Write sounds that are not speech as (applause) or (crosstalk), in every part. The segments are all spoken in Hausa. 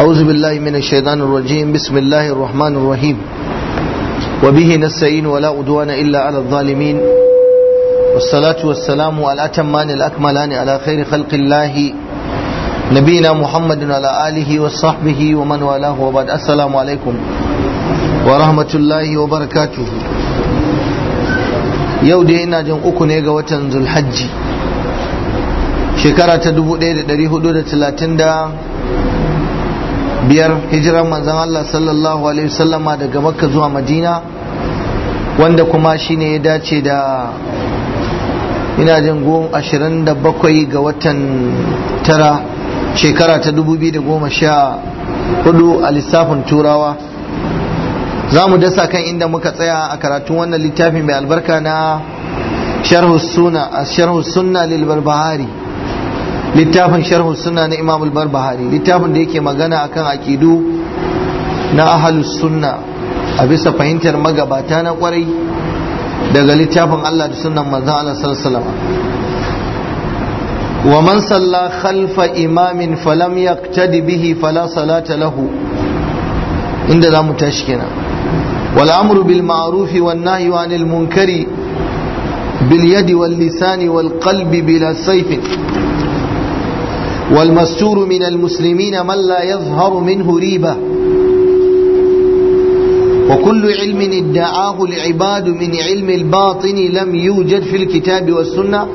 أعوذ بالله من الشيطان الرجيم بسم الله الرحمن الرحيم وبه نستعين ولا عدوان إلا على الظالمين والصلاة والسلام على الأتمان الأكملان على خير خلق الله نبينا محمد وعلى آله وصحبه ومن والاه وبعد السلام عليكم ورحمة الله وبركاته yau da yana jin uku ne ga watan zulhajji shekara ta 1437 biyar hijiran manzon Allah sallallahu alaihi wasallama daga makka zuwa madina wanda kuma shine ya dace da ina jin goma ashirin da bakwai ga watan tara shekara ta dubu biyu da goma sha hudu a lissafin turawa za mu dasa kan inda muka tsaya a karatun wannan littafin mai albarka na sharhu sunna lilbar barbahari littafin sharhu suna na imam al-barbahari littafin da yake magana akan aqidu na ahlus sunna a bisa fahimtar magabata na kwarai daga littafin Allah da sunnan maza Allah sallallahu alaihi wa man salla khalfa imamin falam yaqtadi bihi fala salata lahu inda zamu tashi kenan wal amru bil ma'ruf wan nahyi 'anil munkari bil yadi wal lisani wal qalbi bila sayfin والمستور من المسلمين من لا يظهر منه ريبة وكل علم ادعاه العباد من علم الباطن لم يوجد في الكتاب والسنة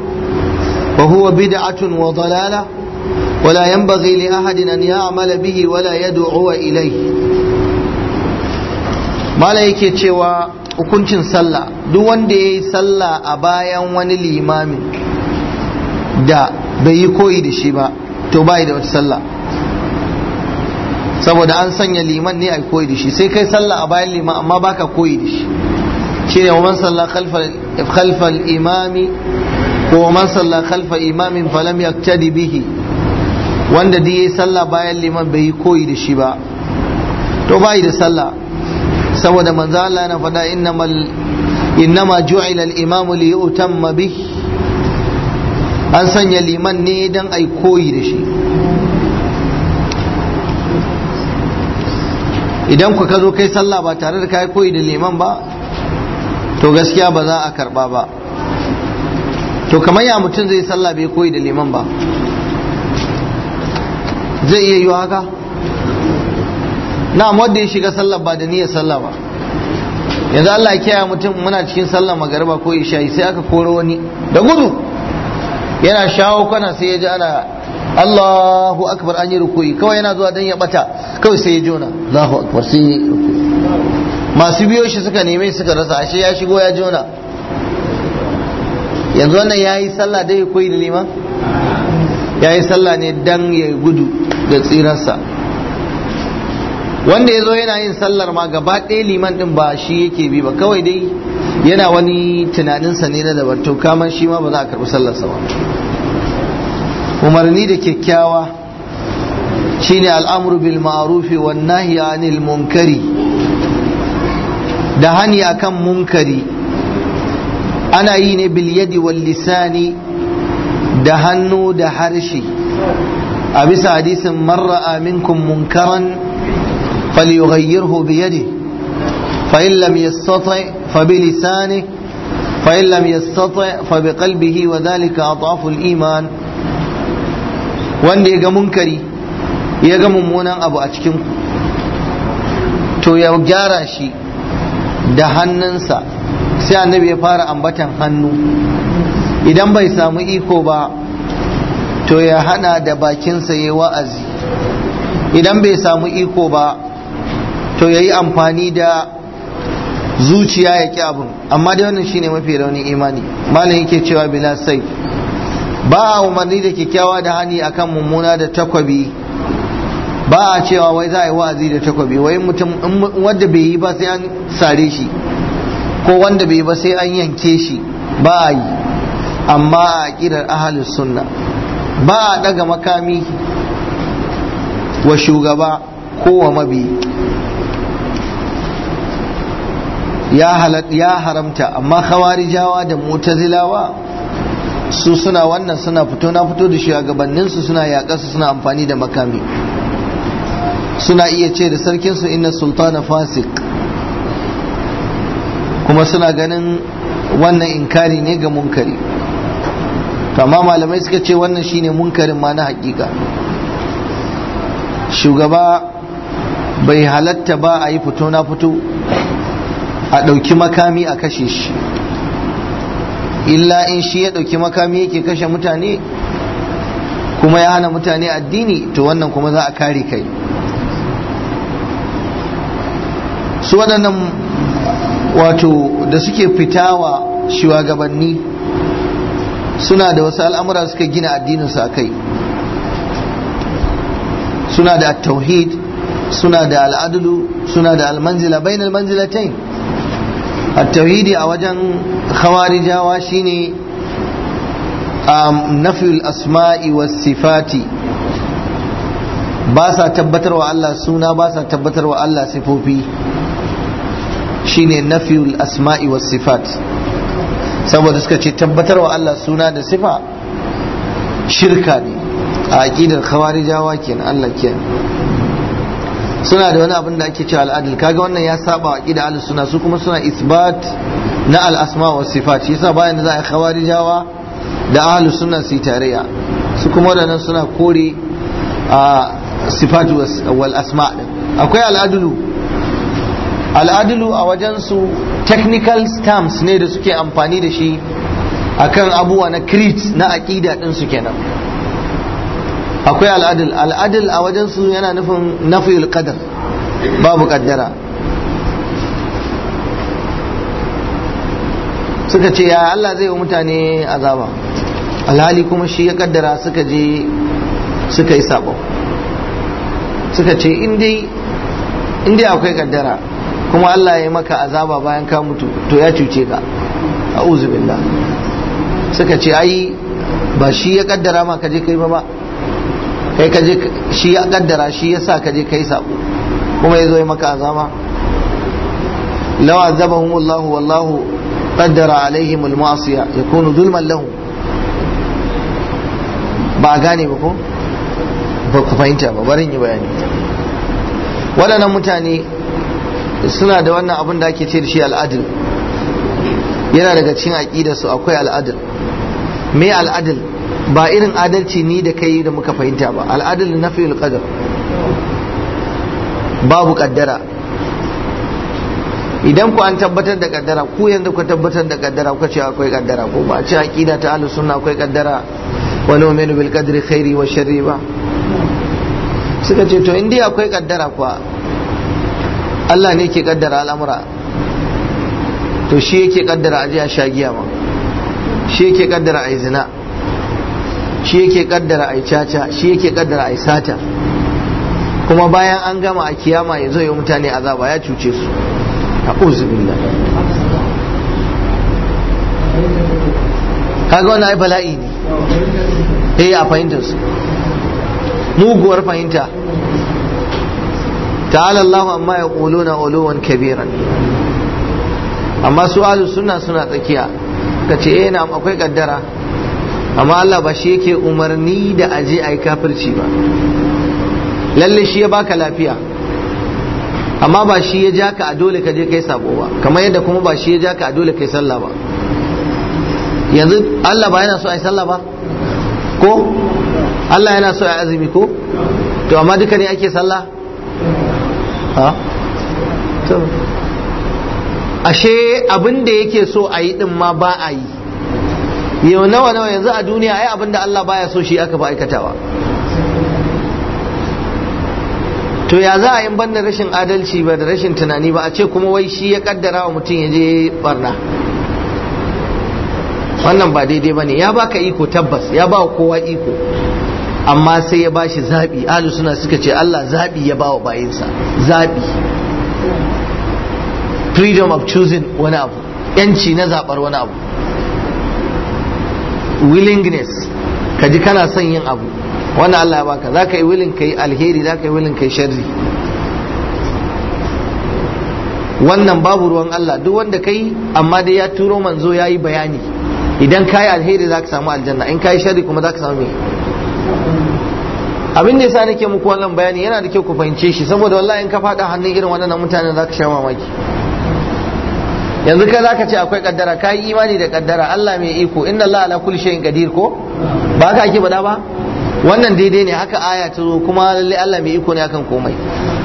وهو بدعة وضلالة ولا ينبغي لأحد أن يعمل به ولا يدعو إليه ما لا يكي وكنت sallah duk دي صلى أبايا وان الإمام دا بيكويد limamin to bai da wata sallah saboda an sanya liman ne a koyi da shi sai kai sallah a bayan liman amma baka koyi da shi ne wa man salla khalfa imami ko wa man salla imamin falam yaktadi bihi wanda da yayi sallah bayan liman bai koyi da shi ba to bai da sallah saboda manzo Allah yana faɗa innamal innama ju'ila al-imamu li yutamma bihi an sanya liman ne don a koyi da shi idan ku ka zo kai sallah ba tare da yi koyi da liman ba to gaskiya ba za a karba ba to kamar ya mutum zai sallah bai koyi da liman ba zai iya yi haka na wadda ya shiga sallah ba da niyyar sallah ba yanzu Allah ya kiyaye mutum muna cikin sallah magariba ko isha sai aka koro wani da gudu yana shawo kwana sai ya ji ana Allahu akbar an yi rukuyi kawai yana zuwa don ya bata kawai sai ya ji jona Allahu akbar sai yi rukuyi masu biyo shi suka neme suka rasa ashe ya shigo ya ji jona yanzu wannan ya yi sallah dai ya koyi da ya yi sallah ne dan ya gudu da tsirarsa wanda ya zo yana yin sallar ma gaba ɗaya liman ɗin ba shi yake bi ba kawai dai yana wani tunaninsa ne na daban to kaman shi ma ba za a karɓi sallarsa ba umarni da kyakkyawa shine al'amru bil ma'rufi wan nahyi anil munkari da hani akan munkari ana yi ne bil yadi wal lisani da hannu da harshe a bisa hadisin marra aminkum munkaran falyughayyirhu bi yadihi فإن لم يستطع فبلسانه فإن لم يستطع فبقلبه وذلك أضعف الإيمان wanda ya ga munkari ya ga mummunan abu a cikin to ya gyara shi da hannunsa sai annabi ya fara ambatan hannu idan bai samu iko ba to ya hana da bakinsa ya wa'azi idan bai samu iko ba to ya yi amfani da zuciya ya ki abun amma dai wannan shine mafi raunin imani malam yake cewa bila sai ba a umarni da kyakkyawa da hani akan mummuna da takwabi ba a cewa wai za a yi wa'azi da takwabi wai mutum wanda bai yi ba sai an sare shi ko wanda bai yi ba sai an yanke shi ba a yi amma a ƙirar ahalus sunna ba a ɗaga makami wa shugaba ko wa mabi ya haramta amma khawarijawa da mutazilawa su suna wannan suna fito na fito da su suna yaƙa su suna amfani da makami suna iya ce da sarkinsu inna sultana fasik kuma suna ganin wannan inkari ne ga munkari amma malamai suka ce wannan shine munkarin ma na hakika shugaba bai halatta ba a yi fito na fito a ɗauki makami a kashe shi illa in shi ya ɗauki makami yake kashe mutane kuma ya hana mutane addini to wannan kuma za a kare kai su waɗannan wato da suke fitawa shugabanni suna da wasu al'amura suka gina addininsu a kai suna da tauhid suna da al'adulu suna da almanzila bainal manzilatain A tauhidi a wajen hawa Rijawa shi ne a Ba sa tabbatar wa Allah suna ba sa tabbatar wa Allah sifofi. Shi ne nafiyu l asma'i wasifati. Saboda suka ce tabbatar wa Allah suna da sifa, shirka ne a ƙidar hawar ke kenan Allah kenan. suna da wani abin da ake cewa al'adil kaga wannan ya saba wa aqida ahlus sunna su kuma suna isbat na al asma wa sifat yasa bayan da za a khawarijawa da ahlus sunna su tarayya su kuma wadannan suna kore a sifat wal asma akwai al'adulu al'adulu a wajen su technical stamps ne da suke amfani da shi akan abuwa na creed na aqida din su kenan akwai al'adil al'adil a wajen su yana nufin nafi qadar babu kaddara suka ce ya Allah zai wa mutane azaba alhali kuma shi ya kaddara suka je suka yi sabo suka ce in dai akwai kaddara kuma Allah ya maka azaba bayan ka mutu to ya cuce ka a'udhu billah suka ce ai ba shi ya kaddara ma ka je kai ba ba kai ka je shi ya kaddara shi yasa ka je kai sako kuma yazo yi maka azama law azabahum Allah wallahu qaddara alaihim al ya yakunu zulman lahu ba gane ba ko ba ku fahimta ba barin yi bayani waɗannan mutane suna da wannan abin da ake ce da shi al'adil yana daga cikin aƙidarsu akwai al'adil me al'adil ba irin adalci ni da kai da muka fahimta ba al'adal fi qadar babu kaddara idan ku an tabbatar da kaddara ku yanzu ku tabbatar da kaddara ku ce akwai kaddara ko ba ce aqida ta ahlus sunna akwai kaddara wa nu'minu bil qadri khairi wa sharri ba suka ce to in akwai kaddara kuwa Allah ne ke kaddara al'amura to shi yake kaddara aje a shagiya ma shi yake kaddara a zina shi yake kaddara ai caca shi yake kaddara ai sata kuma bayan an gama a kiyama ya zo mutane azaba ya cuce su a uzubillah kaga wani ai bala'i ne eh a fahimtar su muguwar fahimta ta'ala amma ya quluna uluwan kabiran amma su Alu sunna suna tsakiya kace eh na akwai kaddara amma Allah ba shi yake umarni da aje a yi kafirci ba lalle shi ya baka lafiya amma ba shi ya ja ka a dole ka je kai sabo ba kamar yadda kuma ba shi ya ja ka a dole kai sallah ba yanzu Allah ba yana so a yi sallah ba ko Allah yana so a yi azumi ko to amma duka ne ake sallah ha ashe abin da yake so a yi din ma ba a yi yau nawa nawa yanzu a duniya ai abinda Allah baya so shi aka fi aikatawa to ya za a yi banda rashin adalci ba da rashin tunani ba a ce kuma wai shi ya kaddara wa mutum ya je barna wannan ba daidai ba ne ya baka iko tabbas ya ba kowa iko amma sai ya ba shi zaɓi alu suna suka ce Allah zaɓi ya ba wa bayinsa zaɓi freedom of choosing wani abu yanci na zaɓar wani abu willingness ka ji kana son yin abu wannan Allah ya baka zaka yi willing kai alheri zaka yi willing kai sharri wannan babu ruwan Allah duk wanda kai amma dai ya turo manzo ya yi bayani idan ka yi alheri zaka samu aljanna in ka yi kuma zaka samu me abin da yasa nake muku wannan bayani yana da kyau ku fahimce shi saboda wallahi in ka faɗa hannun irin wannan mutanen za ka sha mamaki yanzu kai zaka ce akwai kaddara kai imani da kaddara Allah mai iko inna Allah ala kulli shay'in qadir ko ba ka ake bada ba wannan daidai ne haka aya ta zo kuma lalle Allah mai iko ne akan komai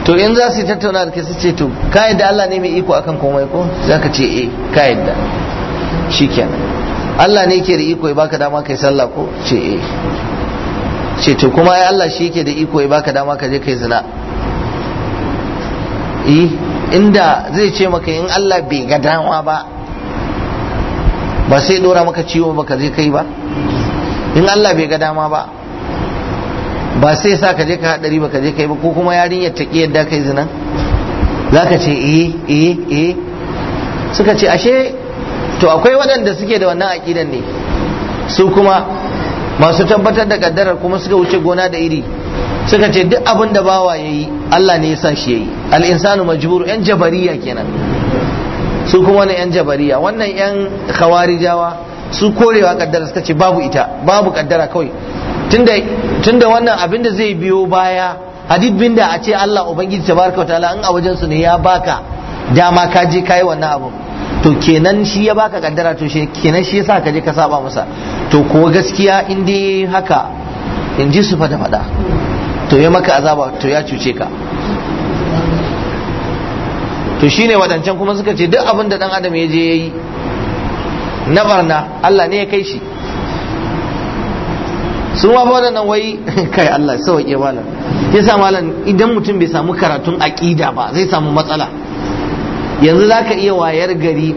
to in za su tattauna da kai su ce to ka yadda Allah ne mai iko akan komai ko zaka ce eh ka yadda shikenan Allah ne ke da iko ya baka dama kai sallah ko ce eh ce to kuma ai Allah shi yake da iko ya baka dama ka je kai zina eh inda zai ce maka in Allah bai ga dama ba ba sai dora maka ciwo ba ka je kai ba in Allah bai ga dama ba ba sai sa ka je ka hadari ba ka je kai ba ko kuma yarinyar ta ki yadda kai zina za ka ce eh eh eh suka ce ashe to akwai waɗanda suke da wannan aƙidan ne su kuma masu tabbatar da kaddarar kuma suka wuce gona da iri suka ce duk abin da bawa yi. Allah ne ya sa shi ya yi. Al'insanu majbur yan jabariya kenan su kuma wannan yan jabariya wannan yan jawa su korewa kaddara suka ce babu ita babu kaddara kawai tunda wannan abin da zai biyo baya hadith bin da a ce Allah ubangiji ta baraka wata in a wajen su ne ya baka dama ka je kayi wannan abu to kenan shi ya baka kaddara to shi kenan shi yasa ka je ka saba masa to kuwa gaskiya in dai haka in ji su fada fada to ya maka azaba to ya cuce ka to shine wadancan kuma suka ce duk abin da dan adam ya je yayi na barna Allah ne ya kai shi su ma ba wadannan wai (laughs) kai Allah sauke malam yasa malam idan mutum bai samu karatun aƙida ba zai samu matsala yanzu ka iya wayar gari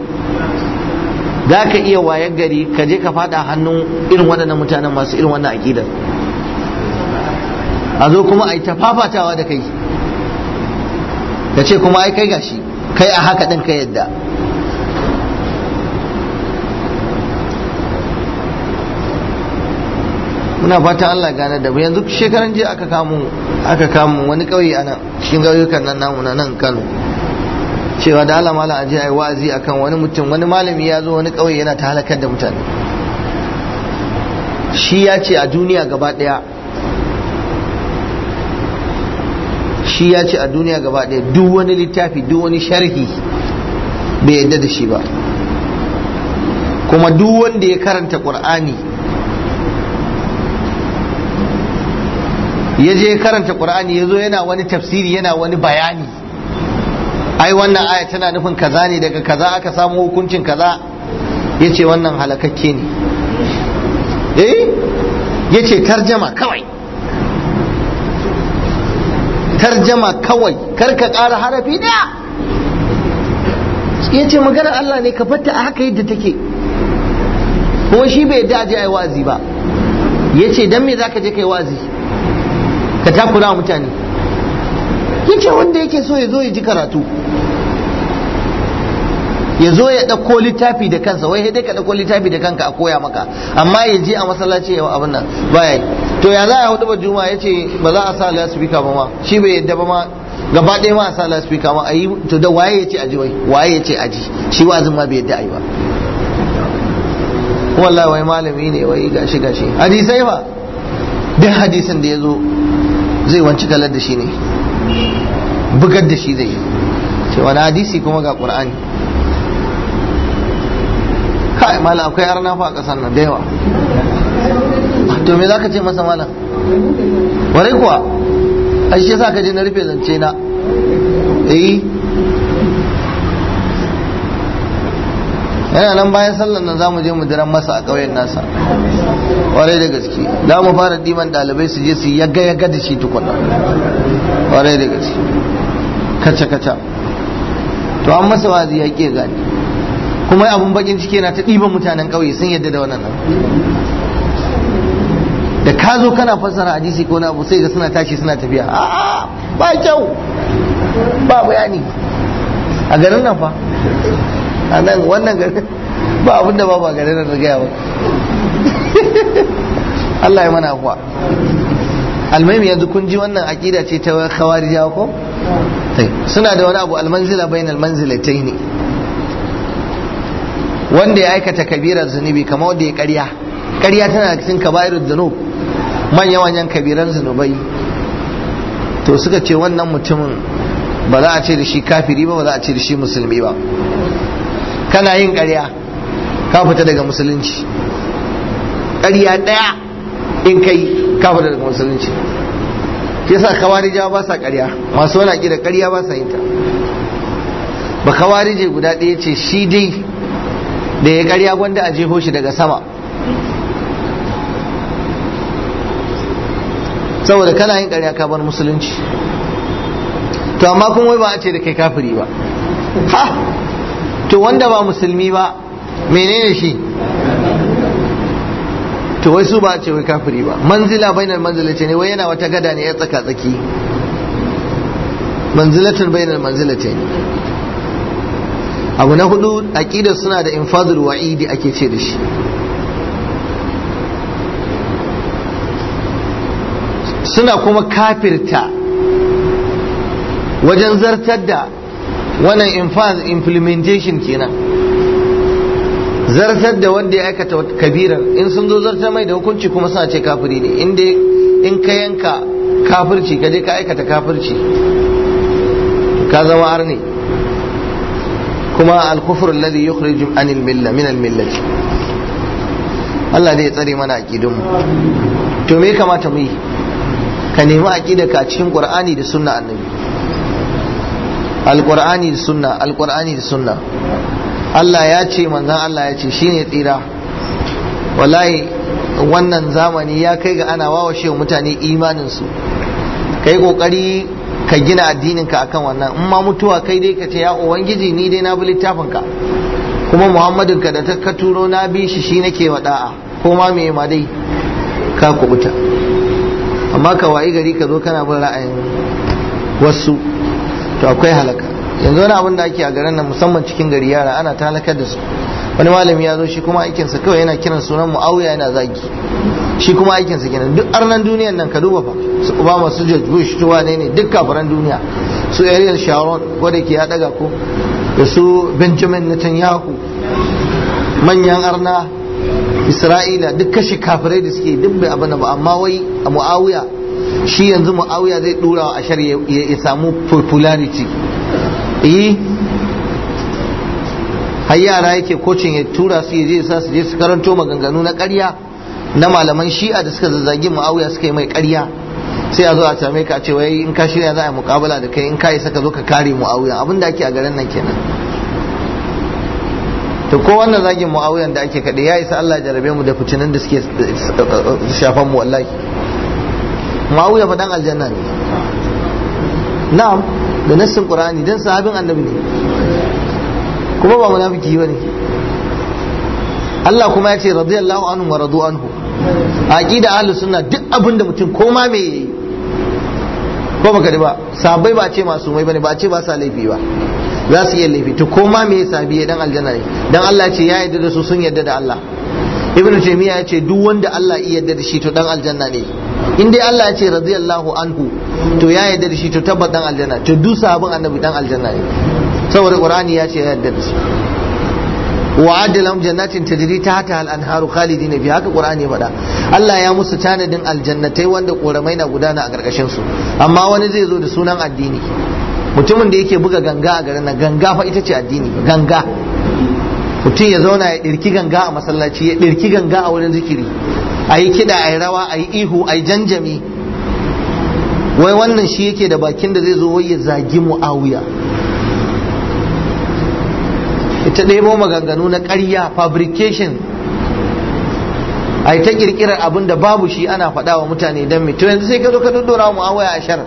ka iya wayar gari ka je ka faɗa hannun irin waɗannan mutanen masu irin wannan aqidar a zo kuma a yi ta fafatawa da kai ya ce kuma ai kai gashi kai a haka ɗin ka yadda muna fata Allah gane da mu yanzu shekaran jiya aka kamu aka kamu wani ƙauye a nan cikin ƙauyukan nan namu na nan Kano cewa da Allah malam aje ai wa'azi akan wani mutum wani malami ya zo wani ƙauye yana ta halakar da mutane shi ya ce a duniya gaba ɗaya shi ya ce a duniya gaba ɗaya duk wani littafi duk wani sharhi bai yadda da shi ba kuma duk wanda ya karanta ƙur'ani ya je ya karanta ƙur'ani ya zo yana wani tafsiri yana wani bayani ai wannan aya tana nufin kaza ne daga kaza aka samu hukuncin kaza ya ce wannan halakakke ne eh ya ce tarjama kawai tarjama kawai kar ka ƙara harafi ɗaya ya ce magana Allah ne ka fatta a haka yadda take kuma shi bai yadda aje a yi ba ya ce don me za ka je ka yi wazi? ka takura mutane ya ce wanda yake so ya zo ya ji karatu ya zo ya ɗauko littafi da kansa wai dai ka ɗauko littafi da kanka a koya maka amma ya je a masallaci ya abin nan baya to ya za a hudu ba juma ya ce ba za a sa lasfika ba ma shi bai yadda ba ma gaba ɗaya ma a sa lasfika ma a yi to da waye ya ce aji wai waye ya ce aji shi wa ma bai yadda a yi ba wallahi wai malami ne wai gashi gashi hadisai ba duk hadisin da ya zo zai wanci talar da shi ne bugar da shi zai yi ce wani hadisi kuma ga qur'ani kai malam akwai arna fa a ƙasar nan da yawa to me zaka ce masa malam ware kuwa ai shi yasa ka je na rufe zance na eh yana nan bayan sallan nan zamu je mu diran masa a ƙauyen nasa kwarai da gaske za mu fara diman ɗalibai su je su yaga yaga da shi tukuna kwarai da gaske kaca kaca to an masa wazi ya ke gani kuma abun bakin ciki yana ta ɗiban mutanen ƙauye sun yadda da wannan ka zo kana fassara hadisi ko na sai ga suna tashi suna tafiya ba kyau ba bayani a garin nan fa a nan wannan garin ba abin da babu a garin nan gaya ba (laughs) Allah ya mana afuwa almaimi yanzu kun ji wannan akida ce ta kawari jawa ko suna da wani abu almanzila bainal ne. wanda ya aikata kabirar zunubi kamar wanda ya karya karya tana cikin kabairar zunubi manya manyan kabiran zunubai to suka ce wannan mutumin ba za a ce da shi kafiri ba ba za a ce da shi musulmi ba kana yin ƙarya ka fita daga musulunci ƙarya ɗaya in kai ka fita daga musulunci shi yasa kawarija ba sa ƙarya masu wani da ƙarya ba sa yin ta ba kawarije guda ɗaya ce shi dai da ya ƙarya gwanda a jefo shi daga sama saboda kana yin ƙarya ka bar musulunci to amma kuma wai ba a ce da kai kafiri ba ha to wanda ba musulmi ba menene shi to wai su ba a ce wai kafiri ba manzila bainar manzila ce ne wai yana wata gada ne ya tsaka tsaki manzilatul bainar manzila ce abu na hudu aqidar suna da infadul wa'idi ake ce da shi suna kuma kafirta wajen zartar da wannan implementation kenan zartar da wanda ya aikata kabirar in sun zo zartar mai da hukunci kuma suna ce kafiri ne inda in ka yanka kafirci ka je ka aikata kafirci ka zama arni kuma alkufur kufr alladhi yukhrij an al-milla min millati Allah ne ya tsare mana a to me kamata mu yi ka nemi aƙida ka cikin qur'ani da sunna annabi Alƙur'ani da sunna Alƙur'ani da sunna Allah ya ce manzan Allah ya ce Shi ne tsira wallahi wannan zamani ya kai ga ana wawashe mutane imaninsu. ka kai ƙoƙari ka gina addininka a akan wannan in ma mutuwa kai dai ka ce ya ubangiji ni dai na bi littafinka. kuma muhammadin ka da ta ka turo na bi shi shi nake wada'a ko ma me ma dai ka kubuta amma ka wayi gari ka zo kana bin ra'ayin wasu to akwai halaka yanzu wani abin da ake a garin nan musamman cikin gari yara ana talakar da su wani malami ya zo shi kuma aikinsa kawai yana kiran sunan mu'awiya yana zagi shi kuma aikinsa kenan duk arnan duniyan nan ka duba fa su obama su george bush tuwa ne ne duk kafaran duniya su ariel sharon wanda ke ya daga ko da su benjamin netanyahu manyan arna isra'ila duk kashe kafirai da suke duk bai abana ba amma wai a mu'awiya shi yanzu mu'awiya zai dura a ashar ya samu popularity eh har yara yake kocin ya tura su je sa su je su karanto maganganu na ƙarya na malaman shi'a da suka zazzagi mu'awiya suka yi mai ƙarya sai a zo a same ka a ce wai in ka shirya za a yi mukabala da kai in ka isa ka zo ka kare mu'awiya abin da ake a garin nan kenan to ko wannan zagin muawiyan da ake kaɗe ya isa Allah jarabe mu da fitinin da suke shafan mu wallahi muawiya dan aljanna ne na'am da nassin qur'ani dan sahabin annabi ne kuma ba munafiki bane Allah kuma ya ce radiyallahu anhu wa radu anhu aqida ahli sunna duk abin da mutum koma me ko baka ba sabai ba ce masu mai bane ba ce ba sa laifi ba za su iya laifi to koma ma yasa biye dan aljanna ne dan Allah ce ya yarda da su sun yarda da Allah ibnu jamiya ya ce duk wanda Allah ya yarda da shi to dan aljanna ne in dai Allah ya ce radiyallahu anhu to ya yarda da shi to tabbas dan aljanna to duk sabon annabi dan aljanna ne saboda qur'ani ya ce ya yarda da su wa'adda lahum jannatin tajri hata al-anharu khalidin fi haka qur'ani ya faɗa Allah ya musu tanadin aljannatai wanda koramai na gudana a karkashin su amma wani zai zo da sunan addini mutumin da yake buga ganga a garin nan ganga fa ita ce addini ganga mutum ya zauna ya ɗirki ganga a masallaci ya ɗirki ganga a wurin zikiri a yi kiɗa a yi rawa a yi ihu a yi janjami wai wannan shi yake da bakin da zai zo wai ya zagi mu'awiya ita ɗebo maganganu na ƙarya fabrication a yi ta ƙirƙirar abin da babu shi ana faɗa wa mutane don to yanzu sai ka zo ka dodora mu'awiya a shar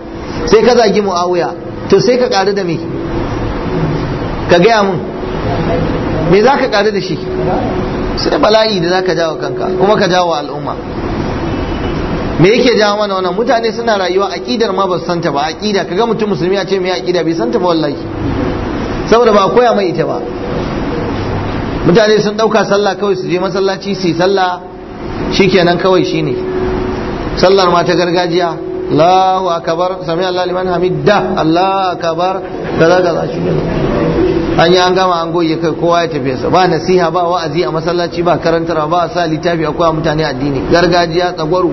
sai ka zagi mu'awiya to sai ka ƙaru da me ka gaya mun me za ka ƙaru da shi sai bala'i da za ka jawo kanka kuma ka jawo al'umma me yake jawo mana wannan mutane suna rayuwa aƙidar ma ba su santa ba ka kaga mutum musulmi ya ce me aƙida bai santa ba wallahi saboda ba koya mai ita ba mutane sun ɗauka sallah kawai su je masallaci su yi sallah shikenan kawai shine sallar ma ta gargajiya Allahu akabar sami Allah liman hamidda Allahu akabar kaza an yi an gama an goye kai kowa ya tafi sa ba nasiha ba wa'azi a masallaci ba karantarwa ba sa littafi akwai mutane addini gargajiya tsagwaro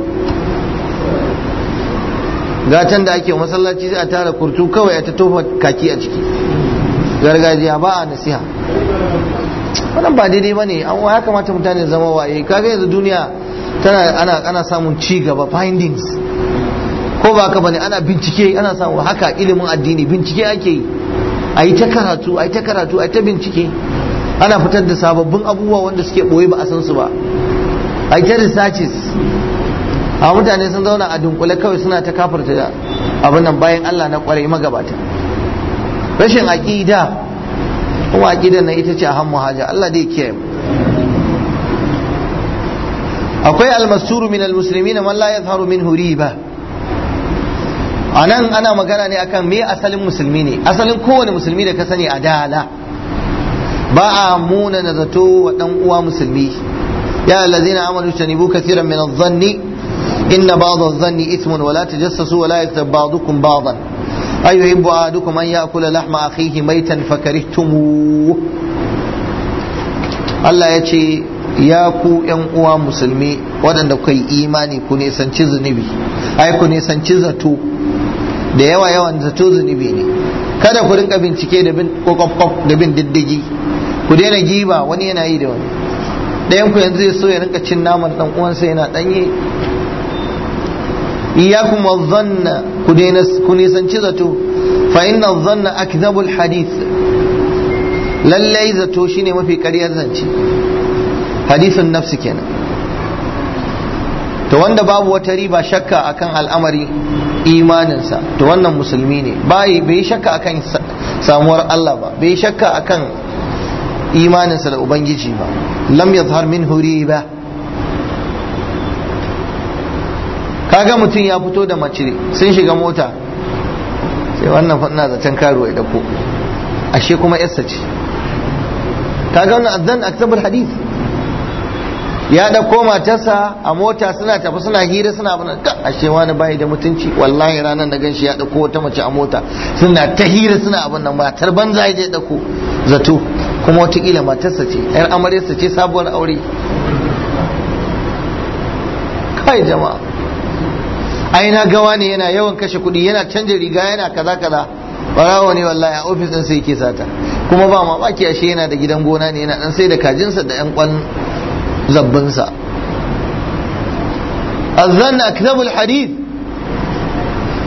gatan da ake masallaci a tara kurtu kawai a ta tofa kaki a ciki gargajiya ba a nasiha wannan ba daidai ba ne an ya kamata mutane zama waye kaga yanzu duniya tana ana samun ci gaba findings ko ba ka bane ana bincike ana samu haka ilimin addini bincike ake yi a yi ta karatu a yi ta karatu a yi ta bincike ana fitar da sababbin abubuwa wanda suke ɓoye ba a san su ba a yi ta researches a mutane sun zauna a dunkule kawai suna ta kafarta da abin nan bayan Allah na kwarai magabata rashin aƙida kuma aƙidan nan ita ce a hannu haja Allah dai kiyaye akwai almasuru min almuslimina man la yadhharu minhu ba. a nan ana magana ne akan me asalin musulmi ne asalin kowane musulmi da ka sani adala ba a muna na zato wa dan uwa musulmi ya allazina amanu tanibu kathiran min adh-dhanni inna ba'd adh-dhanni ithmun wa la tajassasu wa la yaghtab ba'dukum ba'dan ayuhibbu ahadukum an ya'kula lahma akhihi maytan fakarihtumuh Allah ya ce ya ku yan uwa musulmi waɗanda kuka yi imani ku nisanci zunubi ai ku nisanci zato da yawa yawan zato zunubi ne kada ku rinka bincike da bin da bin diddigi ku daina giba wani yana yi da wani ɗayan ku yanzu so ya rinka cin naman dan uwansa yana danye iyakum wadhanna ku daina ku nisanci zato fa inna dhanna akdhabul hadith lallai zato shine mafi ƙaryar zance hadisin nafsi kenan to wanda babu wata riba shakka akan al'amari imaninsa to wannan musulmi ne bai bai shakka akan samuwar Allah ba bai shakka akan imaninsa da ubangiji ba lam yazhar min riba kaga mutum ya fito da mace sun shiga mota sai wannan fadna zaton karo ya dako ashe kuma yassa ce kaga wannan azan aktabul hadith ya ɗauko matarsa a mota suna tafi suna hira suna abin da ashe wani bayi da mutunci wallahi ranar da ganshi ya ɗauko wata mace a mota suna ta hira suna abin nan matar a ya je ɗauko zato kuma watakila matarsa ce yar amaryarsa ce sabuwar aure kai jama'a ai na gawa ne yana yawan kashe kuɗi yana canja riga yana kaza kaza barawo ne wallahi a ofis ɗin sai yake sata kuma ba baki ashe yana da gidan gona ne yana ɗan sai da kajinsa da 'yan kwan zabbinsa azzan akdabul hadith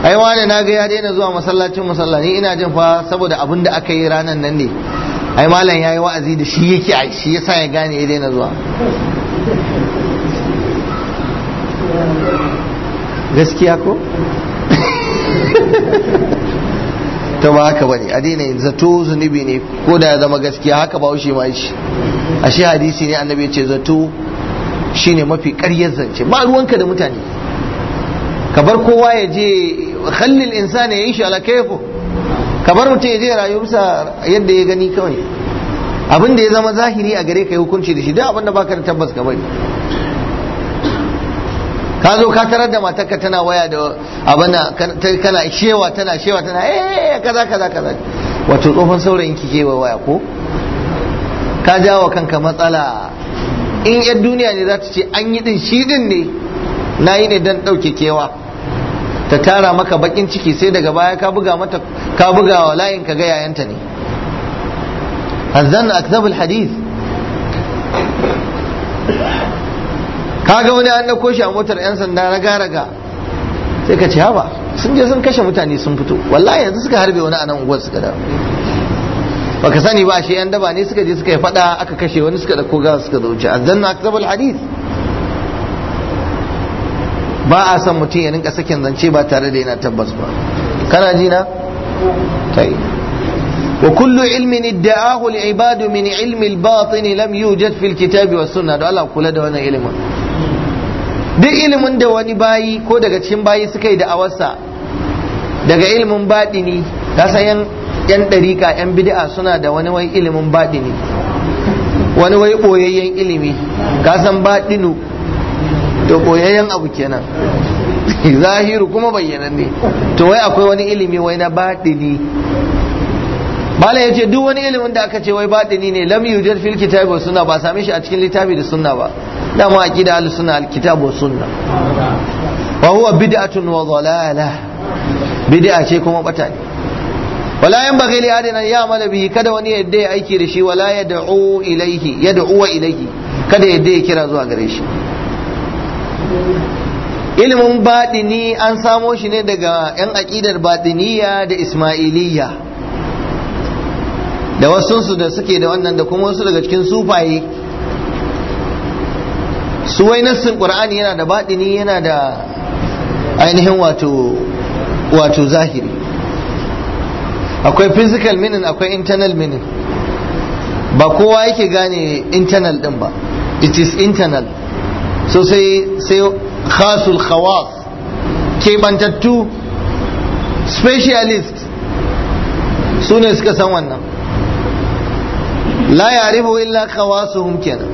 ai wane na ga ya daina zuwa masallacin masallaci ina jin fa saboda abin da aka yi ranan nan ne ai malam yayi wa'azi da shi yake shi yasa ya gane ya daina zuwa gaskiya ko (laughs) ta ba haka bane a daina zato zunubi ne ko da ya zama gaskiya haka ba shi ma shi a shi hadisi ne annabi ya ce zato shine mafi ƙaryar zance ba ruwanka da mutane ka bar kowa ya je khallil insani ya yi shi ala kaifu ka bar mutum ya je rayu bisa yadda ya gani kawai abin da ya zama zahiri a gare ka yi hukunci da shi duk abin da baka da tabbas ka bari ka zo ka tarar da matarka tana waya da abana kana shewa tana shewa tana eh kaza kaza kaza wato tsohon saurayin ki waya ko ka jawo kanka matsala in yan duniya ne za ta ce an yi din shi din ne na yi ne don ɗauke kewa ta tara maka bakin ciki sai daga baya ka buga mata ka buga wa layin ka ga yayanta ne azan akzabul hadith kaga wani an dauko shi a motar yan sanda raga ga. sai ka ce haba sun je sun kashe mutane sun fito wallahi yanzu suka harbe wani anan unguwar suka gada baka sani ba shi yan daba ne suka je suka yi fada aka kashe wani suka da koga suka zauce azanna akzabul hadith ba a san mutum ya rinka sakin zance ba tare da yana tabbas ba kana ji na tai wa kullu ilmin idda'ahu li ibadu min ilmi al-batin lam yujad fi al-kitabi was sunnah da Allah kula da wannan ilimin duk ilimin da wani bayi ko daga cikin bayi suka yi da'awarsa daga ilimin batini ka san yan ɗarika yan bid'a suna da wani wai ilimin baɗini wani wai ɓoyayyen ilimi ka san baɗinu to ɓoyayyen abu kenan (laughs) zahiru kuma bayyananne to wai akwai wani ilimi wai na baɗini bala ya ce duk wani ilimin da aka ce wai baɗini ne lam yujad fil kitabi was sunna ba same shi a cikin littafi da sunna ba dama aqida al sunna al kitab was sunna wa huwa bid'atun wa dalalah bid'a ce kuma bata ne wala yan baghi li adina ya mala bihi kada wani yadda ya aiki da shi wala yad'u ilaihi yad'u ilaihi kada yadda ya kira zuwa gare shi ilimin baɗini an samo shi ne daga 'yan aƙidar baɗiniya da Isma'iliya. da wasunsu da suke da wannan da kuma wasu daga cikin sufaye su wai nassin ƙur'ani yana da baɗini yana da ainihin wato zahiri akwai physical meaning akwai internal meaning ba kowa yake gane internal din ba it is internal so sai sai khasul khawas kebantattu specialist su ne suka san wannan la ya'rifu illa khawasuhum kenan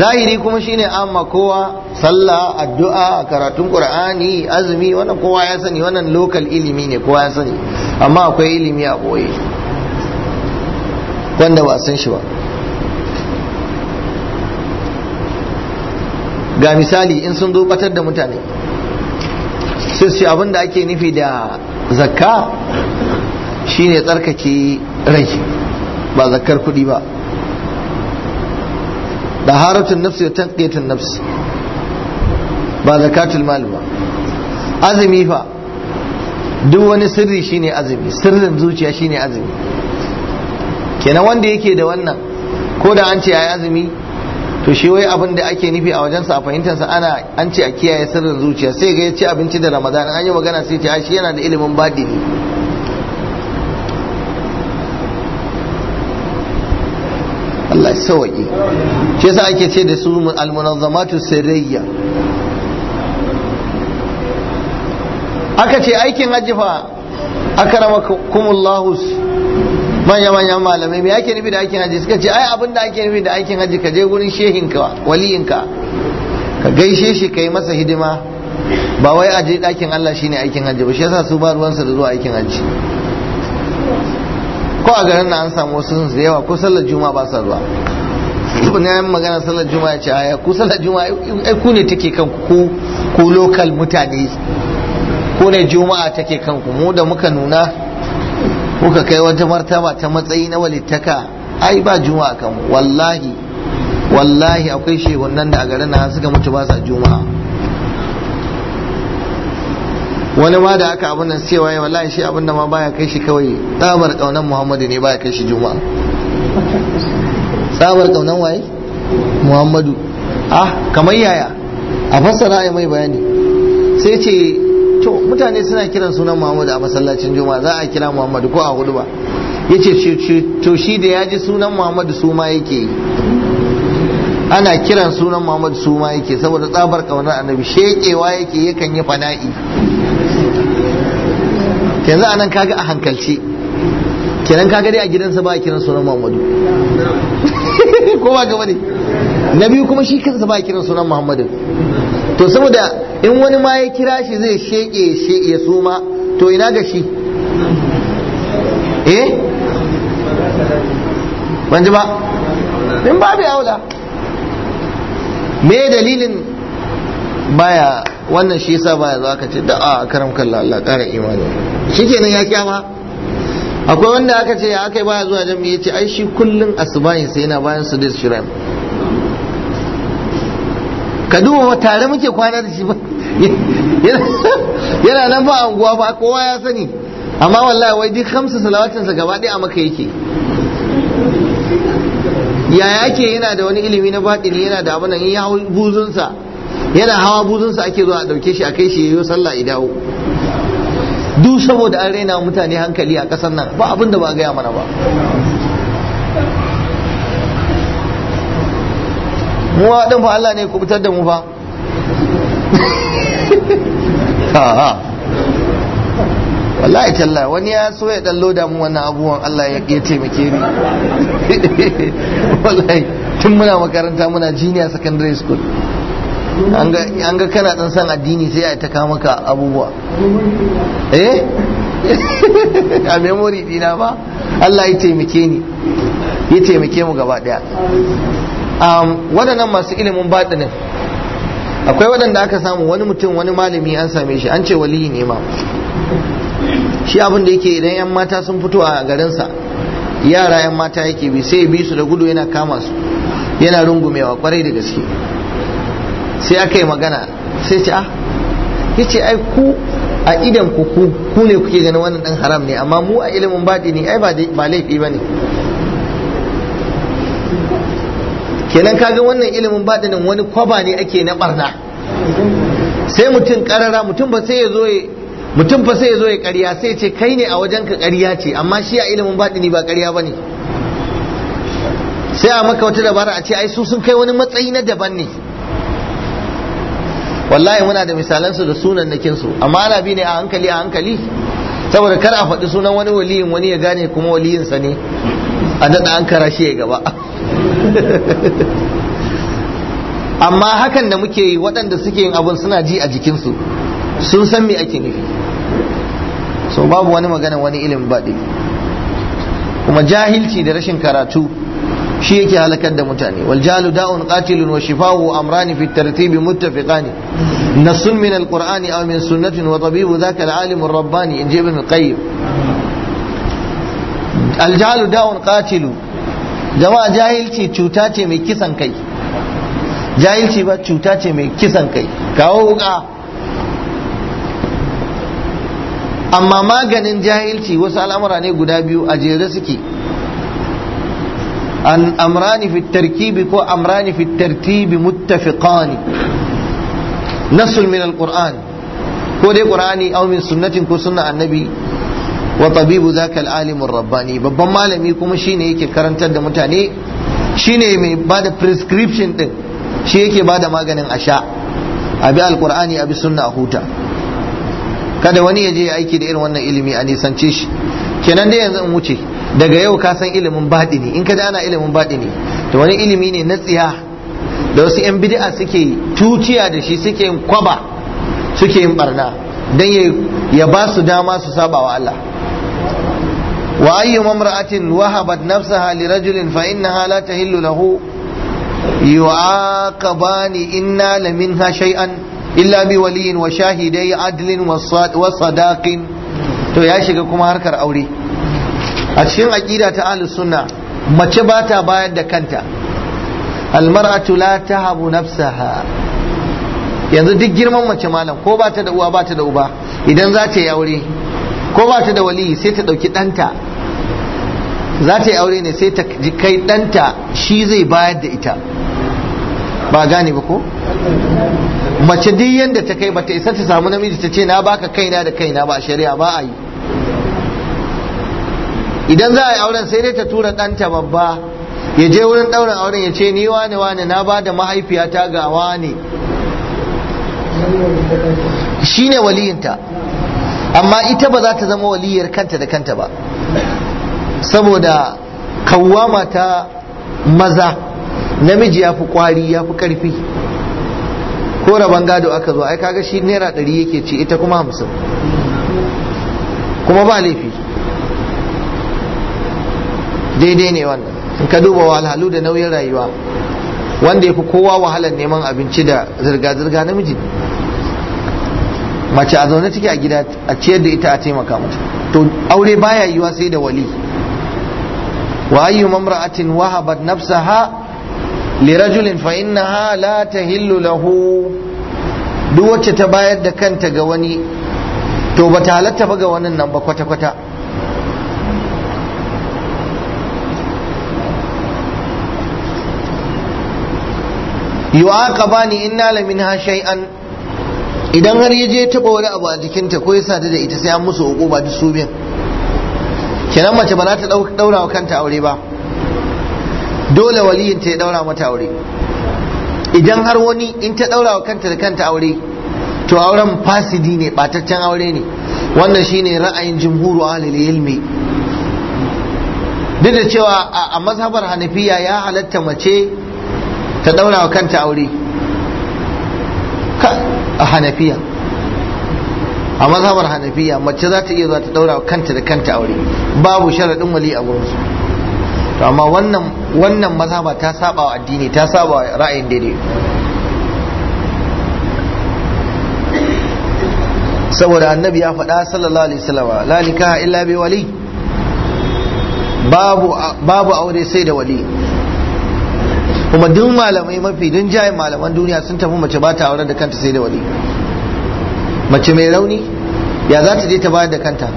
zahiri kuma shine amma kowa sallah addu'a karatun qur'ani azumi wannan kowa ya sani wannan lokal ilimi ne kowa ya sani amma akwai ilimi a boye wanda ba san shi ba ga misali in sun zo batar da mutane sun ce abin da ake nufi da zakka shine tsarkake rai ba zakkar kuɗi ba da haratun nafsi da tanqiyatun nafsi ba zakatul mal ba azumi fa duk wani sirri shine azumi sirrin zuciya shine azumi kenan wanda yake da wannan ko da an ce ayi azumi to shi wai abin da ake nufi a wajensa a fahimtarsa ana an ce a kiyaye sirrin zuciya sai ga ya ci abinci da ramadan an yi magana sai ce shi yana da ilimin badini Allah ya sauwaƙe shi yasa ake ce da su al-munazzamatu sirriyya aka ce aikin hajji fa lahus. manya manya malamai me ake nufi da aikin hajji suka ce ai abin da ake nufi da aikin hajji ka je gurin shehinka waliyinka ka gaishe shi kai masa hidima ba wai a je ɗakin Allah shine aikin hajji ba shi yasa su ba ruwansa da zuwa aikin hajji ko a garin na an samu wasu da yawa ko sallar juma'a ba sa zuwa ibn ya magana sallar juma'a ya ce aya ku sallar juma'a ai ku ne take kan ku ku local mutane ko ne juma'a take kanku mu da muka nuna muka kai wata martaba ta matsayi na walittaka ai ba juma'a kanmu wallahi wallahi akwai shehunan da a garin nan suka mutu ba sa juma'a wani ma da aka abin nan sai waye wallahi shi abin da ma baya kai shi kawai tsabar kaunan muhammadu ne baya kai shi juma'a tsabar kaunan waye muhammadu ah kamar yaya a fassara ya mai bayani sai ce mutane suna kiran sunan muhammadu a masallacin juma'a za a kira muhammadu ko a hudu ba ce to shi da ya ji sunan muhammadu su ma yake ana kiran sunan muhammadu su ma yake saboda tsabar kaunar annabi shekewa yake yakan yi fana'i yanzu nan kaga a hankalce kenan kaga dai a gidansa ba a kiran sunan muhammadu (laughs) ko ba gaba ne na biyu kuma shi kansa ba a kiran sunan muhammadu to saboda in wani ma ya kira shi zai sheke ya suma to ina ga shi eh ban ji ba in babu aula me dalilin baya wannan shi yasa baya za ka ce da a karam kallon Allah ƙara imani shikenan ya kyama akwai wanda aka ce ya aka baya zuwa jami'a ya ce ai shi kullum asubahin sai yana bayan su da shirin ka duba wa tare muke kwana da shi ba yana nan ba anguwa ba kowa ya sani amma wallahi wai duk hamsa salawatinsa gaba ɗaya a maka yake yaya yake yana da wani ilimi na baɗini yana da abin in ya hau buzunsa yana hawa buzunsa ake zuwa a ɗauke shi a kai shi yayo sallah ya dawo duk saboda an raina mutane hankali a ƙasar nan ba abin da ba gaya mana ba mu din fa Allah ne ya kubutar da mu fa a'a wallahi talla wani ya so ya dallo da mu wannan abubuwan Allah ya taimake ni (laughs) wallahi tun muna makaranta muna junior secondary school an ga kana dan san addini sai ya ta maka ka abubuwa eh (laughs) a memory dina ba Allah ya taimake ni ya taimake mu gaba daya Um, waɗannan masu ilimin baɗinin akwai waɗanda aka samu wani mutum wani malami an same shi an ce waliyi ne ma shi abin da yake idan yan mata sun fito a garinsa yara yan mata yake bi sai bi su da gudu yana kama su yana rungumewa kwarai da gaske sai aka yi magana sai ce ah ya ce ai ku a idan ku ku ne kuke ganin wannan dan haram ne amma mu a ilimin baɗi ne ai ba laifi ba ne kenan ka ga wannan ilimin ba da nan wani kwaba ne ake na barna sai mutum karara mutum ba sai ya zo mutum fa sai ya zo ya ƙarya sai ce kai ne a wajen ka ƙarya ce amma shi a ilimin ni ba ƙarya ne sai a maka wata dabara a ce ai su sun kai wani matsayi na daban ne wallahi muna da misalansu da sunan su amma ana bi ne a hankali a hankali saboda kar a faɗi sunan wani waliyin wani ya gane kuma waliyinsa ne a daɗa an kara shi ya gaba (laughs) amma hakan da muke yi waɗanda suke yin abin suna ji a jikinsu sun san me ake nufi so babu wani magana wani ilimin baɗi kuma jahilci da rashin karatu shi yake halakar da mutane wal jalu da'un qatilun wa shifahu amrani fi tartibi muttafiqani nasun min alqur'ani aw min sunnatin wa tabibu dhaka alalim rabbani in qayyim al jalu da'un qatilun jama'a jahilci cuta ce mai kisan kai jahilci ba cuta ce mai kisan kai kawo wuka amma maganin jahilci wasu al'amura ne guda biyu a jere suke an amrani fi tarkibi ko amrani fi tartibi muttafiqani nasul min qur'an, ko dai qur'ani aw min sunnatin ko sunna annabi wa tabibu zaka alimur rabbani babban malami kuma shine yake karantar da mutane shine mai bada prescription din shi yake bada maganin asha abi alqur'ani abi sunna a huta kada wani ya je aiki da irin wannan ilimi a nisance shi kenan dai yanzu in wuce daga yau ka san ilimin badini in ka ji ana ilimin ne to wani ilimi ne na tsiya da wasu 'yan bid'a suke tuciya da shi suke yin kwaba suke yin barna dan ya ba su dama su saba wa Allah وأي امرأة وهبت نفسها لرجل فإنها لا تهل له يعاقبان إنا لمنها شيئا إلا بولي وشاهدي عدل وصداق تو يا شيخ كما هركر aure a cikin تعالى السنة ما sunna بايد ba المرأة لا تهب نفسها yanzu duk girman mace malam ko ba ta da uwa ba ta da uba idan za ta yi aure ko ba ta da wali sai ta dauki danta za ta yi aure ne sai ta ji kai ɗanta shi zai bayar da ita ba gane ba ko mace duk yadda ta kai bata isa ta samu namiji ta ce na baka kaina da kaina ba a shari'a ba a yi idan za a yi auren sai dai ta tura ɗanta babba ya je wurin ɗaurin auren ya ce ni wane wane na ba da mahaifiyata ga wane shine waliyinta amma ita ba za ta zama waliyar kanta da kanta ba saboda kawwama mata maza namiji ya fi kwari ya fi karfi ko rabon gado aka zo ai kaga shi naira ɗari yake ci ita kuma hamsin kuma ba laifi daidai ne wannan in ka duba wahalhalu da nauyin rayuwa wanda ya fi kowa wahalar neman abinci da zirga-zirga namiji mace a zaune ciki a gida a ciyar da ita a taimaka mata to aure baya yiwa sai da wali وأي امرأة وهبت نفسها لرجل فإنها لا تهل له duk wacce ta bayar da kanta ga wani to ba ta halatta ba ga wannan nan ba kwata-kwata yu'aqaba inna la minha shay'an idan har yaje taba wani abu a jikinta ko ya da ita sai an musu uquba duk su biyan kenan mace ba za ta daura wa kanta aure ba dole waliyin ya daura mata aure idan har wani in ta daura wa kanta da kanta aure to auren fasidi ne bataccen aure ne wannan shine ra'ayin jumhuru ahlul ilmi duk da cewa a mazhabar hanafiya ya halatta mace ta daura wa kanta aure a hanafiya a mazhabar hanafiya mace za ta iya zuwa ta daura kanta da kanta aure babu sharadin wali a gurinsu to amma wannan wannan mazhaba ta saba wa addini ta saba wa ra'ayin daidai saboda annabi ya faɗa sallallahu alaihi wasallam la nikaha illa bi wali babu babu aure sai da wali kuma duk malamai mafi dun jayin malaman duniya sun tafi mace ba ta aure da kanta sai da wali mace mai rauni ya za ta je ta bayar da kanta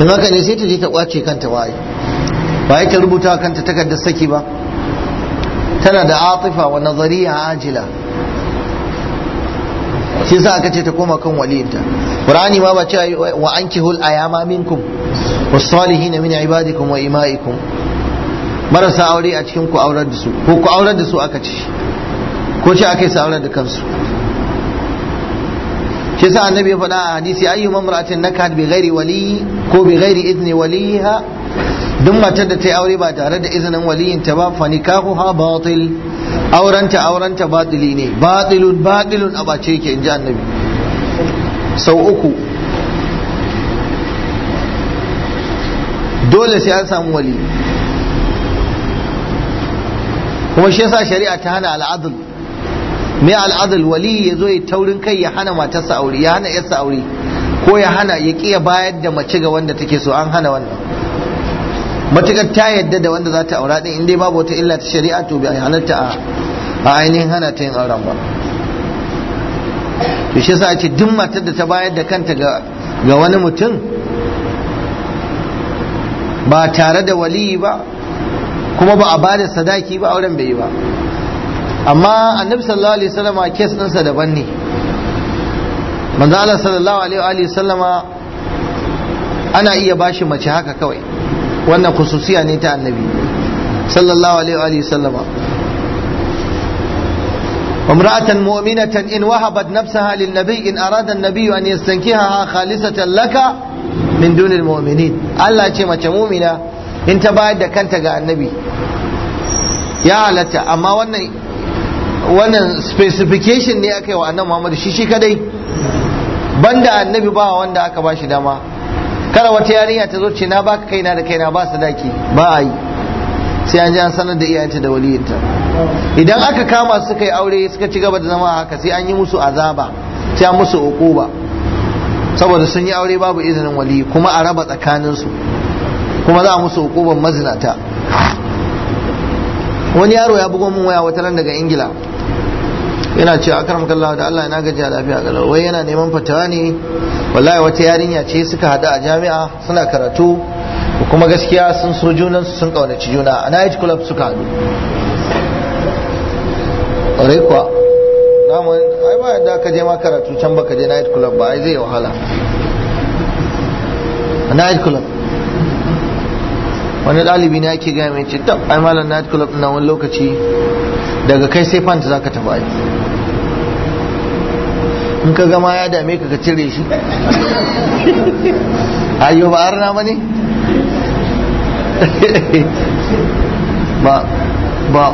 in haka ne sai ta je ta kwace kanta waye ba ta rubuta kanta takardar saki ba tana da atifa wa nazariya ajila shi sa aka ce ta koma kan waliyinta qur'ani ma ba ce wa ankihul ayama minkum was-salihin min ibadikum wa imaikum marasa aure a cikin ku aurar da su ko ku aurar da su aka ce ko ce aka yi sa aurar da kansu shi yasa annabi ya faɗa a hadisi ayyu mamra'atin nakat bi ghairi wali ko bi ghairi idni waliha duk matar da ta yi aure ba tare da izinin waliyin ta ba fa nikahuha batil aurenta aurenta batili ne batilun batilun a bace yake inji annabi sau uku dole sai an samu wali kuma shi yasa shari'a ta hana al'adul mai al'adul wali ya zo ya taurin kai ya hana matarsa aure ya hana yarsa aure ko ya hana ya kiya bayar da mace ga wanda take so an hana wannan matukar ta yadda da wanda za ta aura din indai babu wata illa ta shari'a to bai ta a ainihin hana ta yin auren ba to shi yasa ce duk matar da ta bayar da kanta ga wani mutum ba tare da wali ba kuma ba a ba da sadaki ba auren bai yi ba amma annabi sallallahu alaihi wasallama kes dinsa daban ne manzo Allah sallallahu alaihi wa wasallama ana iya bashi mace haka kawai wannan khususiya ne ta annabi sallallahu alaihi wa Umra'atan muminatan in wasallama امرأة مؤمنة إن وهبت نفسها an إن أراد النبي أن يستنكحها خالصة لك من دون المؤمنين الله ce mace mumina. in ta bayar da kanta ga annabi ya halatta amma wannan wannan specification ne aka yi wa annan muhammadu shi shi kadai banda annabi ba wanda aka ba shi dama kada wata yarinya ta zo ce na baka kaina da kaina ba sadaki ba a yi sai an ji an sanar da iyayenta da waliyinta idan aka kama suka yi aure suka ci gaba da zama haka sai an yi musu azaba sai an musu ukuba saboda sun yi aure babu izinin wali kuma a raba tsakaninsu kuma za a musu hukuban mazinata wani yaro ya bugo min waya wata ran daga ingila yana cewa akram kallahu da Allah na gaji a lafiya galau wai yana neman fatawa ne wallahi wata yarinya ce suka hada a jami'a suna karatu kuma gaskiya sun so junan su sun kaunaci juna a night club suka hadu ƙwarai kuwa zamu ai ba yadda ka je ma karatu can baka je night club ba ai zai yi wahala a night club wani ɗalibi na yake gaya mai ce tab ai malam night club na wani lokaci daga kai sai fanta za tafi aiki in ka gama ya dame ka ka cire shi (laughs) ayo ba arna ba ne (laughs) ba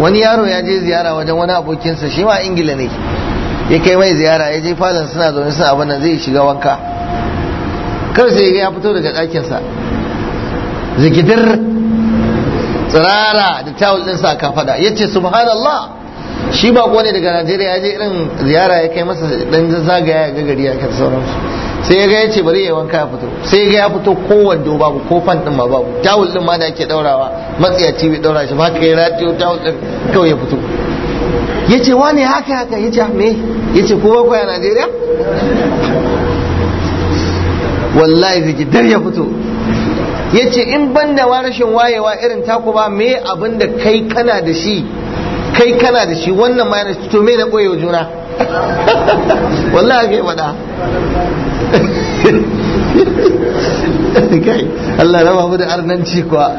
wani yaro ya je ziyara wajen wani abokinsa shi ma ingila ne ya kai mai ziyara ya je falon suna zaune suna abin nan zai shiga wanka kar sai ya fito daga ɗakinsa zikidir tsirara da tawul ɗinsa a kafada ya ce subhanallah shi ba ne daga najeriya ya je irin ziyara ya kai masa dan zagaya ga gari ya kan sauransu sai ya ga ya ce bari ya wanka ya fito sai ya ga ya fito ko wando babu ko fan din ma babu tawul din ma da ake daurawa matsiyaci bai daura shi ba ka yi radio tawul din kawai ya fito ya ce wani haka haka ya ce me ya ce kowa kwaya najeriya wallahi zai dar ya fito ya ce in ban da rashin wayewa irin taku ba me abin da kai kana da shi kai kana da shi wannan ma yana to me na koyo juna (laughs) wallahi ke faɗa (laughs) kai Allah raba mu da arnanci kuwa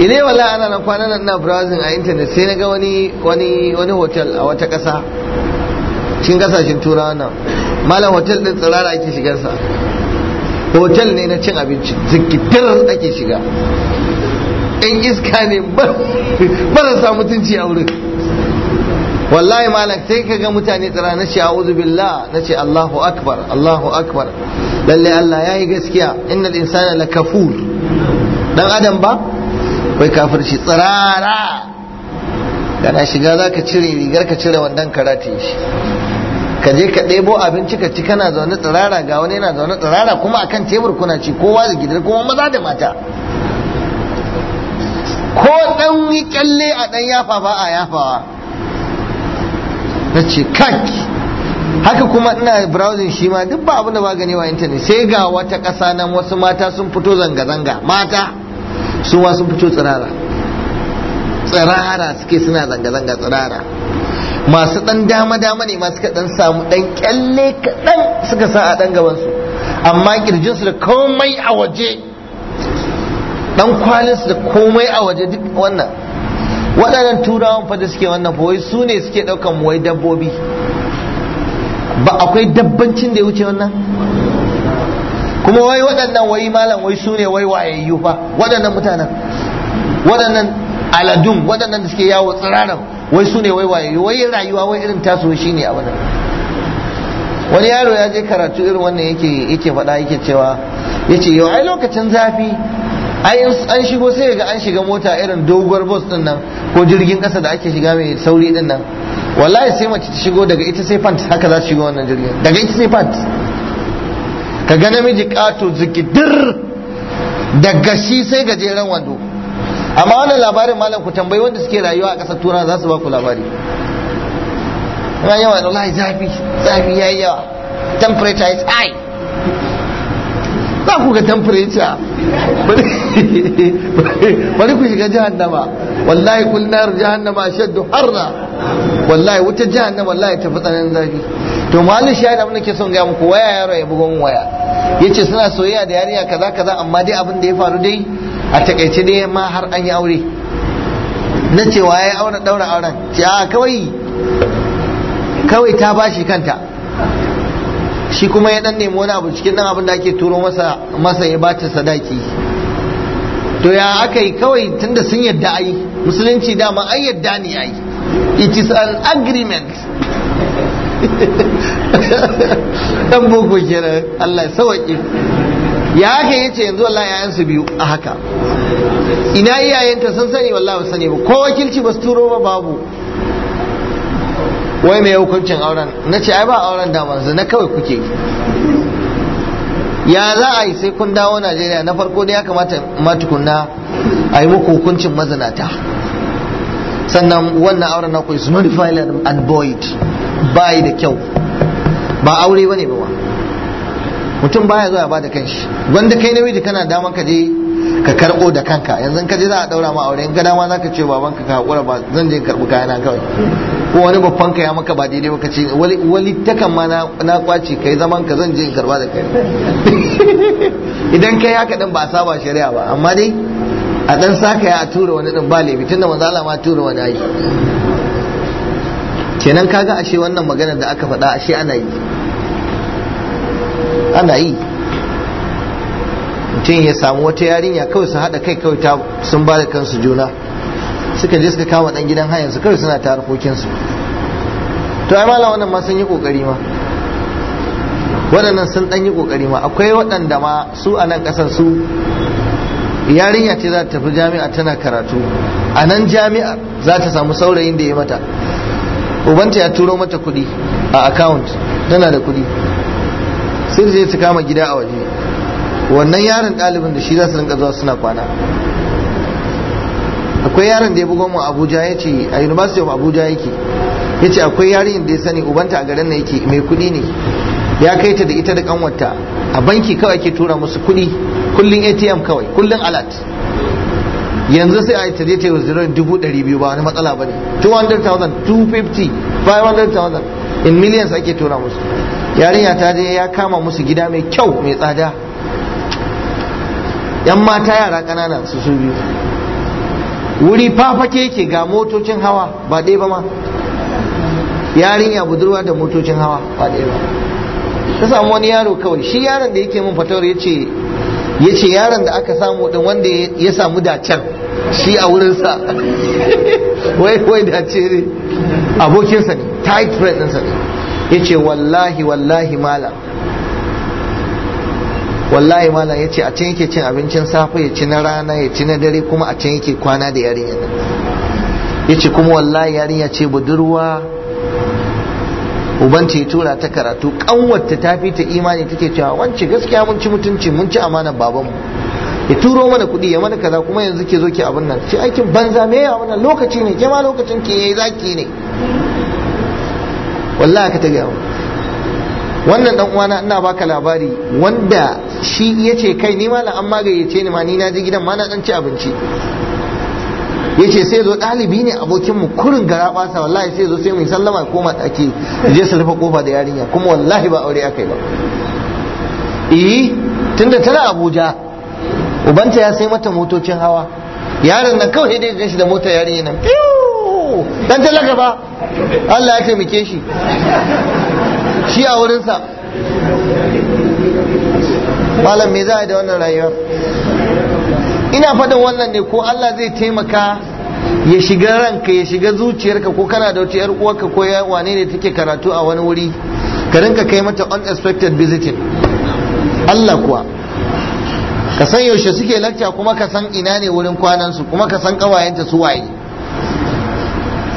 ine wala ana nan kwana nan na browsing a internet sai na ga wani wani wani hotel a wata ƙasa cikin kasashen turawa nan malam hotel din tsirara ake shigar sa hotel ne na cin abinci zikitar ake shiga ɗan iska ne marasa mutunci a wurin wallahi malak sai ka ga mutane tsara na ce a'udhu billah na ce Allahu akbar Allahu akbar lalle Allah ya yi gaskiya innal insana kafur dan adam ba bai shi tsirara kana shiga za ka cire rigar ka cire wannan ya shi ka je ka ɗebo abinci ka ci kana zaune tsirara ga wani yana zaune tsirara kuma akan tebur kuna ci kowa da gidan kuma maza da mata ko dan yi kyalle a dan yafa ba a yafawa na ce kak haka kuma ina browsing shi ma duk ba abin da ba gani wa intanet sai ga wata ƙasa nan wasu mata sun fito zanga-zanga mata su ma sun fito tsirara tsirara suke suna zanga-zanga tsirara masu dan dama-dama ne masu dan samu ɗan kyalle kaɗan suka sa a dan gabansu amma su da komai a waje dan kwalinsu da komai a waje duk wannan waɗannan turawan fa da suke wannan fa wai su ne suke ɗaukan wai dabbobi ba akwai dabbancin da ya wuce wannan kuma wai waɗannan wai malam wai su ne wai wayayyu fa waɗannan mutanen waɗannan aladun waɗannan da suke yawo tsiraran wai su ne wai wayayyu wai rayuwa wai irin tasu shi ne a wannan wani yaro ya je karatu irin wannan yake yake faɗa yake cewa yace yau ai lokacin zafi an shigo sai ga an shiga mota irin doguwar bus din nan ko jirgin kasa da ake shiga mai sauri din nan wallahi sai mace ta shigo daga ita sai fant haka za ta shigo wannan jirgin daga ita sai fant ka ga namiji kato zikidir daga shi sai gajeren wando amma wannan labarin malam ku tambayi wanda suke rayuwa a ƙasar tura za su ba ku labari ina yawa wallahi zafi zafi yayi yawa temperature is high za ku ga temperature bari ku shiga jahannama wallahi kul nar jahannama shaddu harra wallahi wuta jahannama wallahi tafi tsananin zafi to malin shi da nake son ga muku waya yaro ya bugon waya yace suna soyayya da yarinya kaza kaza amma dai abin da ya faru dai a takaice dai ma har an yi aure na cewa ya aure daura auren ce kawai kawai ta bashi kanta shi kuma ya dan nemi wani abu cikin dan abin da ake turo masa masa ya bata sadaki to ya aka yi kawai tunda sun yadda ai musulunci dama ai yadda ne ai it is an agreement (laughs) dan boko kenan Allah sauki ya haka yace yanzu wallahi yayan su biyu a haka ina iyayenta sun sani wallahi ba sani ba ko wakilci ba su turo ba babu wai mai hukuncin auren na ce ai ba auren da manzu na kawai kuke ya za a yi sai kun dawo najeriya na farko da ya kamata matukunna a yi muku hukuncin mazinata sannan wannan auren na is not violent and void ba yi da kyau ba aure ba ne ba mutum baya zuwa ba da kanshi wanda kai na namiji kana dama ka je ka karbo da kanka yanzu ka je za a daura ma aure in ka dama za ka ce babanka ka hakura ba zan je karbi kayana kawai ko wani babban ka ya maka ba daidai baka ce wali takan ma na kwace kai zaman ka zan je in karba da kai (laughs) idan kai haka din ba saba shari'a ba amma dai a dan saka ya tura wani din ba laifi tunda manzo Allah ma tura wani ai kenan kaga ashe wannan maganar da aka faɗa ashe ana yi ana yi mutum ya samu wata yarinya kawai su haɗa kai kawai sun ba da kansu juna suka je suka kama dan gidan hayan su kawai suna ta harkokin su to ai malam wannan ma sun yi kokari ma waɗannan sun dan yi kokari ma akwai waɗanda ma su a nan ƙasar su yarinya ce za ta tafi jami'a tana karatu a nan jami'ar za ta samu saurayin da ya mata ubanta ya turo mata kuɗi a account tana da kuɗi sai su je su kama gida a waje wannan yaron ɗalibin da shi za su rinka zuwa suna kwana akwai yaron da ya bugon mu abuja ya ce a university of abuja yake ya ce akwai yarin da ya sani ubanta a garin na yake mai kudi ne ya kai ta da ita da kanwarta a banki kawai ke tura musu kudi kullum atm kawai kullum alat yanzu sai a ta ta yi zirin dubu ɗari biyu ba wani matsala ba ne 200,000 250 500,000 in millions ake tura musu yarinya ta je ya kama musu gida mai kyau mai tsada yan mata yara ƙanana su su biyu wuri fafake ke ga motocin hawa ba ɗaya ba ma yarinya budurwa da motocin hawa ba ɗaya ba ta samu wani yaro kawai shi yaron da yake min fatawar ya ce yaron da aka samu ɗin wanda ya samu dacen shi a wurinsa (laughs) wai wai dace ne abokinsa ne tight friend ɗinsa ne ya ce wallahi wallahi malam wallahi malam ya ce a can yake cin abincin safe ya ci na rana ya ci na dare kuma a can yake kwana da yarinya ya ce kuma wallahi yarinya ce budurwa ubanci ya tura ta karatu kanwata ta fita ta imani take cewa wance gaskiya mun ci mutunci mun ci amanar mu. ya turo mana kuɗi ya mana kaza kuma yanzu ke zo ki abin nan ce aikin banza me ya wannan lokaci ne ke ma lokacin ki yayi zaki ne wallahi ka ta ga wannan dan uwana ina baka labari wanda shi ya ce kai ni malam an magayyace ni ma ni na je gidan ma na dan ci abinci ya ce sai zo ɗalibi ne abokinmu kurin gara basa wallahi sai zo sai mu sallama koma ɗaki je su rufe kofa da yarinya kuma wallahi ba aure aka yi ba eh tunda tana abuja ubanta ya sai mata motocin hawa yaron nan kawai dai shi da motar yarinya nan dan talaka ba Allah ya taimake shi shi a wurinsa malam me za a da wannan rayuwar ina faɗin wannan ne ko Allah zai taimaka ya shiga ranka ya shiga zuciyarka ko kana da wata yar uwarka ko ya wane ne take karatu a wani wuri ka rinka kai mata unexpected visiting Allah kuwa ka san yaushe suke lacca kuma ka san ina ne wurin kwanansu kuma ka san kawayenta su waye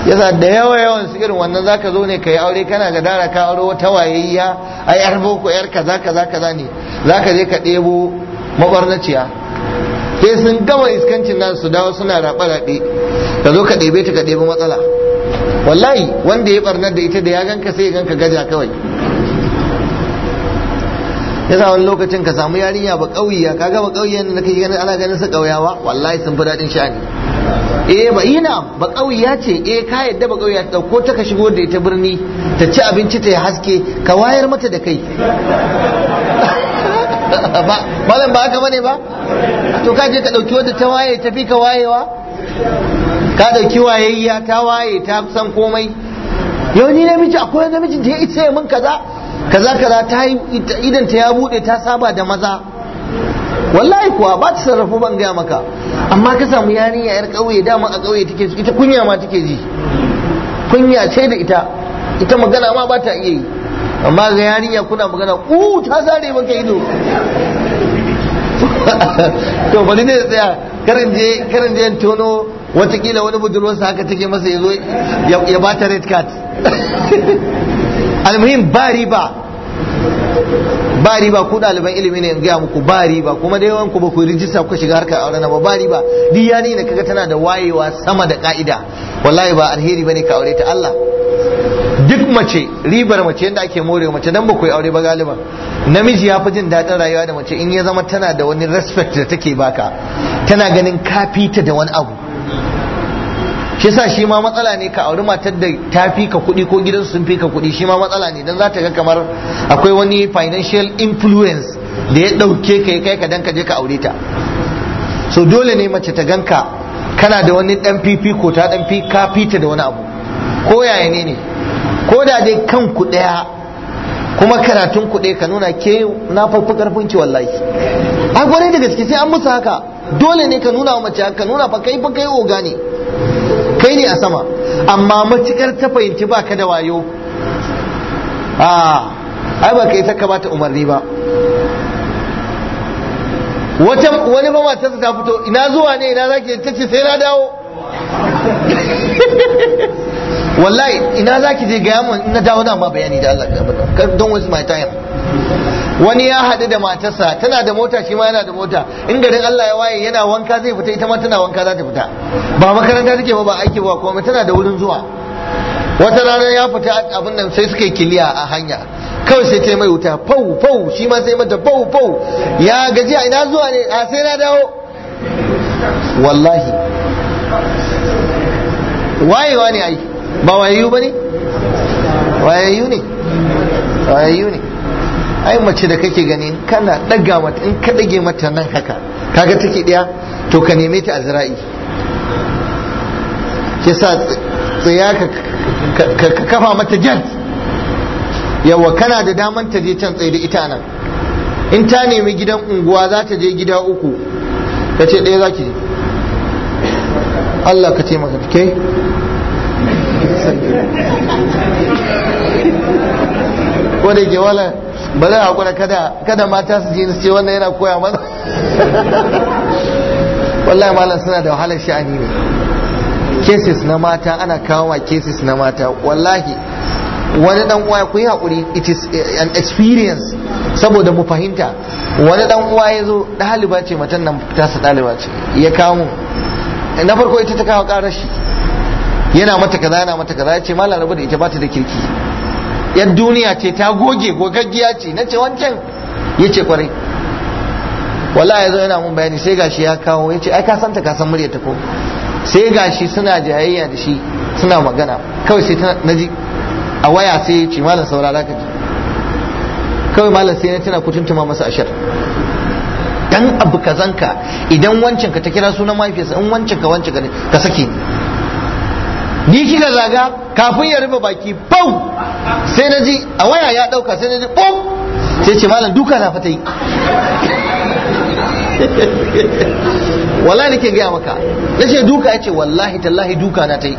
yasa da yawa yawan su irin wannan zaka zo ne kai aure kana ga dara ka aure wata wayayya ai yar boko yar kaza kaza kaza ne zaka je ka ɗebo mabarnaciya sai sun gama iskancin nan su dawo suna raɓa raɓe ka zo ka ɗebe ta ka ɗebo matsala wallahi wanda ya ɓarnar da ita da ya ganka sai ya ganka gaja kawai sa wani lokacin ka samu yarinya ba ƙauye kaga ba ƙauyen na kai ganin ana ganin su ƙauyawa wallahi sun fi daɗin sha'ani eh ba ina ba kauya ce eh ka yadda ba kauya ta ko ta ka shigo da ita birni ta ci abinci ta haske ka wayar mata da kai (laughs) ba malam ba haka bane ba to ka je ka dauki wanda ta waye tafi ka wayewa ka dauki wayayya ta waye ta san komai yau ni namiji akwai namiji da ya isa ya min kaza kaza kaza ta yi idan ta ya bude ta saba da maza wallahi kuwa ba ta sarrafu ban gaya maka amma ka samu yarinya yar ƙauye dama a kauye take ita kunya ma take ji kunya ce da ita ita magana ma ba ta iya yi amma ga yarinya kuna magana uh ta zare maka ido (laughs) to bari ne tsaya karin je karin je tono watakila wani budurwarsa haka take masa ya zo ya bata red card (laughs) almuhim ba riba ba riba ku ɗaliban ilimi ne in gaya muku ba riba kuma da wanku ba ku rijista ku shiga harkar auren ba ba riba duk ya da kaga tana da wayewa sama da ka'ida wallahi ba alheri bane ka aure ta Allah duk mace ribar mace yadda ake morewa mace dan ba ku aure ba galiban namiji ya fi jin daɗin rayuwa da mace in ya zama tana da wani respect da take baka tana ganin kafita da wani abu shi yasa shi ma matsala ne ka auri matar da ta fi ka kuɗi ko gidan sun fi ka kuɗi shi ma matsala ne don za ta ga kamar akwai wani financial influence da ya ɗauke ka yi kai ka dan ka je ka aure ta so dole ne mace ta ganka kana da wani dan ko ta dan fi ka fita da wani abu ko yaya ne ne ko da dai kan ku daya kuma karatun ku ka nuna ke na farko karfin ki wallahi a gwarai da gaske sai an musu haka dole ne ka nuna wa mace ka nuna fa kai fa kai oga ne kai ne a sama amma matukar ta fahimci baka da wayo a ai ba kai ta bata umarni ba wata wani ba matarsa ta fito ina zuwa ne ina zaki ta ce sai na dawo (laughs) wallahi ina zaki je gaya mun na dawo na ma bayani da Allah ka don wasu my time wani ya haɗu da matarsa tana da mota shi ma yana da mota in garin Allah ya waye yana wanka zai fita ita ma tana wanka za ta fita ba makaranta take ba ba aiki ba kuma tana da wurin zuwa wata rana ya fita abin nan sai suka yi kiliya a hanya kawai sai ta yi mai wuta fau fau shi ma sai mata fau fau ya gaji a ina zuwa ne a sai na dawo wallahi wayewa ne ai ba wayayyu ba ne wayayyu ne wayayyu ne ai mace da kake gani kana daga mata in ka dage mata nan haka kaga take daya to ka neme ta azra'i ke sa tsaya ka kafa mata jan yawa kana da daman ta je can tsaye da ita nan in ta nemi gidan unguwa za ta je gida uku ka ce ɗaya za ki Allah ka ce maka ke wadda ke wala ba zai haƙura kada mata su jini ce wannan yana koya mana wallahi malar suna da wahalar sha'ani ne cases na mata ana kawo ma cases na mata wallahi wani dan uwa ku yi haƙuri it is an experience saboda mu fahimta wani dan uwa ya zo ɗaliba ce matan nan tasa ɗaliba ce ya kawo na farko ita ta kawo ƙarar shi yana mata kaza yana mata kaza ya ce malar rabu da ita ba ta da kirki yan duniya ce ta goge gogaggiya ce na ce wancan ya ce kwarai wala ya zo yana mun bayani sai gashi ya kawo ya ce ai ka santa ka san murya ta ko sai gashi suna jayayya da shi suna magana kawai sai ta naji a waya sai ya ce malam saurara ka ji kawai malam sai ya tana kutuntuma masa ashar dan abu kazanka idan wancan ka ta kira sunan mahaifiyarsa in wancan ka wancan ka ne ka sake ni ni kika zaga kafin ya rufe baki pau sai na ji a waya ya dauka sai na ji pau sai ce malam duka na fata yi (laughs) wallahi nake gaya maka na ce duka ya ce wallahi tallahi duka na ta yi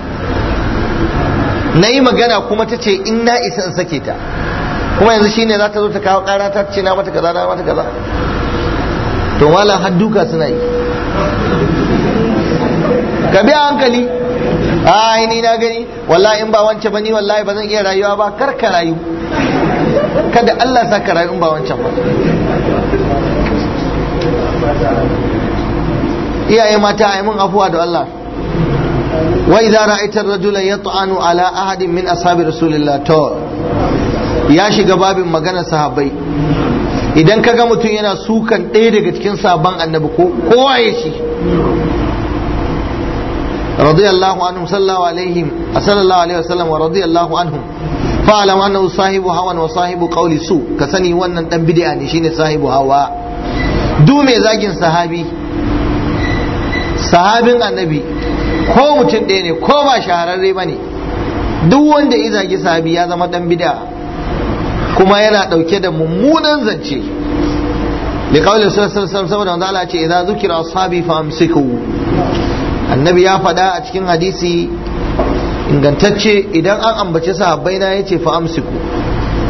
na yi magana kuma ta ce in na isa in sake ta kuma yanzu shine za ta zo ta kawo kara ta ce na mata kaza na mata kaza to malam har duka suna yi ka biya hankali ai ni na gani wallahi in ba wance ba ni wallahi ba zan iya rayuwa ba kar ka rayu kada Allah sa ka rayu in ba wancan ba iyaye mata ai mun afuwa da Allah wa idza ra'aita ar-rajula yat'anu ala ahadin min ashabi rasulillah to ya shiga babin magana sahabbai idan kaga mutum yana sukan ɗaya daga cikin sabon annabi ko ya shi رضي الله عنهم صلى الله عليهم صلى الله عليه وسلم ورضي الله عنهم فاعلم انه صاحب هوى وصاحب قول سوء كسني wannan dan bid'a ne shine sahibu hawa du mai zagin sahabi sahabin annabi ko mutum ɗaya ne ko ba shahararre ba ne duk wanda ya zagi sahabi ya zama dan bid'a kuma yana ɗauke da mummunan zance li kawai da alaihi saboda wanda ce zukira annabi ya faɗa a cikin hadisi ingantacce idan an ambace sahabbai na yace fa amsiku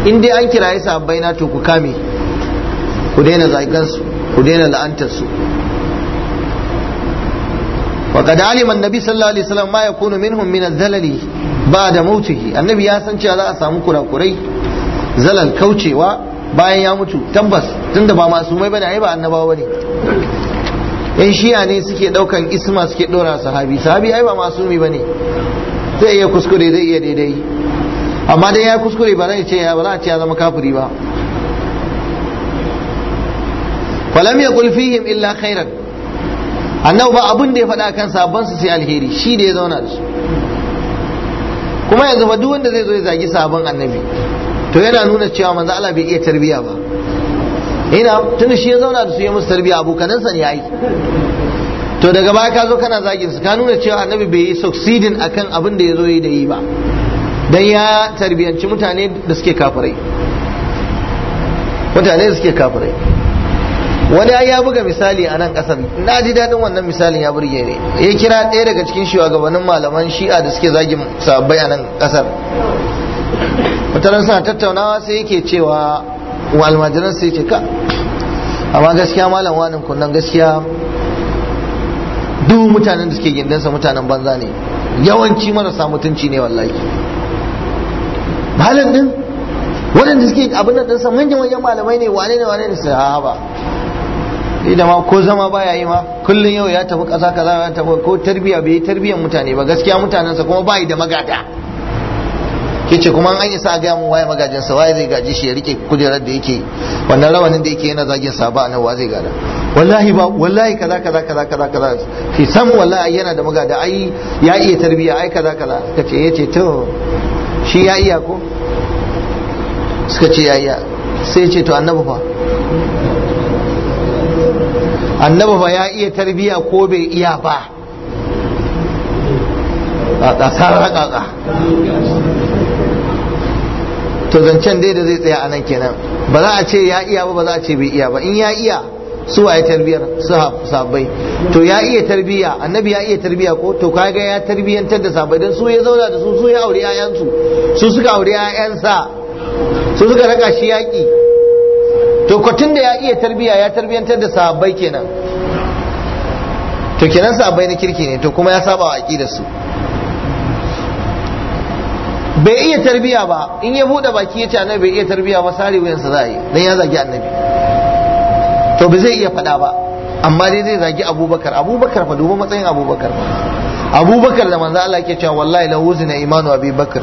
in dai an kiraye sahabbai na to ku kame ku daina su ku daina la'antar su wa qad alima annabi sallallahu alaihi wasallam ma yakunu minhum min adh-dhalali ba'da annabi ya san cewa za a samu kurakurai zalal kaucewa bayan ya mutu tabbas tunda ba mai bane ai ba annabawa bane yan shiya ne suke daukan isma suke dora sahabi sahabi ai ba masumi bane zai iya kuskure zai iya daidai amma dai ya kuskure ba zai ce ba za a ce ya zama kafiri ba falam yaqul fihim illa khairan annabi ba abun da ya faɗa kan sabon su sai alheri shi da ya zauna da su kuma yanzu ba duk wanda zai zo ya zagi sabon annabi to yana nuna cewa manzo Allah bai iya tarbiya ba ina tun shi ya zauna da su ya musu tarbiya abokanansa ne yi. to daga baya ka zo kana zagin su ka nuna cewa annabi bai yi a akan abin da ya zo yi da yi ba dan ya tarbiyanci mutane da suke kafirai mutane da suke kafirai wani ai ya buga misali a nan kasar na ji daɗin wannan misalin ya burge ne ya kira ɗaya daga cikin shugabannin malaman shi'a da suke zagin sabbai a nan kasar mutanen suna tattaunawa sai yake cewa wa almajiran sai ce ka amma gaskiya malam wanin kunnan gaskiya duk mutanen da suke gindinsa mutanen banza ne yawanci marasa mutunci ne wallahi malam din waɗanda suke abin da ɗansa manyan wajen malamai ne wane ne wane ne sahaba da ma ko zama baya yi ma kullum yau ya tafi kaza kaza ya tafi ko tarbiya bai yi tarbiyan mutane ba gaskiya mutanensa kuma bai da magada ce kuma an yi a gaya mun waye magajin sa waye zai gaji shi ya rike kujerar da yake wannan rawanin da yake yana zagin sa ba nan wa zai gada wallahi ba wallahi kaza kaza kaza kaza kaza fi san wallahi yana da magada ai ya iya tarbiya ai kaza kaza kace yace to shi ya iya ko suka ce ya iya sai ya ce to annabi fa annabi fa ya iya tarbiya ko bai iya ba a tsara kaka to zancen dai da zai tsaya a nan kenan ba za a ce ya iya ba ba za a ce bai iya ba in ya iya su waye tarbiyar sabai to ya iya tarbiya annabi ya iya tarbiya ko to ga ya tarbiyantar da sabai don su ya zauna da su su ya aure yayansu su suka aure yayansa su suka raka shi yaƙi to kwatin da ya iya tarbiya ya tarbiyantar da sabai kenan to kenan sabai na kirki ne to kuma ya saba wa da su bai iya tarbiya ba in ya bude baki ya ce annabi bai iya tarbiya ba sare wuyansa za a yi dan ya zagi annabi to ba zai iya faɗa ba amma dai zai zagi abubakar abubakar fa duba matsayin abubakar abubakar da manzo Allah ke cewa wallahi la wuzina imanu abubakar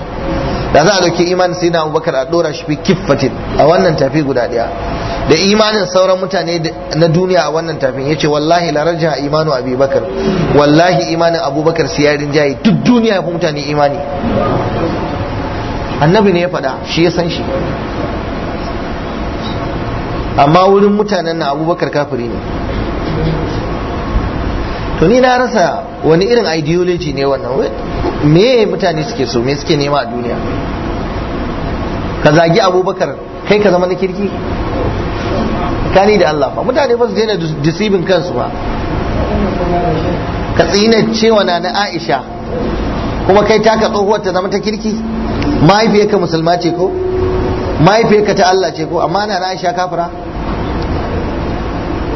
da za a dauke imanin sayyidina abubakar a dora shi fi kiffatin a wannan tafi guda daya da imanin sauran mutane na duniya a wannan tafin yace wallahi la raja imanu abubakar wallahi imanin abubakar siyarin jayi duk duniya ya fi mutane imani annabi ne ya faɗa shi ya san shi amma wurin mutanen na abubakar kafiri ne to ni na rasa wani irin ideology ne wannan me mutane suke so me suke nema a duniya ka zagi abubakar kai ka zama na kirki kani da Allah fa mutane ba su daina disibin kansu ba ka tsinace wa na na Aisha kuma kai taka tsohuwar ta zama ta kirki mahaifiyarka musulma ce ko mahaifiyarka ta Allah ce ko amma na Aisha kafira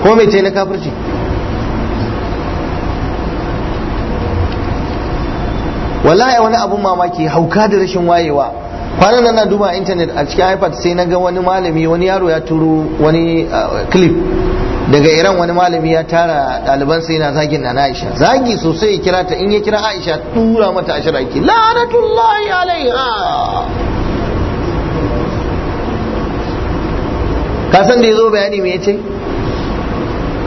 ko mai ce na kafirci wallahi wani abun mamaki hauka da rashin wayewa kwanan nan na duba intanet a cikin ipad sai na ga wani malami wani yaro ya turo wani uh, clip daga iran wani malami ya tara ɗalibansa yana zagin na aisha zagi sosai ya kira ta in ya kira aisha tura mata ashir ake la'anatullahi alaiha ka san da ya zo bayani me ce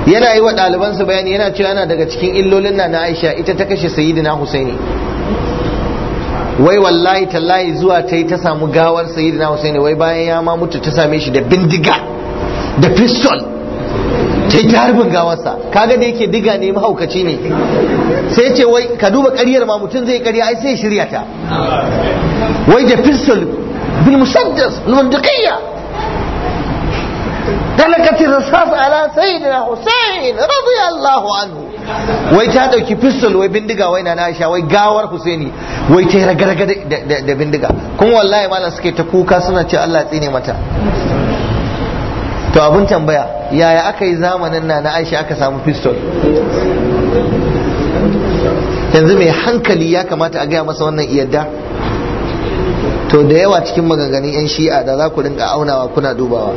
yana yi wa ɗalibansa bayani yana cewa yana daga cikin illolin na na aisha ita ta kashe sayyidina husaini wai wallahi tallahi zuwa ta yi ta samu gawar sayyidina husaini wai bayan ya ma mutu ta same shi da bindiga da pistol sai ta harbin gawarsa kaga da yake diga ne mahaukaci ne sai ce wai ka duba ƙaryar ma mutum zai ƙarya ai sai shirya ta wai da fisul bil musaddas al-mantiqiyya dalakat ar-rasas ala sayyidina Hussein radiyallahu anhu wai ta dauki fisul wai bindiga wai na Aisha wai gawar Husaini wai ta ragarga da bindiga kuma wallahi malam suke ta kuka suna ce Allah ya tsine mata to abun tambaya yaya aka yi zamanin na na aisha aka samu pistol yanzu mai hankali ya kamata a gaya masa wannan iyadda to da yawa cikin maganganun 'yan shi'a da za ku auna aunawa kuna dubawa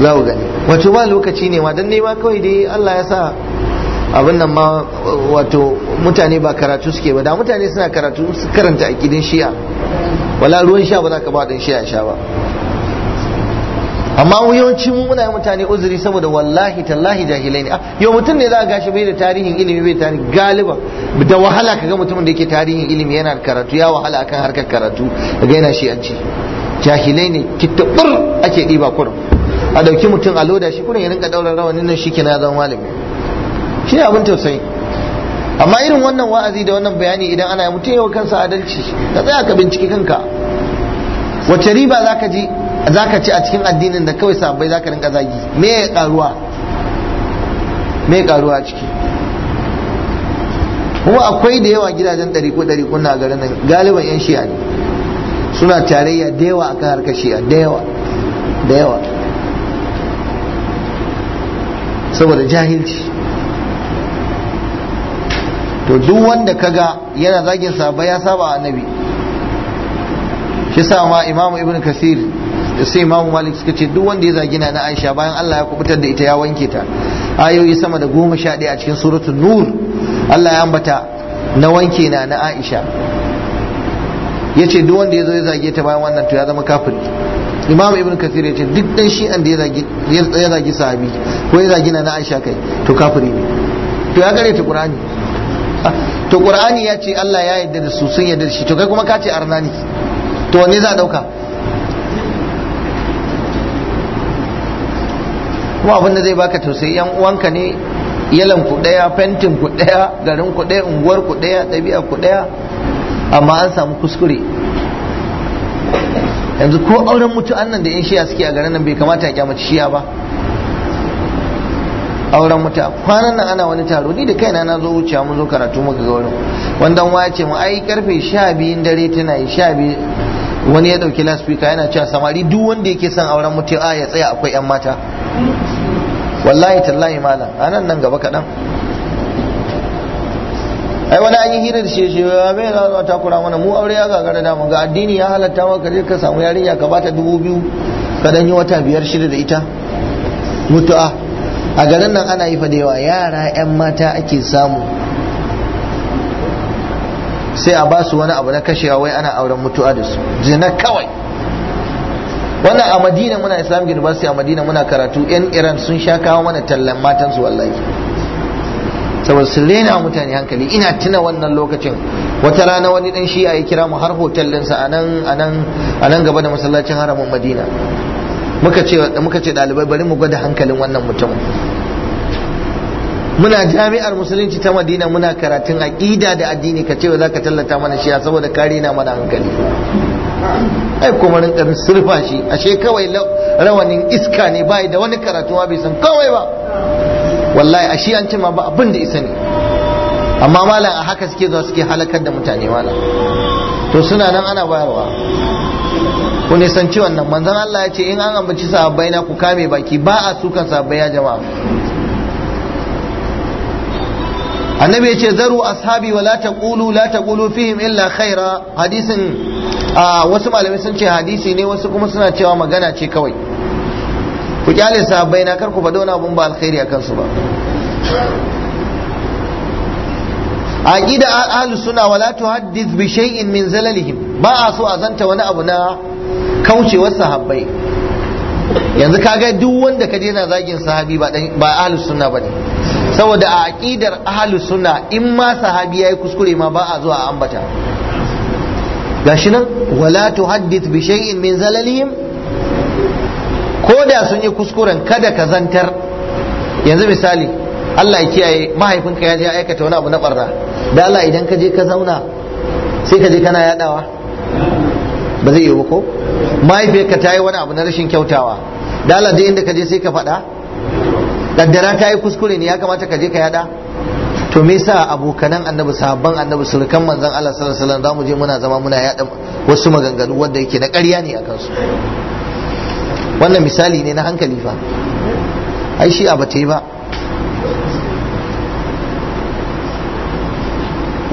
za ku gani wato ba lokaci ne ma don nema kawai dai allah ya sa abin nan ma wato mutane ba karatu suke ba da mutane suna karatu karanta a gidan shi'a wala ruwan sha ba za ka ba don shi'a sha ba amma yawanci mu muna mutane uzuri saboda wallahi tallahi jahilai ne ah, yau mutum ne za a gashi bai da tarihin ilimi bai tarihin galiba da wahala ka ga mutumin da yake tarihin ilimi yana karatu ya wahala akan harkar karatu kaga yana shi'anci jahilai ne kitabur ake ɗiba kurum a ɗauki mutum a loda shi kurin ya rinka ɗaurar rawanin nan shi ke na zama malami shi ne abin tausayi amma irin wannan wa'azi da wannan bayani idan ana mutum yau kansa adalci ka tsaya ka binciki kanka wacce riba za ka ji Za ka ci a cikin addinin da kawai sabai ka rinka zagi me ya karuwa me ya karuwa ciki kuma akwai da yawa gidajen ɗariko ɗariko na garin nan galiban yan shiya ne suna tarayya da yawa akan harkar shi'a da yawa da yawa saboda jahilci to duk wanda kaga yana zagin saba ya saba annabi shi sa ma imamu ibn kasir sai imamu malik suka ce duk wanda ya zagi na aisha bayan allah ya kubutar da ita ya wanke ta ayoyi sama da goma sha ɗaya a cikin suratul nur allah ya ambata na wanke na na aisha ya ce duk wanda ya zo ya zage ta bayan wannan to ya zama kafin imam ibn kafir ya ce duk dan an da ya zagi sahabi ko ya zagi na na aisha kai to kafiri ne to ya gare ta qur'ani to qur'ani ya ce Allah ya yarda da su sun yarda da shi to kai kuma ka ce ne to wanne za a dauka kuma abin da zai baka tausayi yan uwanka ne yalan ku daya fentin ku daya garin ku daya unguwar ku daya ɗabi'a ku daya amma an samu kuskure yanzu ko auren mutu annan da yan shiya suke a garin nan bai kamata a kyamaci shiya ba auren mutu'a kwanan nan ana wani taro ni da kaina na zo wuce mun zo karatu muka ga wurin wanda wa ya ce mu ai karfe 12 dare tana yi 12 wani ya dauki laspika yana cewa samari duk wanda yake son auren mutum a ya tsaya akwai yan mata wallahi tallahi malam anan nan gaba kaɗan ai wani an yi hirar shi shi ya bai zuwa takura mana mu aure ya gagara da mu ga addini ya halatta wa ka je ka samu yarinya ka bata dubu biyu ka dan yi wata biyar shida da ita mutu'a a garin nan ana yi fa da yawa yara yan mata ake samu sai a ba su wani abu na kashewa wai ana auren mutuwa da su jina kawai wannan a madina muna Islam university a madina muna karatu yan iran sun sha kawo mana tallan matansu su wallahi saboda su rena mutane hankali ina tuna wannan lokacin wata rana wani dan shi ya kira mu har hotel dinsa a nan a gaba da masallacin haramun madina muka ce muka ɗalibai bari mu gwada hankalin wannan mutum. muna jami'ar musulunci ta madina muna karatun aƙida da addini ka ce za ka tallata mana shi saboda kare na mana hankali ai kuma rinka surfa shi ashe kawai rawanin iska ne bai da wani karatu bai san kawai ba wallahi ashe an ce ma ba abin da isa ne amma malam a haka suke zuwa suke halakar da mutane mana to suna nan ana bayarwa ku nisanci wannan manzon Allah ya ce in an ambaci sahabbai na ku kame baki ba a sukan sahabbai ya jama'a annabi ya ce zaru ashabi wa la taqulu la taqulu fihim illa khaira hadisin wasu malamai sun ce hadisi ne wasu kuma suna cewa magana ce kawai ku kyale sahabbai na karku ku dauna abun ba alkhairi akan su ba aqida ahlus sunna wala tuhaddith bi shay'in min zalalihim ba a so a zanta wani abu na kaucewar sahabbai yanzu kaga duk wanda ka daina zagin sahabi ba ba ahlus sunna bane saboda a aƙidar ahalus suna in ma sahabi ya yi kuskure ma ba a zuwa a ambata gashi nan wala tuhaddith bi shay'in min zalalihim ko da sun yi kuskuren kada ka zantar yanzu misali Allah ya kiyaye mahaifinka ya je aikata wani abu na barna da Allah idan ka je ka zauna sai ka je kana yadawa ba zai ba ko Mahaifinka ta yi wani abu na rashin kyautawa da Allah duk inda ka je sai ka faɗa Daddara ta yi kuskure ne ya kamata ka je ka yada to me yasa abokanan annabi sahabban annabi surukan manzon Allah sallallahu alaihi wasallam zamu je muna zama muna yada wasu maganganu wanda yake na ƙarya ne akan su wannan misali ne na hankali fa ai shi a bata yi ba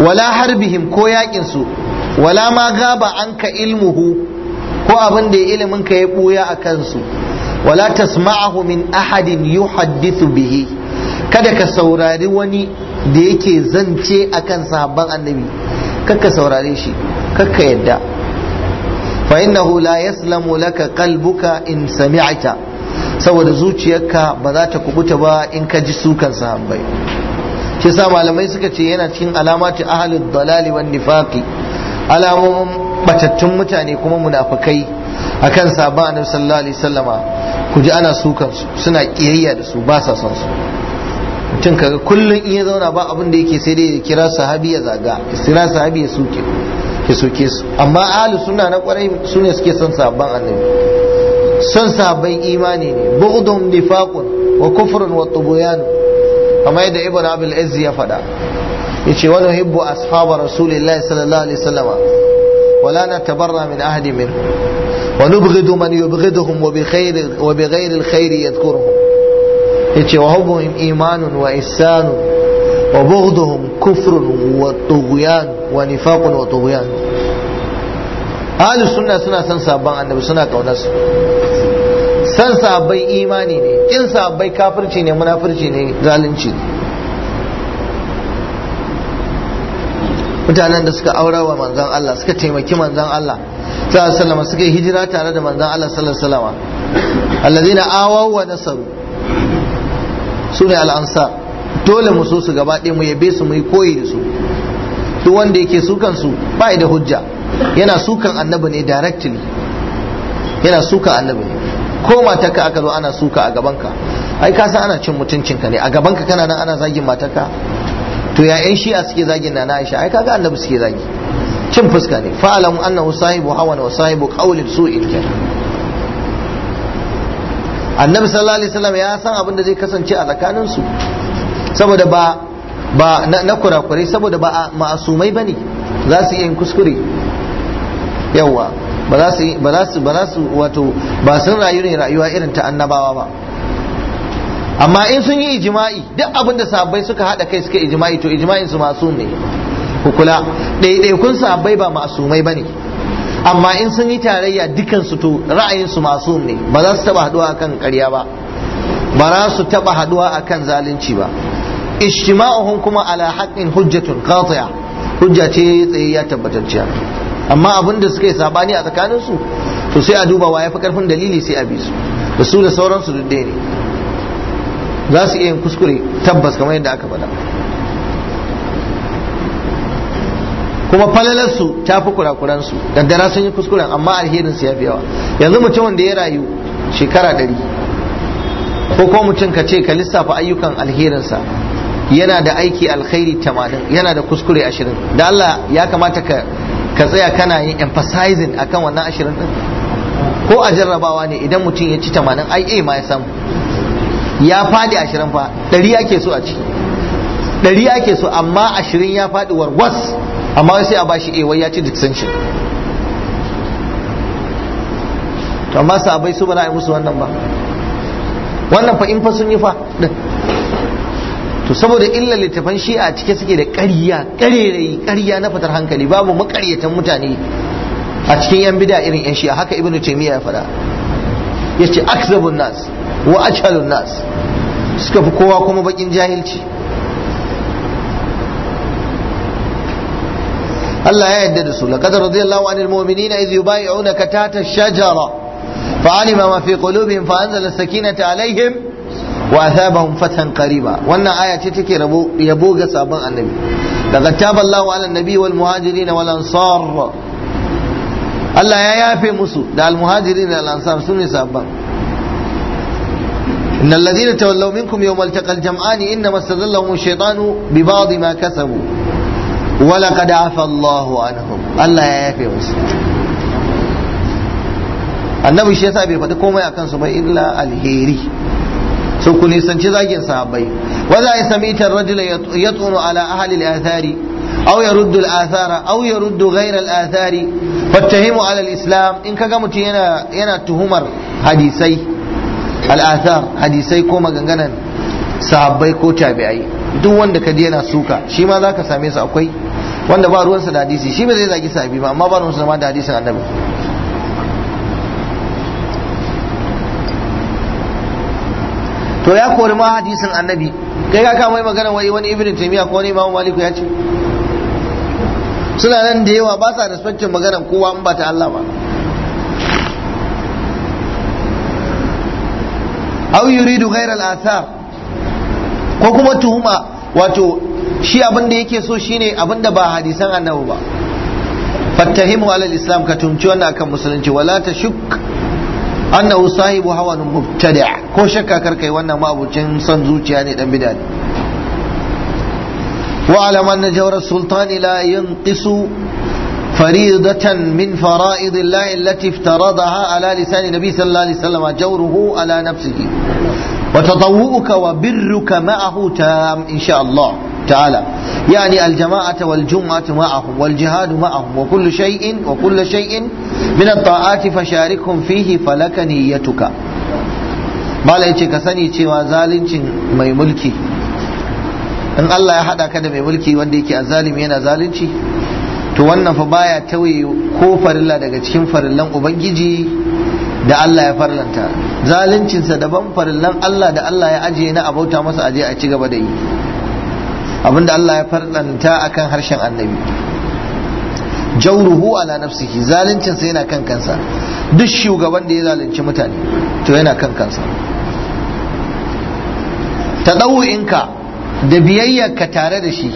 wala harbihim ko yakin su wala ma gaba anka ilmuhu ko abin da ilimin ka ya buya a kansu wala tasma'ahu min ahadin yuhaddithu bihi kada ka saurari wani da yake zance kan sahabban annabi kakka saurare shi kakka yadda fa innahu la yaslamu laka qalbuka in sami'ta saboda zuciyarka ba za ta kubuta ba in ka ji sukan sahabbai shi sa malamai suka ce yana cikin alamatu ahlud dalali wan nifaqi alamomin batattun mutane kuma munafikai akan sahabban annabi sallallahu alaihi wasallama ku ji ana sukan su suna kiyayya da su ba sa son su mutum kaga kullum in ya zauna ba abin da yake sai dai ya kira sahabi ya zaga kira sahabi ya suke ke suke su amma ahli sunna na kwarai su ne suke son sahabban annabi son sahabban imani ne bu'dun nifaqun wa kufrun wa tubyan kamar yadda ibnu abul az ya faɗa yace wa nuhibbu ashabar rasulillahi sallallahu alaihi wasallam wala natabarra min ahadi minhum ونبغض من يبغضهم وبخير وبغير الخير يذكرهم yace wa hubbuhum imanun wa ihsanun wa bughduhum kufrun wa tughyan wa nifaqun wa tughyan ahlus sunna suna san sabban annabi suna kaunar su san sabbai imani ne abai sabbai kafirci ne munafirci ne zalunci mutanen da suka aura wa manzon Allah suka taimaki manzon Allah sallallahu alaihi suka yi hijira tare da manzon Allah sallallahu alaihi wasallam allazina awaw wa nasaru sune ne ansar dole mu so su gaba ɗaya mu yabe su mu yi koyi da su duk wanda yake sukan su ba da hujja yana sukan annabi ne directly yana sukan annabi ne ko matarka aka zo ana suka a gabanka ai ka san ana cin mutuncinka ne a gabanka kana nan ana zagin matarka to ya yan a suke zagin na Aisha ai kaga annabi suke zagi cin fuska ne fa'alamu annahu sahibu hawan wa sahibu qawlin su'il annabi sallallahu alaihi wasallam ya san abin da zai kasance a tsakanin su saboda ba ba na kurakurai saboda ba a ma'asumai bane za su iya yin kuskure yawa ba za su ba za su ba za su wato ba sun rayu ne rayuwa irin ta annabawa ba amma in sun yi ijima'i duk abin da suka hada kai suka ijima'i to ijima'in su masu ne kukula kula ɗaiɗaikun sahabbai ba masumai bane amma in sun yi tarayya dukansu to ra'ayinsu masum ne ba za su taba haduwa akan ƙarya ba ba za su taba haduwa akan zalunci ba ishtima'uhum kuma ala haqqin hujjatun qati'a hujja ce tsayayya tabbatacciya amma abin da suka yi sabani a tsakanin su to sai a duba wa yafi karfin dalili sai a bi su da su da sauransu duk ne za su iya yin kuskure tabbas kamar yadda aka faɗa kuma falalarsu ta fi kurakuransu daddara sun yi kuskuren amma alherinsu ya fi yawa yanzu mutum wanda ya rayu shekara ɗari ko kuma mutum ka ce ka lissafa ayyukan alherinsa yana da aiki alkhairi tamanin yana da kuskure ashirin da Allah ya kamata ka ka tsaya kana yin emphasizing akan wannan ashirin din ko a jarrabawa ne idan mutum ya ci tamanin ai ma ya samu ya faɗi ashirin fa ɗari ake so a ci ɗari ake so amma ashirin ya faɗi warwas amma sai a bashi A eh, wai ya ci distinction to amma bai su ba na a yi musu wannan ba wannan fa in fa sun yi fa to saboda illa littafan a cike suke da ƙarya ƙarerai ƙarya na fatar hankali babu makaryatan mutane a cikin yan bida irin yan shi'a haka ibnu taymiya ya faɗa yace akzabun nas wa ajhalun nas suka fi kowa kuma bakin jahilci Allah ya yarda da su laqad radiyallahu anil mu'minina idh yubay'unaka tahta ash-shajara fa'alima ma fi qulubihim fa anzala as-sakinata alaihim wa athabahum fathan qariba wannan aya ce take rabo yabo ga sabon annabi laqad Allahu ala an-nabi wal muhajirin wal ansar Allah ya yafe musu da al-muhajirin da al-ansar sune sabon إن الذين تولوا منكم يوم التقى الجمعان إنما استذلهم الشيطان ببعض ما كسبوا wala kada afa Allahu anhum Allah ya yafe musu annabi shi yasa bai faɗi komai akan su ba illa alheri so ku nisanci zagin sahabbai wa za ya sami tar rajula yatsunu ala ahli al-athari aw yaruddu al-athara aw yaruddu ghayra al-athari fattahimu ala al-islam in ga mutum yana tuhumar hadisai al hadisai ko maganganan sahabbai ko tabi'ai duk wanda ka yana suka shi ma zaka same su akwai wanda ba ruwansa da hadisi shi ba zai zagi sahibi ba amma ba ruwansa ma da hadisin annabi to ya kori ma hadisin annabi kai ka kama magana wai wani ibn taymiya ko wani imam malik ya ce suna nan da yawa ba sa respectin maganar kowa in ba ta Allah ba au yuridu ghayra al-athar ko kuma tuhuma wato shi abin da yake so shine abin da ba hadisan annabi ba fattahimu alal islam ka tumci wannan akan musulunci wala ta shuk annahu sahibu hawan mubtadi' ko shakka kar kai wannan mabucin son zuciya ne dan bid'a wa alam anna jawra sultani la yanqisu فريضة من فرائض الله التي افترضها على لسان النبي صلى الله عليه وسلم جوره على نفسه وتطوؤك وبرك معه تام إن شاء الله تعالى يعني الجماعة والجمعة معهم والجهاد معهم وكل شيء وكل شيء من الطاعات فشاركهم فيه فلك نيتك bala ya ce ka sani cewa zalincin mai mulki in Allah ya haɗa ka da mai mulki wanda yake a zalimi yana zalunci to wannan fa baya tawaye ko farilla daga cikin farillan ubangiji da Allah ya farlanta sa daban farillan Allah da Allah ya ajiye na abauta masa aje a ci gaba da yi abinda Allah ya farlanta akan harshen annabi jauruhu ala nafsihi zalincin sa yana kan kansa duk shugaban da ya zalunci mutane to yana kan kansa tadawu'inka da biyayyarka tare da shi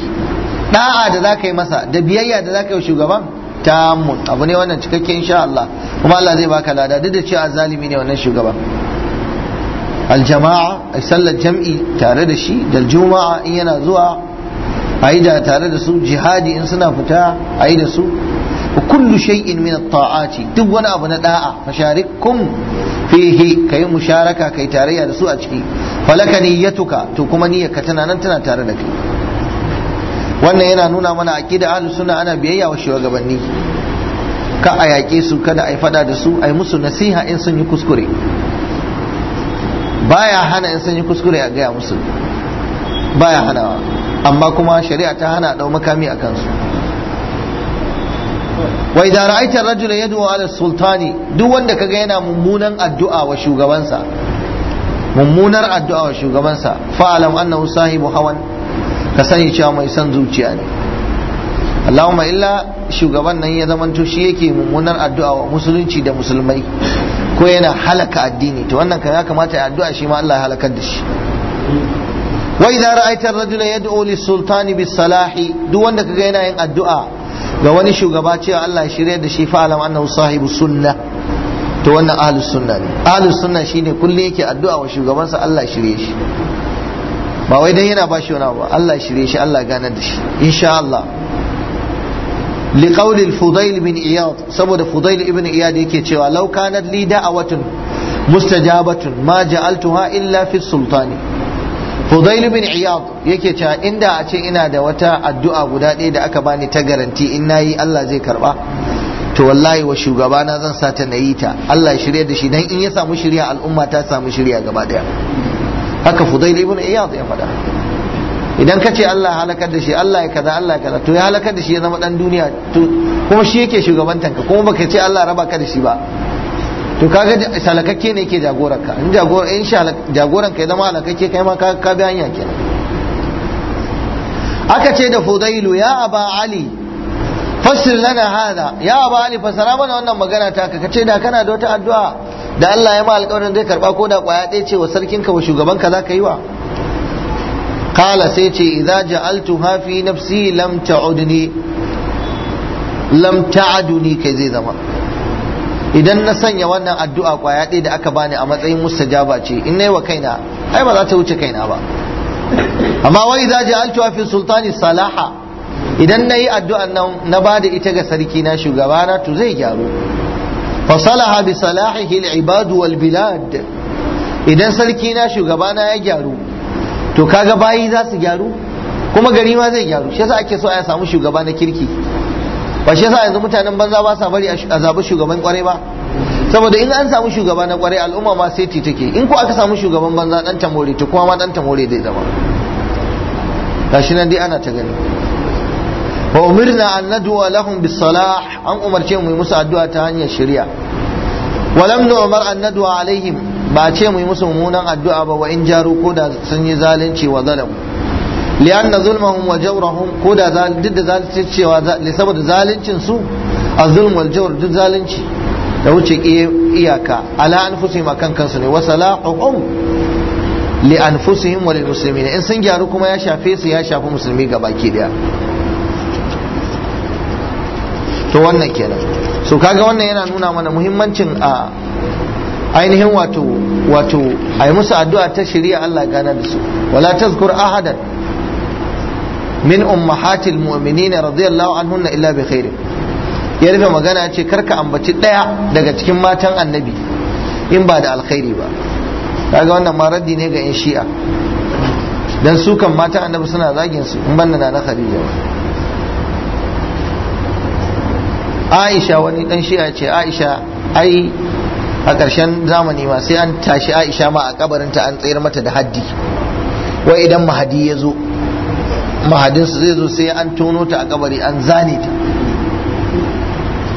da'a da za ka yi masa da biyayya da za ka yi shugaban tamun abu ne wannan cikakke insha Allah kuma Allah zai baka lada duk da cewa zalimi ne wannan shugaban aljama'a sallar jam'i tare da shi da juma'a in yana zuwa Ayi yi da tare da su jihadi in suna fita a yi da su kullu shay'in min at-ta'ati duk wani abu na da'a fasharikum fihi kai musharaka kai tarayya da su a ciki falaka niyyatuka to kuma niyyarka tana nan tana tare da kai wannan yana nuna mana aqida ahlus sunna ana biyayya wa shugabanni ka a yaƙe su kada a yi fada da su a yi musu nasiha in sun yi kuskure baya hana in sun yi kuskure a gaya musu baya hanawa amma kuma shari'a ta hana dau makami a kansu wa idza ra'aita ar-rajula yad'u 'ala sultani duk wanda kaga yana mummunan addu'a wa shugabansa mummunar addu'a wa shugabansa alam annahu sahibu hawan ka sani cewa mai son zuciya ne Allahumma illa shugaban nan ya zamanto shi yake mummunar addu'a wa musulunci da musulmai ko yana halaka addini to wannan kan ya kamata ya addu'a shi ma Allah ya halakar da shi wa idza ra'aita ar-rajula yad'u lis-sultani bis-salahi duk wanda kaga yana yin addu'a ga wani shugaba cewa Allah ya shirya da shi fa alam annahu sahibu sunna to wannan ahlus sunna ne ahlus sunna shine kullum yake addu'a wa shugabansa Allah ya shirye shi ba wai dan yana ba shi wani ba Allah ya shirye shi Allah ya gana da shi insha Allah لقول الفضيل بن إياد سبب الفضيل ابن إياد يكي تشوى لو كانت لي دعوة مستجابة ما جعلتها illa fi sultani. Fudail bin Iyad yake cewa inda a ce ina da wata addu'a guda ɗaya da aka bani ta garanti in nayi Allah zai karba to wallahi wa shugabana zan sa ta nayi ta Allah ya shirya da shi dan in ya samu shirya al'umma ta samu shirya gaba daya haka Fudail bin Iyad ya faɗa idan ka ce Allah halakar da shi Allah ya kaza Allah ya kaza to ya halakar da shi ya zama dan duniya to kuma shi yake shugabantanka kuma baka ce Allah raba ka da shi ba to kaga salakakke ne yake ka in jagoran in ya zama alakakke kai ma ka bi hanya kenan aka ce da fudailu ya aba ali fasir lana hada ya aba ali fasara mana wannan magana ta ka ce da kana da wata addu'a da Allah ya ma alƙawarin zai karba ko da kwaya ɗaya ce wa sarkin ka wa shugaban ka zaka yi wa kala sai ce idza ja'altuha fi nafsi lam ta'udni lam ta'aduni kai zai zama idan na sanya wannan addu'a kwaya ɗaya da aka bani a matsayin mustajaba ce in yi wa kaina ai ba za ta wuce kaina ba amma wai idza ja'altu fi sultani salaha idan na yi addu'an nan na da ita ga sarki na shugabana to zai gyaru fa salaha bi salahihi al-ibad wal bilad idan sarki na shugabana ya gyaru to kaga bayi za su gyaru kuma gari ma zai gyaru shi yasa ake so a samu shugaba na kirki ba shi yasa yanzu mutanen banza ba sa bari a zabi shugaban kwarai ba saboda in an samu shugaba na kwarai al'umma ma sai ti take in ko aka samu shugaban banza dan tamore to kuma ma dan tamore zai zama gashi nan dai ana ta gani wa umirna an nadwa lahum bis salah an umarce mu yi musu addu'a ta hanyar shari'a walam nu'mar an nadwa alaihim ba ce mu yi musu mummunan addu'a ba wa in jaru ko da sun yi zalunci wa zalamu li'anna zulmahum wa jawrahum ko da duk da zalunci cewa saboda zaluncin su azulm wal jawr duk zalunci da wuce iyaka ala anfusihim akan kansu ne wa salahuhum li anfusihim wa lil muslimin in sun gyaru kuma ya shafe su ya shafi musulmi gabaki daya to wannan kenan so kaga wannan yana nuna mana muhimmancin a ainihin wato wato ai musu addu'a ta shari'a Allah gana da su wala tazkur ahadan min ummahatil mu'minin radiyallahu anhunna illa bi khairin ya rufe magana ce karka ambaci daya daga cikin matan annabi in ba da alkhairi ba kaga wannan ma raddi ne ga yan shi'a dan su kan matan annabi suna zagin su in banna na khadija Aisha wani dan shi'a ce Aisha ai a karshen zamani ma sai an tashi Aisha ma a kabarinta an tsayar mata da haddi Wa idan mahadi ya zo mahadinsu zai zo sai an tono ta a kabari an zane ta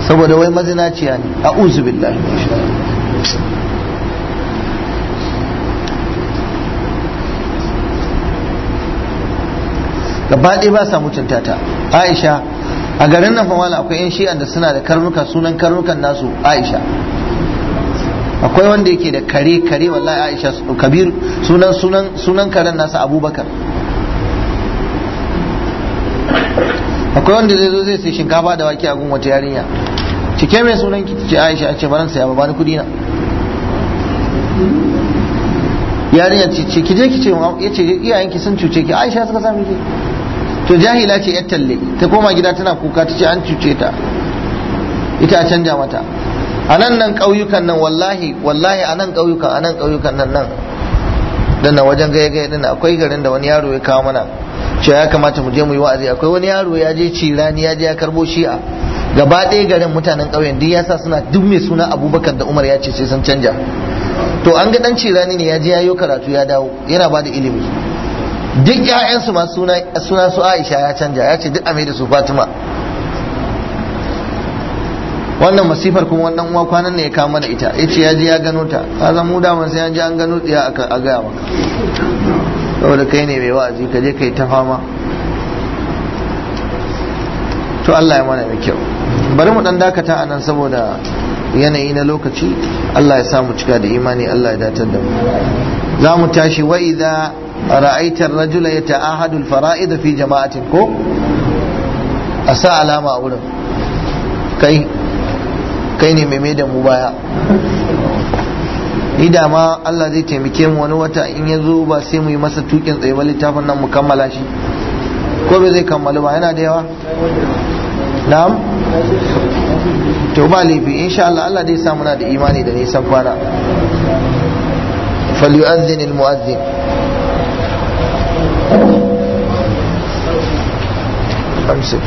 saboda wai mazinaciya ne a billahi gaba ɗaya ba sa mutunta ta aisha a garin nan famala akwai yan shi'an da suna da karnuka sunan karnukan nasu aisha akwai wanda yake da kare kare wallahi aisha kabir sunan sunan sunan karen nasa abubakar akwai wanda zai zo zai sai shinkafa da wake a gun wata yarinya cike mai sunan ki ce Aisha a ce baran saya ba bani kudi na yarinya ce ce ki je ki ce yace iyayen ki sun cuce ki Aisha suka sami ki to jahila ce yar talle ta koma gida tana kuka ta ce an cuce ta ita a canja mata a nan nan ƙauyukan nan wallahi wallahi a nan ƙauyukan a nan ƙauyukan nan nan na wajen gaya gaya din akwai garin da wani yaro ya kawo mana cewa ya kamata mu je mu yi wa'azi akwai wani yaro ya je rani ya je ya karbo shi'a gaba ɗaya garin mutanen ƙauyen duk sa suna duk mai suna abubakar da umar ya ce sai sun canja to an ga dan rani ne ya je ya yi karatu ya dawo yana ba da ilimi duk ƴaƴansu ma suna su aisha ya canja ya ce duk a da su fatima wannan masifar kuma wannan uwa kwanan ne ya kawo mana ita ya ce ya je ya gano ta ka mu sai an je an gano ɗiya a gaya maka saboda kai ne mai wa'azi ka je kai ta fama to Allah ya mana mai kyau bari mu dan dakata a nan saboda yanayi na lokaci Allah ya samu cika da imani Allah ya datar da mu za mu tashi wa idza ra'aita ar-rajula yata'ahadu al-fara'id fi jama'atin ko a sa alama a wurin kai kai ne mai da mu baya ni da ma Allah zai taimake mu wani wata in ya zo ba sai mu yi masa tukin tsaye ba littafin nan mu kammala shi ko bai zai kammalu ba yana da yawa na'am to ba laifi insha Allah Allah zai sa muna da imani da nisan kwana falyu'azzin almu'azzin amsik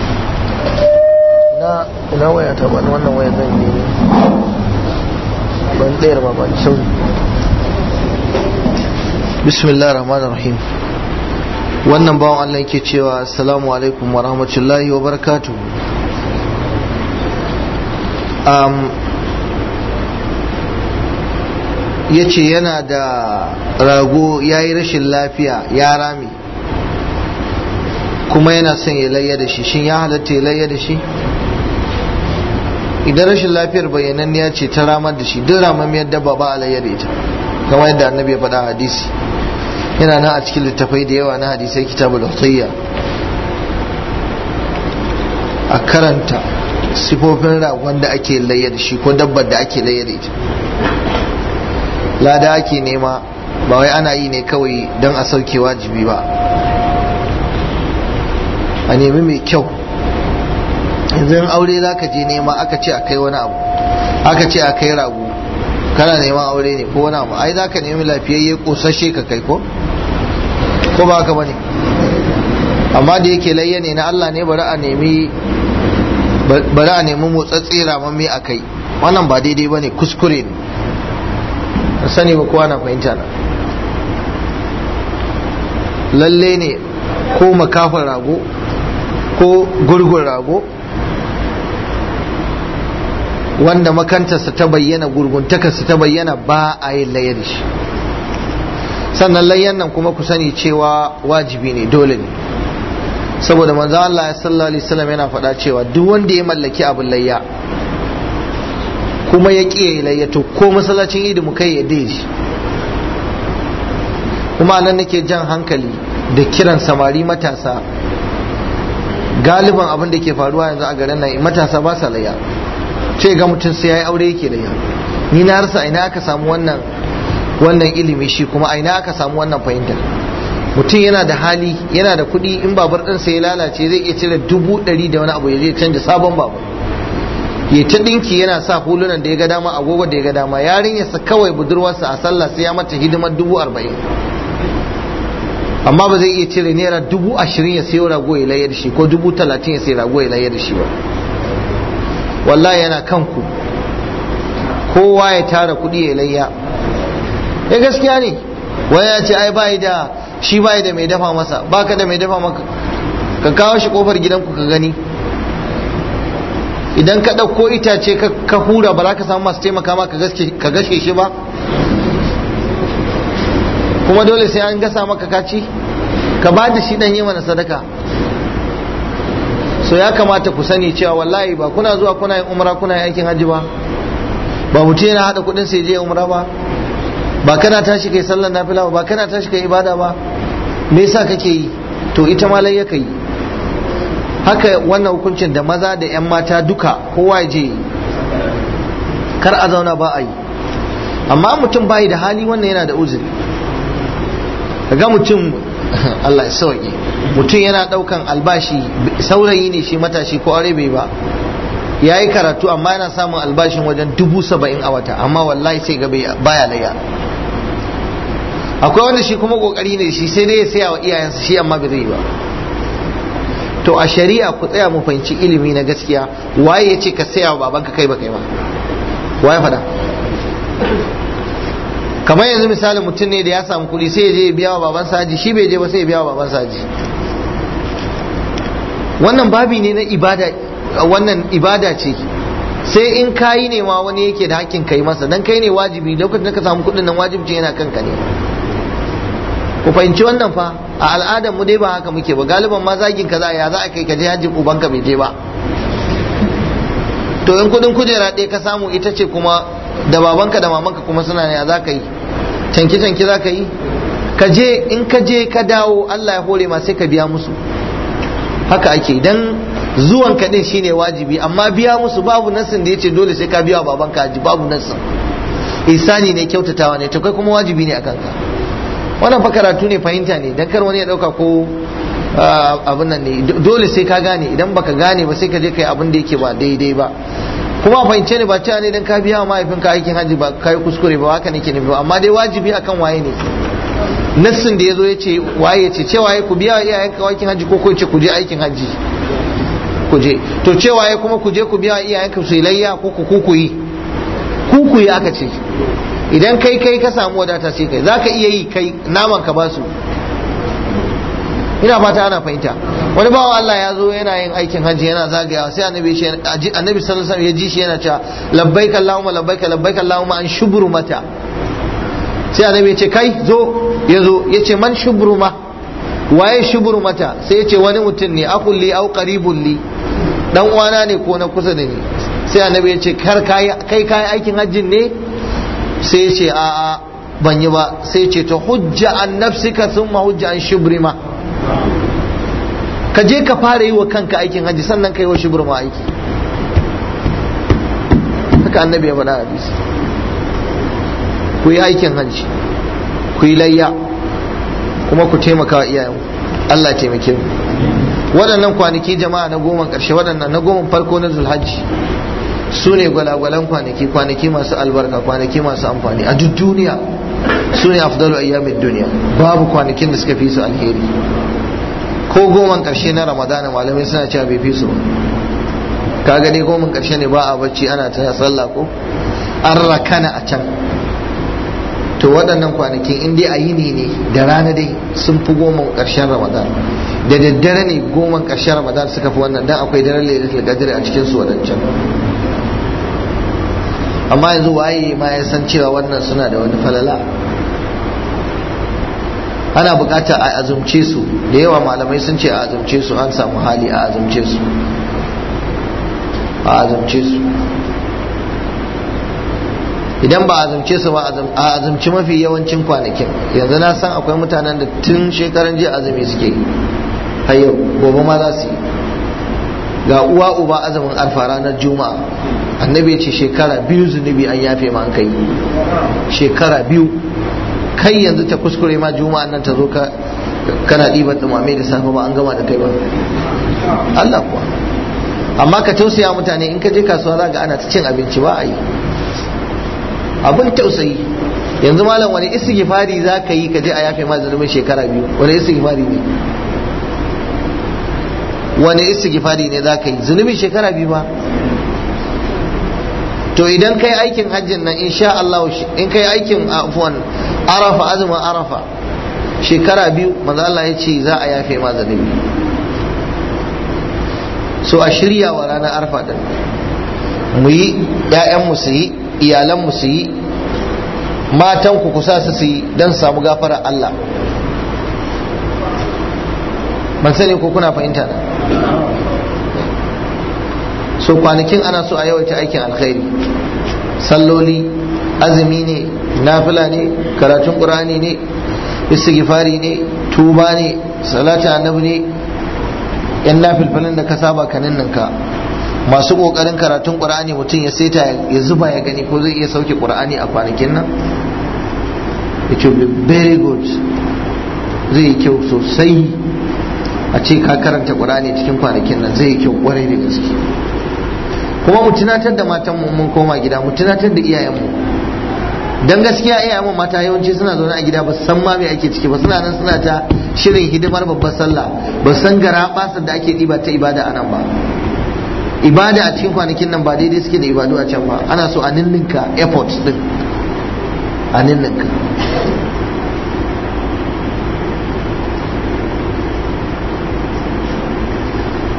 na ina waya ta wannan waya zan yi ban ɗaya ba ba sauri bismillah rahman rahim wannan bawan allah yake cewa assalamu alaikum wa rahmatullahi wa barakatu ya ce yana da rago ya yi rashin lafiya ya rami. kuma yana son ya layya da shi shin ya halatta ya layya da shi idan rashin lafiyar bayanan ya ce ta ramar da shi duk ramammiyar dabba ba alayya da ita kamar yadda annabi ya faɗa hadisi yana nan a cikin littafai da yawa na hadisai da wasiyya a karanta sifofin ragon da ake layyar da shi ko dabbar da ake layyar da ita lada ake nema ba wai ana yi ne kawai don a sauke wajibi ba a nemi mai kyau yanzu in aure za ka je nema aka ce a kai wani abu aka ce a kai rago kana neman aure ne ko wani abu ai za ka nemi lafiyayye kosashe ka kai ko ko ba ka bane amma da yake layya ne na Allah ne bari a nemi bari a nemi motsatsi a kai wannan ba daidai bane kuskure ne sani ba kowa na fahimta na lalle ne ko makafar rago ko gurgun rago wanda makantarsa ta bayyana gurguntakarsa ta bayyana ba a yin layya shi sannan layyan nan kuma ku sani cewa wajibi ne dole ne saboda manzo Allah ya sallallahu alaihi wasallam yana faɗa cewa duk wanda ya mallaki abin layya kuma ya ƙi yayi layya to ko masallacin idi mu kai ya daji kuma nan nake jan hankali da kiran samari matasa galiban abin da ke faruwa yanzu a garin nan matasa ba sa layya sai ga mutum sai yi aure yake yawa ni na rasa ina aka samu wannan wannan ilimi shi kuma a ina aka samu wannan fahimta mutum yana da hali yana da kuɗi in babur ɗinsa ya lalace zai iya cire dubu ɗari da wani abu ya zai canja sabon babur ya ta ɗinki yana sa hulunan da ya ga dama agogo da ya ga dama yarinyarsa kawai budurwarsa a sallah sai ya mata hidimar dubu arba'in amma ba zai iya cire naira dubu ashirin ya sai rago ya layar shi ko dubu talatin ya sai rago ya layar shi ba wallahi yana kanku kowa ya tara kuɗi ya layya ya eh, gaskiya ne wani ya ce ai bai da shi bai da mai dafa masa baka da mai dafa maka ka kawo shi kofar gidanku ka gani idan ka ɗauko itace ka hura ba za ka samu masu taimaka ma ka gashe shi ba kuma dole sai an gasa maka kaci ka ba da shi ɗanye mana sadaka so ya kamata ku sani cewa wallahi ba kuna zuwa kuna yin umra kuna yin aikin hajji ba ba mutum yana hada kudin sai je umra ba ba kana tashi kai sallar nafila ba kana tashi kai ibada ba me yasa kake yi to ita ma lai yake yi haka wannan hukuncin da maza da yan mata duka kowa je kar a zauna ba a yi amma mutum bai da hali wannan yana da uzuri ga mutum (laughs) Allah ya sauke mutum yana daukan albashi saurayi ne shi matashi ko aure bai ba ya yi karatu amma yana samun albashin wajen dubu saba'in a wata amma wallahi sai ga baya laya akwai wanda shi kuma kokari ne shi sai dai ya saya wa iyayensa shi amma bai zai ba to a shari'a ku tsaya mu fahimci ilimi na gaskiya waye ya ce ka saya wa babanka kai ba kai ba waye faɗa kamar yanzu misali mutum ne da ya samu kuɗi sai ya je ya biya wa baban saji shi bai je ba sai ya biya wa baban saji wannan babi ne na ibada wannan ibada ce sai in kayi ne ma wani yake da hakkin kai masa dan kai ne wajibi lokacin da ka samu kuɗin nan wajibci yana kanka ne ku fahimci wannan fa a al'adar mu dai ba haka muke ba galiban ma zagin kaza ya za a kai ka je hajji ubanka bai je ba to in kudin kujera ɗaya ka samu ita ce kuma da babanka da mamanka kuma suna ne za ka yi canki canki za ka yi ka je in ka je ka dawo Allah ya hore ma sai ka biya musu haka ake dan zuwan ka din shine wajibi amma biya musu babu nasin da yace dole sai ka biya babanka aji babu nasin isani ne kyautatawa ne to kai kuma wajibi ne akan ka wannan fa karatu ne fahimta ne dan kar wani ya dauka ko ah, abin nan ne dole sai ka gane idan baka gane ba sai ka je kai abun da yake ba daidai ba kuma fahimce ne ba cewa ne dan ka biya wa mahaifinka aikin hajji ba kai kuskure ba haka nake nufi amma dai wajibi akan waye ne nassin da yazo yace waye yace waye ku biya wa iyayenka aikin hajji ko ko ce ku je aikin hajji ku je to ce waye kuma ku je ku biya iyayenka su layya ko ku kukuyi kukuyi aka ce idan kai kai ka samu wadata sai kai zaka iya yi kai naman ka basu ina fata ana fahimta wani bawa Allah ya zo yana yin aikin hajji yana zagayawa sai annabi shi annabi sallallahu alaihi ya ji shi yana cewa labbaik allahumma labbaik labbaik allahumma an shubru mata sai annabi ya ce kai zo ya zo ya ce man shubru ma waye shubru mata sai ya ce wani mutum ne akul li au qaribun li dan uwana ne ko na kusa da ni sai annabi ya ce kar kai kai kai aikin hajjin ne sai ya ce a'a ban yi ba sai ya ce ta hujja an nafsika thumma hujja an shubri ma ka je ka fara yi wa kanka aikin hajji sannan yi wa shi burma aiki haka annabi ya faɗa hadisi ku yi aikin hajji ku yi layya kuma ku taimaka wa iyayen Allah taimake mu waɗannan kwanaki jama'a na goma ƙarshe waɗannan na goma farko na zulhajji su ne gwalagwalan kwanaki kwanaki masu albarka kwanaki masu amfani a duk duniya su ne afdalu ayyamin duniya babu kwanakin da suka fi su alheri ko goma karshe na ramadana malamai suna cewa bai fi su ba ka gani goma karshe ne ba a bacci ana ta sallah ko an rakana a can to waɗannan kwanakin in dai a yi ne da rana dai sun fi goma karshen ramadan da daddare ne goma karshen ramadan suka fi wannan dan akwai daren lailatul qadr a cikin su wadancan amma yanzu waye ma ya san cewa wannan suna da wani falala ana bukata a azumce su da yawa malamai sun ce a azumce su an samu hali a azumce su a azumce su idan ba azumce su ba a azumci mafi yawancin kwanakin yanzu na san akwai mutanen da tun shekaran jiya azumi suke har yau gobe ma za su yi ga uwa uba azumin alfa ranar juma'a annabi ce shekara biyu zunubi an yafe ma an kai shekara biyu kai yanzu ta kuskure ma juma'a nan ta zo ka kana ɗibar dumame da safe ba an gama da kai ba Allah kuwa amma ka tausaya mutane in ka je kasuwa za ga ana ta cin abinci ba a yi abin tausayi yanzu malam wani istighfari za ka yi ka je a yafe ma zalumin shekara biyu wani istighfari ne wani istighfari ne za ka yi zunubin shekara biyu ba to idan kai aikin hajjin nan insha Allah in kai aikin afwan arafa azumin arafa shekara biyu maza Allah ya ce za a yafe ma zanibi so a shirya wa ranar arafa din mu yi mu su yi mu su yi matan ku kusa su su yi don samu gafara Allah ban sani ko kuna fahimta da. so kwanakin ana so a yawaita aikin alkhairi salloli azumi ne nafila ne karatun qur'ani ne istighfari ne tuba ne salati annabi ne yan nafilfilin da ka saba kanin nan ka masu kokarin karatun qur'ani mutum ya saita ya zuba ya gani ko zai iya sauke qur'ani a kwanakin nan it will be very good zai yi kyau sosai a ce ka karanta qur'ani cikin kwanakin nan zai yi kyau kwarai da gaske kuma mu da matan mu mun koma gida mu tunatar da iyayen mu dan gaskiya iya mu mata yawanci suna zaune a gida ba san ma me ake ciki ba suna nan suna ta shirin hidimar babbar sallah ba san gara basar da ake diba ta ibada a nan ba ibada a cikin kwanakin nan ba daidai suke da ibadu a can ba ana so a ninninka effort din a ninninka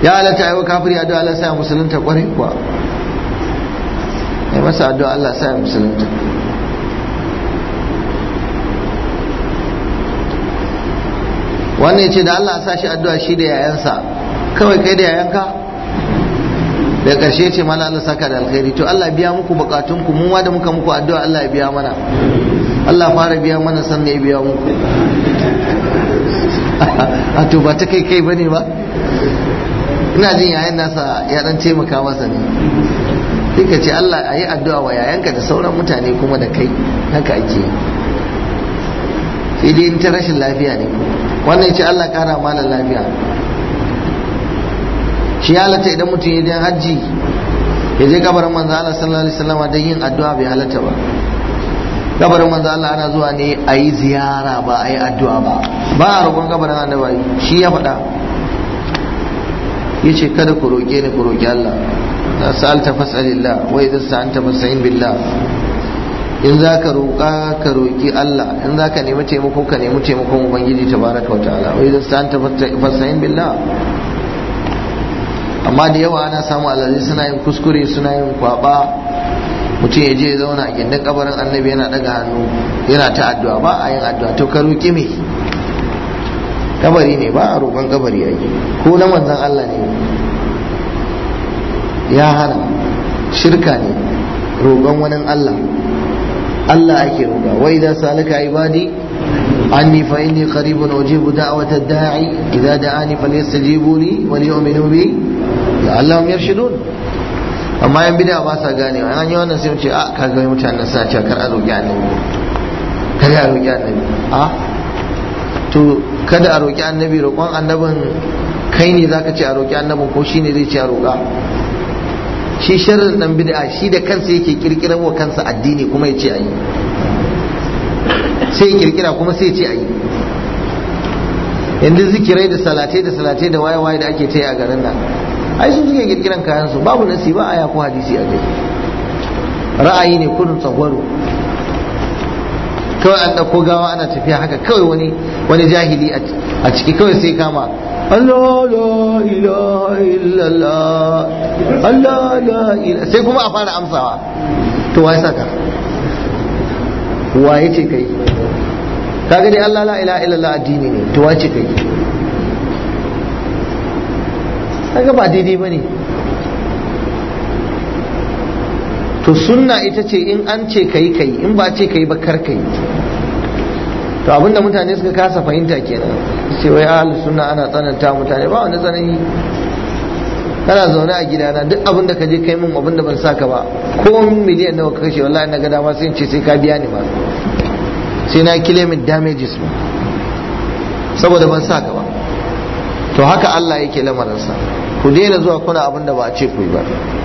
ya halatta aiwa kafiri addu'a Allah sai musulunta kwarai kuwa ai masa addu'a Allah sai musulunta wannan ce da Allah sa shi addu'a shi da yayansa kawai kai da yayanka da ƙarshe ce mala Allah saka da alkhairi to Allah biya muku bukatun ku mu da muka muku addu'a Allah ya biya mana Allah fara biya mana sannan ne biya muku (laughs) a to ba ta kai kai bane ba ina jin yayan nasa ya dan taimaka masa ne Kika ce Allah a yi addu'a wa yayanka da sauran mutane kuma da kai haka ake yi sai dai ta rashin lafiya ne kuma wannan ya ce Allah kara mana lafiya shi halatta idan mutum yi hajji ya je gabarin manzo Allah sallallahu alaihi wasallam don yin addu'a bai halatta ba gabarin manzo Allah ana zuwa ne a yi ziyara ba a yi addu'a ba ba a roƙon gabarin annabi shi ya faɗa ce kada ku roƙe ni ku roƙi Allah na sa'alta fas'alillah wa idza sa'anta fas'in billah in za ka roƙa ka roƙi Allah in za ka nemi taimako ka nemi taimakon ubangiji tabaraka wa ta'ala wai da sa'an ta fasahin billah amma da yawa ana samu alazi suna yin kuskure suna yin kwaba mutum ya je ya zauna a gindin kabarin annabi yana daga hannu yana ta addu'a ba a yin addu'a to ka roƙi me kabari ne ba a roƙon kabari yi ko na manzon Allah ne ya hana shirka ne roƙon wani Allah Allah ake roƙa wa idza salaka ibadi anni fa inni qaribun ujibu da'wata ad-da'i idza da'ani falyastajibuni wa liyu'minu bi la'allahum yarshidun amma yan bid'a ba sa ganewa an yi wannan sai mu ce ah, ka kaga mutanen sa ce kar a roƙi annabi kar a roƙi annabi a ah? to kada a roƙi annabi roƙon annabin kai ne zaka ce a roƙi annabin ko shine zai ce a roƙa shi sharar dan bid'a shi da kansa yake kirkirar wa kansa addini kuma ya ce ayi sai ya kirkira kuma sai ya ce ayi yanzu zikirai da salate da salate da waye waye da ake taya a garin nan ai sun suke kirkiran kayan su babu nasi ba aya ko hadisi a kai ra'ayi ne kun tsagwaro kawai an ɗauko gawa ana tafiya haka kawai wani wani jahili a ciki kawai sai kama Allah la ilaha illallah Allah la ilaha sai kuma a fara amsawa to wai saka waye ce kai kaga dai Allah la ilaha illallah addini ne to wace kai kaga ba daidai bane to sunna ita ce in an ce kai kai in ba ce kai ba kar kai to abinda mutane suka kasa fahimta kenan sai wai ahlus sunna ana tsananta mutane ba wani tsanani kana zaune a gidana duk abin da ka je kai min abin da ban saka ba ko miliyan nawa ka shi, wallahi na ga dama sai in ce sai ka biya ni ba sai na claiming damages ma saboda ban saka ba to haka Allah yake sa ku daina zuwa kuna abin da ba a ce ku yi ba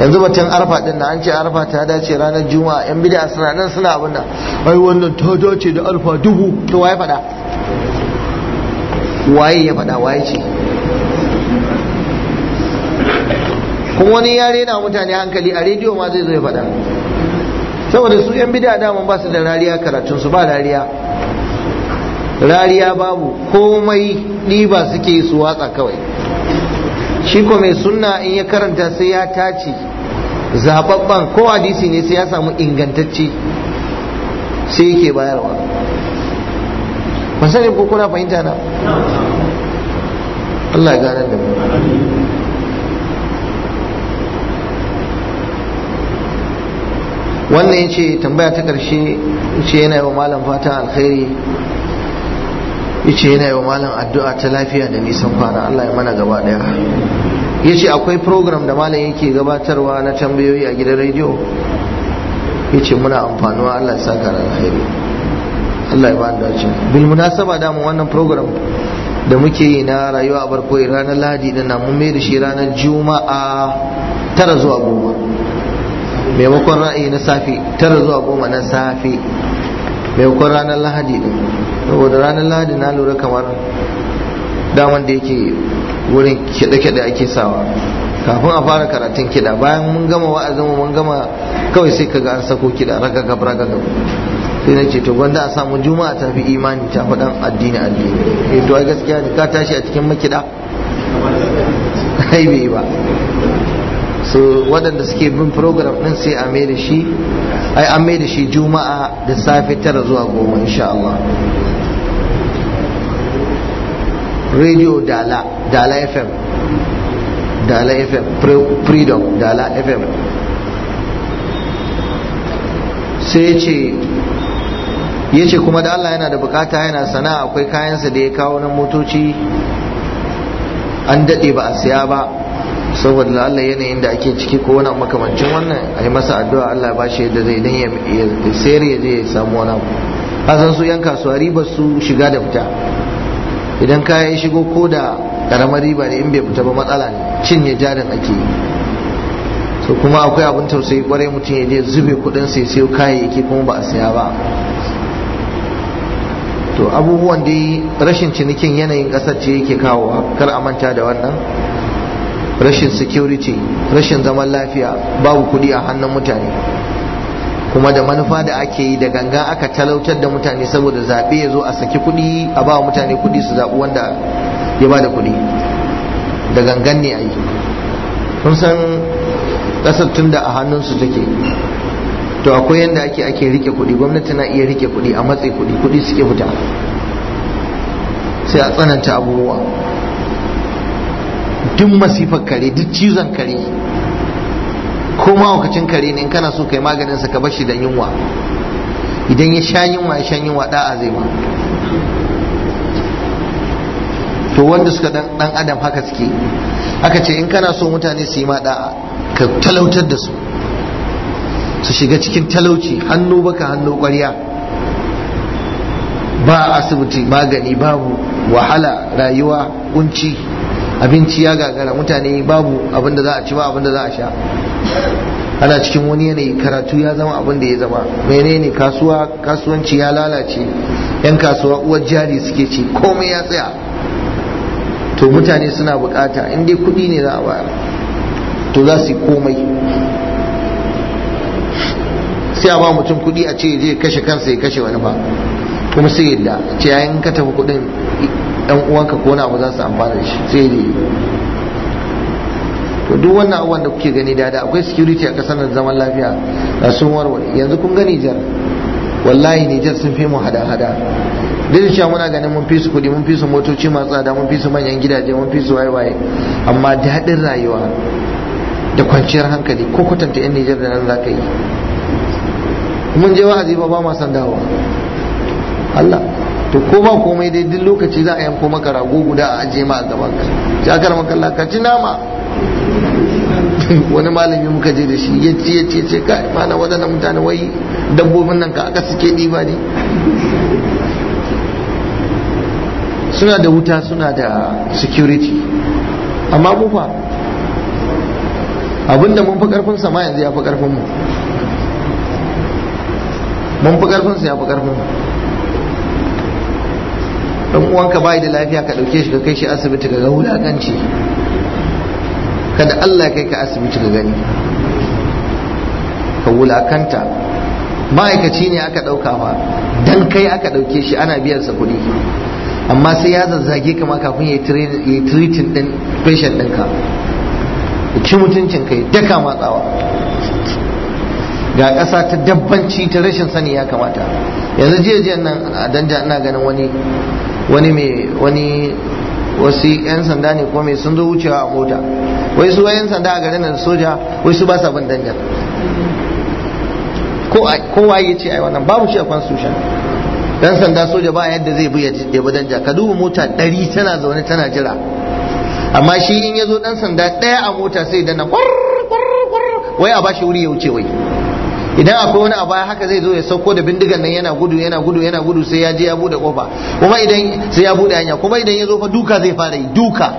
yanzu batun arfa din na an ce arfa ta dace ranar juma'a yan bid'a suna nan suna abin nan ai wannan ta dace da alfa dubu to waye faɗa waye ya faɗa waye ce kuma wani yare rena mutane hankali a rediyo ma zai zo ya faɗa saboda su yan bid'a daman ba su da rariya karatun su ba rariya rariya babu komai ɗiba suke su watsa kawai shi ko mai sunna in ya karanta sai ya taci zababban ko hadisi ne sai ya samu ingantacce sai yake bayarwa masani sani ko kuna fahimta na Allah ya gane da mu wannan ya ce tambaya ta ƙarshe ce yana yi wa malam fata alkhairi yace yana yi wa malam addu'a ta lafiya da nisan kwana Allah ya mana gaba daya yace akwai program da malam yake gabatarwa na tambayoyi a gidan rediyo yace muna amfanuwa Allah ya saka da alheri Allah ya bada dace bil munasaba da mu wannan program da muke yi na rayuwa a barko ranar Lahadi din nan mun mai da shi ranar Juma'a tara zuwa goma maimakon ra'ayi na safi tara zuwa goma na safe maimakon ranar lahadi din saboda ranar lahadi na lura kamar daman da yake wurin kiɗe-kiɗe ake sawa kafin a fara karatun kiɗa bayan mun gama wa'azin mun gama kawai sai kaga an sako kiɗa ragagab ragagab sai na ce to gwanda a samu juma'a ta fi imani ta faɗan addini addini eh, to ai gaskiya ne ka tashi a cikin makiɗa ai bai ba Su waɗanda suke bin program ɗin sai a mai da shi ai an mai da shi juma'a da safe tara zuwa goma insha Allah radio dala dala fm dala fm freedom dala fm sai ce ya ce kuma da Allah yana da bukata yana sana'a akwai kayansa da ya kawo na motoci an daɗe ba a siya ba saboda Allah yanayin da ake ciki ko wani makamancin wannan a yi masa addu'a Allah ba shi yadda zai dan ya sayar ya je ya samu wani abu kasan su yan kasuwa riba su shiga da fita idan kaya ya shigo ko da karamar riba ne in bai fita ba matsala ne cinye jarin ake yi so kuma akwai abin tausayi kwarai mutum ya je zube kudin sai sayo kayayyaki kuma ba a saya ba to abubuwan dai rashin cinikin yanayin kasar ce yake kawowa kar a manta da wannan rashin security rashin zaman lafiya babu kuɗi a hannun mutane kuma da manufa da ake yi da ganga aka talautar da mutane saboda zaɓe ya zo a saki kuɗi a ba mutane kuɗi su zaɓi wanda ya ba da kuɗi da gangan ne a yi kun san ƙasar tun da a hannunsu take to akwai yadda ake ake rike kuɗi gwamnati na iya rike kuɗi a matsayi kuɗi kuɗi suke fita sai a tsananta abubuwa duk masifar kare duk cizon kare ko mahaukacin kare ne in kana so kai maganin sa ka bar shi da yunwa idan ya sha yunwa ya sha yunwa da'a zai ma to wanda suka dan adam haka suke aka ce in kana so mutane su yi ma da'a ka talautar da su su shiga cikin talauci hannu baka hannu ƙwarya ba asibiti magani babu wahala rayuwa kunci abinci ya gagara mutane babu abin za a ci ba abin za a sha ana cikin wani yanayi karatu ya zama abin da ya zama menene kasuwa kasuwanci ya lalace yan kasuwa uwar jari suke ci komai ya tsaya to mutane suna bukata in dai kuɗi ne za a bayar to za su komai sai a ba mutum kuɗi a ce je kashe kansa ya kashe wani ba kuma sai yadda ce yayin ka tafi kuɗin ɗan uwanka ko na abu za su amfana shi sai da to duk wannan abubuwan da kuke gani da akwai security a kasar nan zaman lafiya da sun warware yanzu kun gani jar wallahi Nijar sun fi mu hada-hada duk cewa muna ganin mun fi su kudi mun fi su motoci masu tsada mun fi su manyan gidaje mun fi su waye-waye amma daɗin rayuwa da kwanciyar hankali ko kwatanta 'yan Nijar da nan za ka yi mun je wa'azi ba ba ma san dawowa Allah to ko ba komai dai duk lokaci za a yanko maka rago guda a aje ma a gaban ka ja kar makalla ka ci nama wani malami muka je da shi ya ce ya ce ce kai mana wadannan mutane wai dabbobin nan ka aka suke ba ne suna da wuta suna da security amma mu fa abinda mun fi karfin sama yanzu ya fi karfin mu mun fi karfin sa ya fi karfin mu dan uwanka bai da lafiya ka dauke shi ka kai shi asibiti ka ga wulakanci kada Allah ya kai ka asibiti ka gani ka wulakanta ma'aikaci ne aka dauka fa dan kai aka dauke shi ana biyan sa kuɗi amma sai ya zazzage kama kafin ya yi treating din patient ɗinka Ki mutuncin kai daka matsawa ga ƙasa ta dabbanci ta rashin sani ya kamata yanzu jiya jiya nan a danja ina ganin wani wani mai wani wasu 'yan sanda ne ko mai sun zo wucewa a mota wai su 'yan sanda a garin nan soja wai su ba sa bin dangar ko ya ce ai wannan babu shi a constitution dan sanda soja ba yadda zai bi ya bi danja ka duba mota ɗari tana zaune tana jira amma shi in ya zo dan sanda ɗaya a mota sai dana kwar wai a bashi wuri ya wuce wai idan akwai wani a baya haka zai zo ya sauko da bindigan nan yana gudu yana gudu yana gudu sai ya je ya bude kofa kuma idan sai ya bude hanya kuma idan ya zo fa duka zai fara yi duka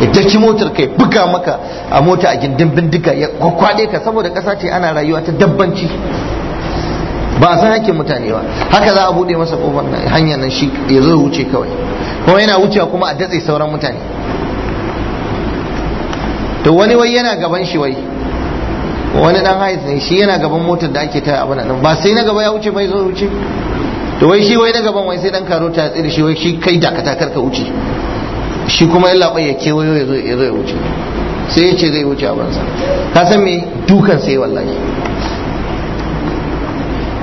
ya daki motar kai buga maka a mota a gindin bindiga ya kwakwade ka saboda kasa ce ana rayuwa ta dabbanci ba a san hakkin mutane ba haka za a bude masa kofar hanyar nan shi ya zo wuce kawai kuma yana wucewa kuma a datse sauran mutane to wani wai yana gaban shi wai wani dan hais ne shi yana gaban motar da ake ta abin nan ba sai na gaba ya wuce bai zo wuce to wai shi wai na gaban wai sai dan karo ta tsira shi wai shi kai da kata ka wuce shi kuma ya labai ya kewayo ya zo ya zo ya wuce sai ya ce zai wuce abansa ka san me dukan sai wallahi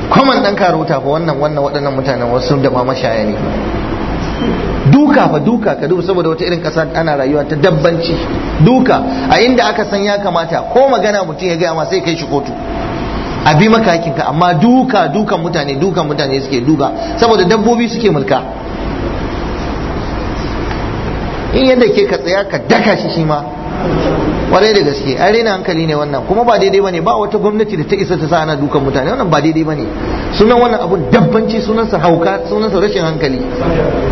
kuma dan ta fa wannan wannan waɗannan mutanen wasu da ma mashaya ne duka fa duka ka duba saboda wata irin kasa ana rayuwa ta dabbanci duka a inda aka san ya kamata ko magana mutum ya gaya ma sai kai shi kotu a bi maka ka amma duka dukan mutane dukan mutane suke duka saboda dabbobi suke mulka in yadda ke ka tsaya ka daka shi shi ma kwarai da gaske an rena hankali ne wannan kuma ba daidai bane ba wata gwamnati da ta isa ta sa dukan mutane wannan ba daidai bane sunan wannan abun dabbanci sunansa hauka sunansa rashin hankali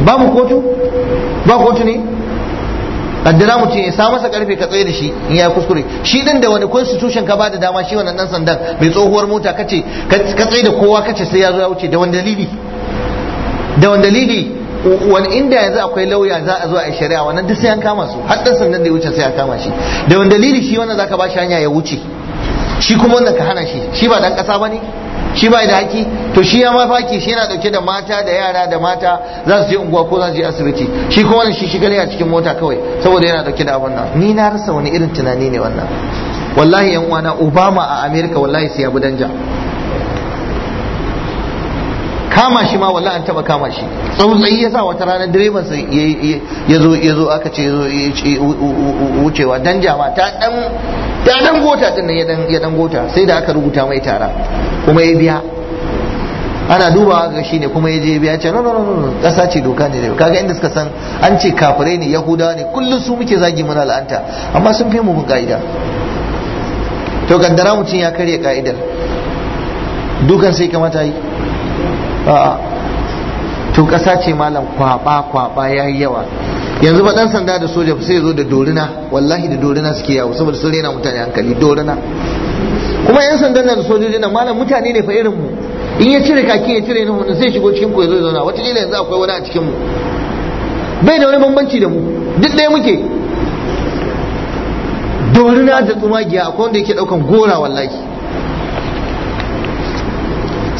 ba mu kotu ba kotu ne kaddara mutum ya sa masa karfe ka tsaye da shi in ya kuskure shi din da wani constitution ka bada dama shi wannan dan sandan mai tsohuwar mota kace ka tsaye da kowa kace sai ya zo ya wuce da wani dalili da wani dalili wani inda yanzu akwai lauya za a zo a shari'a wannan duk sai an kama su har dan sannan da ya wuce sai an kama shi da wani dalili shi wannan zaka bashi hanya ya wuce shi kuma wannan ka hana shi shi ba dan kasa bane shi ba da haki to shi ya ma faki shi yana dauke da mata da yara da mata za su je unguwa ko za su je asibiti shi kuma wannan shi shi gare a cikin mota kawai saboda yana dauke da abun nan ni na rasa wani irin tunani ne wannan wallahi yan uwana obama a america wallahi sai ya bi danja kama shi ma wallahi an taba kama shi tsautsayi sa wata ranar direban sa ya zo aka ce zo wucewa dan jama ta dan ta dan gota din ya dan ya dan gota sai da aka rubuta mai tara kuma ya biya ana duba ga shi ne kuma ya je biya ce no no no kasa ce doka ne kaga inda suka san an ce kafirai ne yahudawa ne kullum su muke zagi mana la'anta amma sun fi mu bin to kaddara mutum ya karya ka'idar dukan sai kamata yi to ƙasa ce malam kwaba kwaba ya yi yawa yanzu ba ɗan sanda da soja sai zo da dorina wallahi da dorina suke yawo saboda sun rena mutane hankali dorina kuma yan sandan nan da sojoji nan malam mutane ne fa irin mu in ya cire kaki ya cire nuhu sai shigo cikin ku ya zo ya zauna wataƙila yanzu akwai wani a cikin mu bai da wani bambanci da mu duk ɗaya muke dorina da tsumagiya akwai wanda yake ɗaukan gora wallahi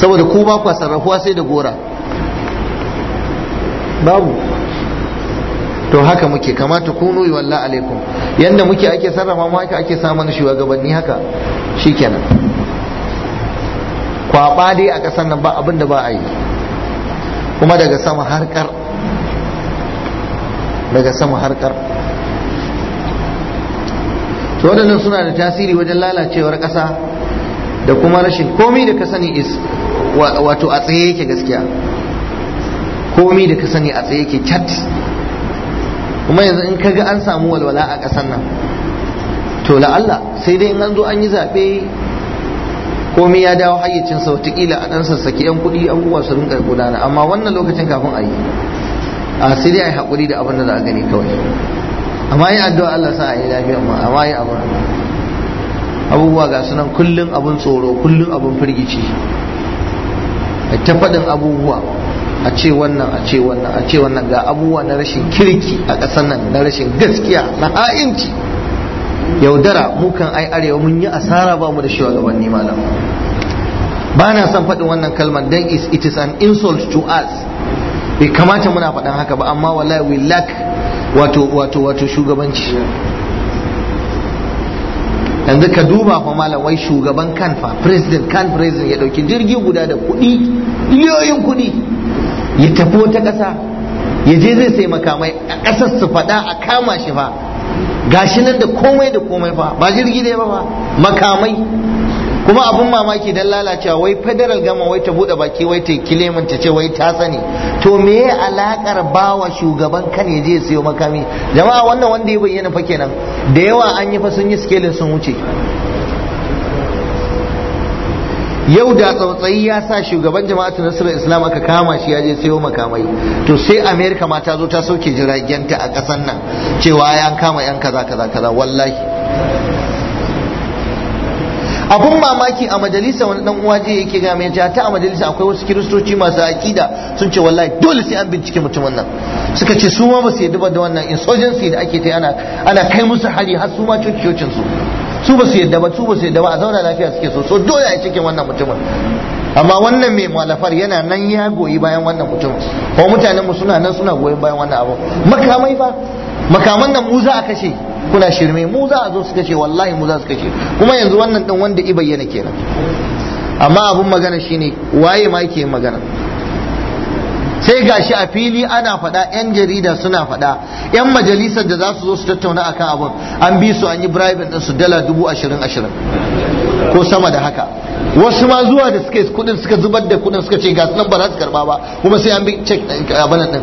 saboda ku ba kwa sarrafuwa sai da gora babu to haka muke kamata ku nuyi walla alaikum yanda muke ake sarrafa mu haka ake samun shugabanni haka shikenan kwaba dai a ƙasar nan ba abin da ba a yi kuma daga sama harkar daga sama harkar to waɗannan suna da tasiri wajen lalacewar ƙasa da kuma rashin komai da ka sani is wato a tsaye yake gaskiya komi da ka sani a tsaye yake cat kuma yanzu in kaga an samu walwala a ƙasar nan to la'alla sai dai in an zo an yi zaɓe komai ya dawo hayyacinsa watakila a ɗan sassaki 'yan kuɗi abubuwa su rinka gudana amma wannan lokacin kafin a yi a sai dai a yi haƙuri da abin da za a gani kawai amma yi addu'a Allah sa a yi lafiya amma amma yi abu abubuwa ga sunan kullum abun tsoro kullum abun firgici ta faɗin abubuwa a ce wannan a ce wannan a ce wannan ga abubuwa na rashin kirki a ƙasar nan na rashin gaskiya na ha'inci yaudara mukan ai arewa mun yi asara ba mu da shi gabanni malam ba na son faɗin wannan kalmar dan it is an insult to us bai kamata muna faɗin haka ba amma wallahi we lack wato wato wato shugabanci yanzu ka duba fa malam wai shugaban kan fa president kan president ya dauki jirgi guda da kuɗi miliyoyin kuɗi ya tafi wata kasa ya je zai sai makamai a ƙasar su faɗa a kama shi fa gashi nan da komai da komai fa ba jirgi dai ba makamai kuma abun mamaki dan lalacewa wai federal gama wai ta buɗe baki wai ta kilemin ta ce wai ta sani to me ya alakar bawa shugaban kan ya je siyo makami jama'a wannan wanda ya bayyana fa kenan da yawa an yi fa sun yi skelin sun wuce yau da tsautsayi ya sa shugaban jama'atu nasarar islam aka kama shi ya je sayo makamai to sai america ma ta zo ta sauke ta a kasan nan cewa ya kama yan kaza kaza kaza wallahi abun mamaki a majalisa wani dan uwa je yake ga mai jata a majalisa akwai wasu kiristoci masu akida sun ce wallahi dole sai an bincike mutumin nan suka ce su ma ba su yadda da wannan insurgency da ake ta ana ana kai musu hari har su ma cocin su su ba su yadda ba su ba su yadda ba a zauna lafiya suke so so dole a cikin wannan mutumin amma wannan mai malafar yana nan ya goyi bayan wannan mutum ko mutanen mu suna nan suna goyi bayan wannan abu makamai fa makaman nan mu za a kashe kuna shirme mu za a zo su kace wallahi mu za su kace kuma yanzu wannan dan wanda i bayyana kenan amma abun magana shine waye ma yake magana sai gashi a fili ana faɗa 'yan jarida suna faɗa 'yan majalisar da za su zo su tattauna akan abun an bi su an yi bribe din su dala dubu ashirin ashirin ko sama da haka wasu ma zuwa da suka kudin suka zubar da kudin suka ce ga nan ba za su karba ba kuma sai an bi check eh, abin din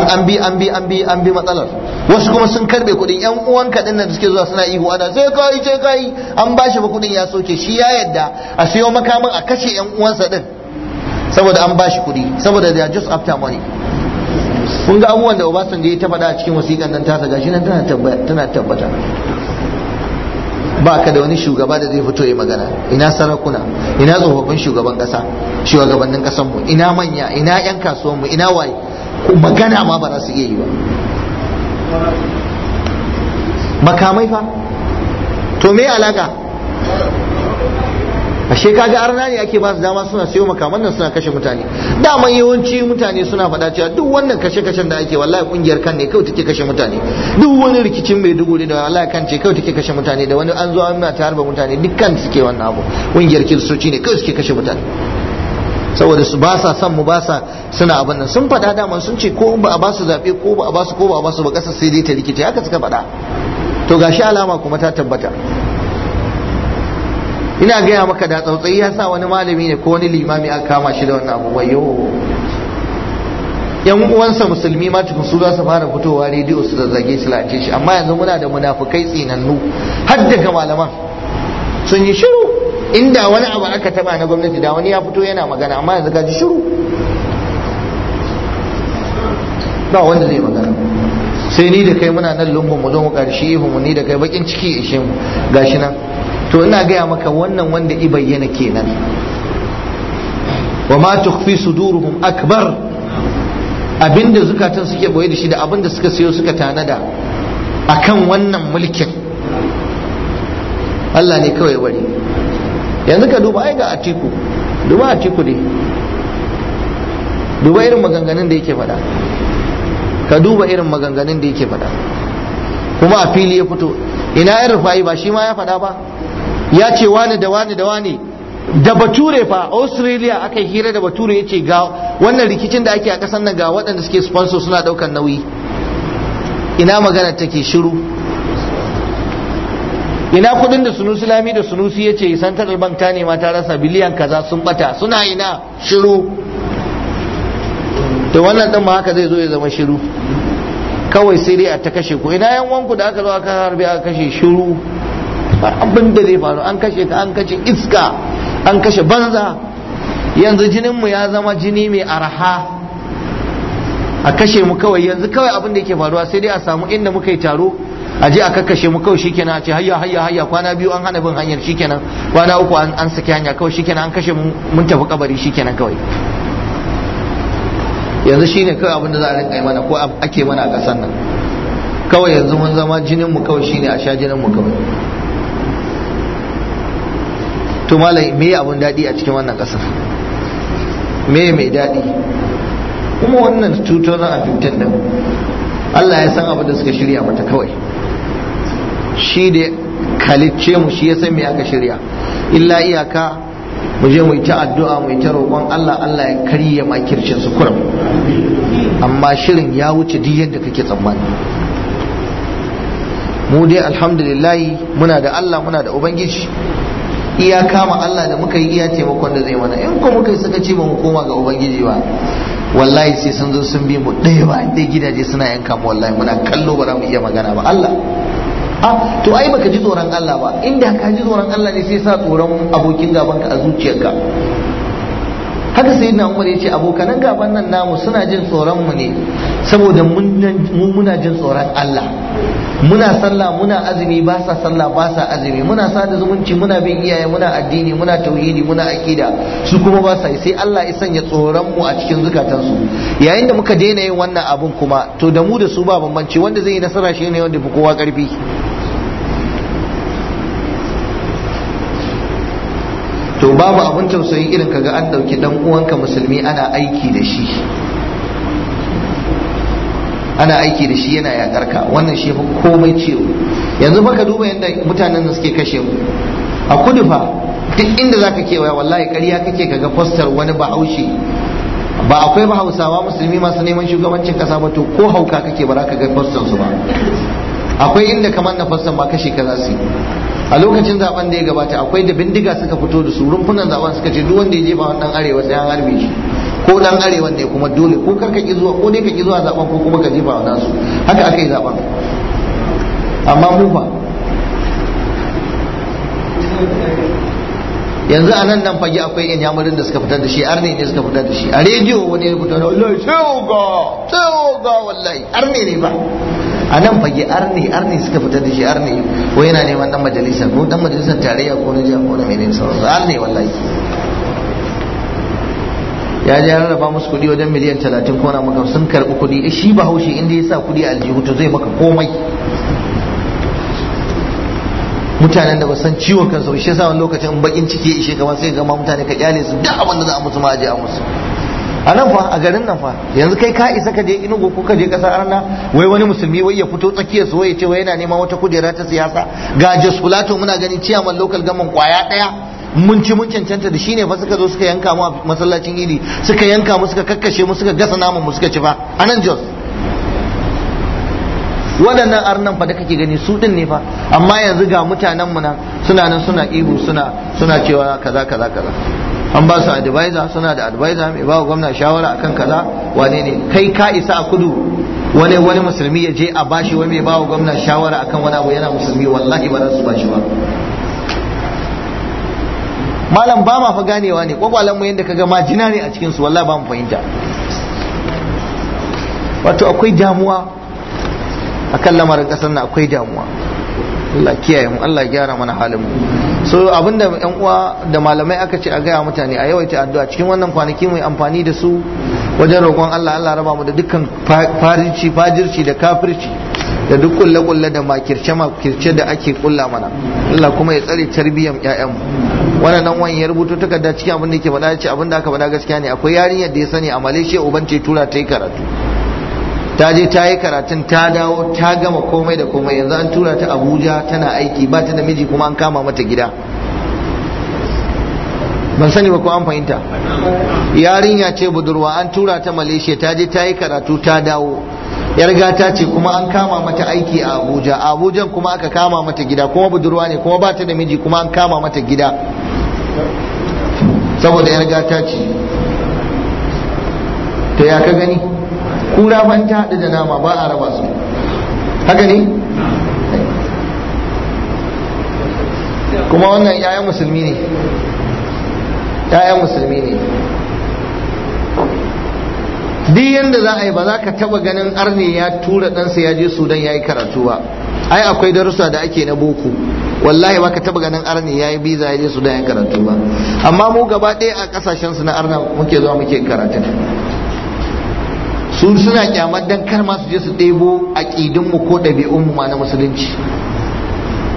an bi an bi an bi an bi matsalar wasu kuma sun karbe kudin yan uwan ka din da suke zuwa suna ihu ana sai kai sai kai an bashi ba kudin ya soke shi ya yadda a sayo makamin a kashe yan uwansa din saboda an bashi kudi saboda they are just after money kun ga abubuwan da da ya ta fada a cikin wasiƙan nan tasa gashi nan tana tabbata ba ka da wani shugaba da zai fito ya magana ina sarakuna ina tsofaffin shugaban kasa shugabannin kasan mu ina manya ina yan kasuwan mu ina waye magana ma ba za su iya yi ba makamai fa to me alaka ashe kaga arna ne ake ba su dama suna sayo makaman nan suna kashe mutane dama yawanci mutane suna faɗa cewa duk wannan kashe-kashen da ake wallahi kungiyar kan ne kawai take kashe mutane duk wani rikicin mai dugure da wallahi kan ce kawai take kashe mutane da wani an zo an ta harba mutane dukkan suke wannan abu kungiyar kiristoci ne kawai suke kashe mutane saboda su ba sa son mu ba sa suna abin nan sun faɗa dama sun ce ko ba a ba su zaɓe ko ba a ba su ko ba a ba su ba ƙasar sai dai ta rikice haka suka faɗa to gashi alama kuma ta tabbata ina gaya maka da tsautsayi ya sa wani malami ne ko wani limami aka kama shi da wannan abu wayo yan uwansa musulmi ma tukun su za su fara fitowa rediyo su zazzage su lace shi amma yanzu muna da munafukai tsinannu har daga malaman sun yi shiru inda wani abu aka taba na gwamnati da wani ya fito yana magana amma yanzu ga shiru ba wanda zai magana sai ni da kai muna nan lungun mu zo mu karshe mu ni da kai bakin ciki ishe mu gashi nan to ina gaya maka wannan wanda i bayyana kenan wa ma tukhfi suduruhum akbar abinda zukatan suke boye da shi da abinda suka sayo suka tanada akan wannan mulkin Allah ne kawai wani. yanzu ka duba ai ga atiku duba atiku ne duba irin maganganun da yake faɗa ka duba irin maganganun da yake faɗa kuma a fili ya fito ina yan rufa'i ba shi ma ya faɗa ba ya ce wani da wani da wani da bature fa australia aka hira da bature ya ce ga wannan rikicin da ake a kasan nan ga waɗanda suke sponsor suna ɗaukan nauyi ina magana take shiru ina kudin da sunusi lami da sunusi ya ce central bank ta nema ta rasa biliyan kaza sun bata suna ina shiru da wannan ɗin ma haka zai zo ya zama shiru kawai sai dai a ta kashe ku ina yan wanku da aka zo aka harbi aka kashe shiru abin da zai faru an kashe ka an kashe iska an kashe banza yanzu jininmu ya zama jini mai araha a kashe mu kawai yanzu kawai abin da yake faruwa sai dai a samu inda muka yi taro a je a kashe mu kawai shikenan a ce hayya hayya hayya kwana biyu an hana bin hanyar shikenan kwana uku an saki hanya kawai shikenan an kashe mu mun tafi kabari shikenan kawai yanzu shine kawai abin da za a rinka yi mana ko ake mana a kasan nan kawai yanzu mun zama jinin mu kawai shine a sha jinin mu kawai to malai me abun daɗi a cikin wannan ƙasar me mai daɗi kuma wannan 2015 da Allah ya san abin da suka shirya mata kawai shi da kalice mu shi ya san me aka shirya illa iyaka mu je mu yi ta addu'a mu yi ta roƙon Allah Allah ya karya makircin su kuram amma shirin ya wuce duk yadda kake tsammani mu dai alhamdulillah muna da Allah muna da ubangiji iya kama Allah da muka yi iya taimakon da zai mana in ko muka yi suka ce ba mu koma ga ubangiji ba wallahi sai sun zo sun bi mu ɗaya ba ɗaya gidaje suna yanka mu wallahi muna kallo ba za mu iya magana ba Allah a to ai baka ji tsoron Allah ba inda ka ji tsoron Allah ne sai sa tsoron abokin gaban ka a zuciyarka haka sai na umar ya ce abokanan gaban nan namu suna jin tsoron mu ne saboda mu muna jin tsoron Allah muna sallah muna azumi ba sa sallah ba sa azumi muna sada zumunci muna bin iyaye muna addini muna tauhidi muna akida su kuma ba sa sai Allah ya sanya tsoron mu a cikin zukatansu yayin da muka daina yin wannan abun kuma to da mu da su ba bambanci wanda zai yi nasara shi wanda fi kowa karfi to babu abin tausayi irin kaga an ɗauki ɗan uwanka musulmi ana aiki da shi ana aiki da shi yana yakar ka wannan shi fa komai ciwo yanzu baka duba yadda mutanen da suke kashe mu a kudu fa duk inda zaka kewaya wallahi ƙarya kake kaga fostar wani bahaushe ba akwai ba hausawa musulmi masu neman shugabancin kasa ba to ko hauka kake ba za ka ga fostar su ba akwai inda kamar na fostar ba kashe ka za su yi a lokacin zaben da ya gabata akwai da bindiga suka fito da su rumfunan zaben suka ce duk wanda ya jefa wannan arewa sai an harbe shi ko dan arewa ne kuma dole ko kar ka ki zuwa ko dai ka ki zuwa zaben ko kuma ka jefa wannan su haka aka yi zaben amma mu fa yanzu a nan nan fage akwai inyamurin da suka fitar da shi arne ne suka fitar da shi a rediyo wani ya fitar da wallahi sai ga sai ga wallahi arne ne ba a nan fage arni arni suka fitar da shi arni ko yana neman dan majalisa ko dan majalisa tarayya ko na jiya ko na menene sauransu arni wallahi ya je rarraba musu kuɗi wajen miliyan talatin ko na maka sun karɓi kuɗi eh, shi ba haushi inda ya sa kuɗi a aljihu to zai maka komai mutanen da ba san ciwon kansu shi yasa wani lokacin bakin ciki ishe kamar sai ga mutane ka kyale su duk abin da za a musu ma a je a musu a nan fa a garin nan fa yanzu kai ka isa ka je inugu ko ka je kasar arna wai wani musulmi wai ya fito tsakiyar su ya ce wai yana neman wata kujera ta siyasa ga jasulato muna gani ciyaman local gaman kwaya daya mun ci mun cancanta da shine fa suka zo suka yanka mu a masallacin idi suka yanka mu suka kakkashe mu suka gasa naman mu suka ci fa a nan jos waɗannan arnan fa da kake gani su din ne fa amma yanzu ga mutanen mu nan suna nan suna ihu suna suna cewa kaza kaza kaza an ba su advisor suna da advisor mai ba gwamna shawara akan kaza wane ne kai ka isa a kudu wani wani musulmi ya je a bashi wani mai ba wa gwamna shawara akan wani abu yana musulmi wallahi ba su bashi ba malam ba ma fa ganewa ne kwakwalen mu yadda kaga majina ne a cikin su wallahi ba mu fahimta wato akwai damuwa akan lamarin kasar na akwai damuwa Allah kiyaye mu Allah gyara mana halin mu so abinda yan uwa da malamai aka ce a gaya mutane a yawaita addu'a cikin wannan kwanaki mai amfani da su wajen roƙon Allah Allah raba mu da dukkan farinci fajirci da kafirci da duk kulle kulle da makirce makirce da ake kulla mana Allah kuma ya tsare tarbiyyar ƴaƴan wannan nan wani ya rubuto takarda cikin abin da yake faɗa ce abin da aka faɗa gaskiya ne akwai yarinyar da ya sani a Malaysia uban ce tura ta yi karatu ta je ta yi karatun ta dawo ta gama komai da komai yanzu an tura ta abuja tana aiki ba ta namiji kuma an kama mata gida ban sani ba ko an fahimta yarinya ce budurwa an tura ta malaysia ta je ta yi karatu ta dawo yar gata ce kuma an kama mata aiki a abuja a abujan kuma aka kama mata gida kuma budurwa ne kuma ba ta namiji kuma an kama mata gida saboda yar gata ce to ya ka gani kura ban ta haɗu da nama ba a raba su haka ne kuma wannan 'ya'yan musulmi ne 'ya'yan musulmi ne duk yadda za a yi ba za ka taba ganin arne ya tura ɗansa ya je sudan ya yi karatu ba ai akwai darussa da ake na boko wallahi ba ka taba ganin arne ya yi biza ya je sudan ya karatu ba amma mu gaba ɗaya a ƙasashensu na arna muke zuwa muke karatu su suna kyamar dan kar masu je su ɗebo aƙidinmu ko ɗabi'unmu ma na musulunci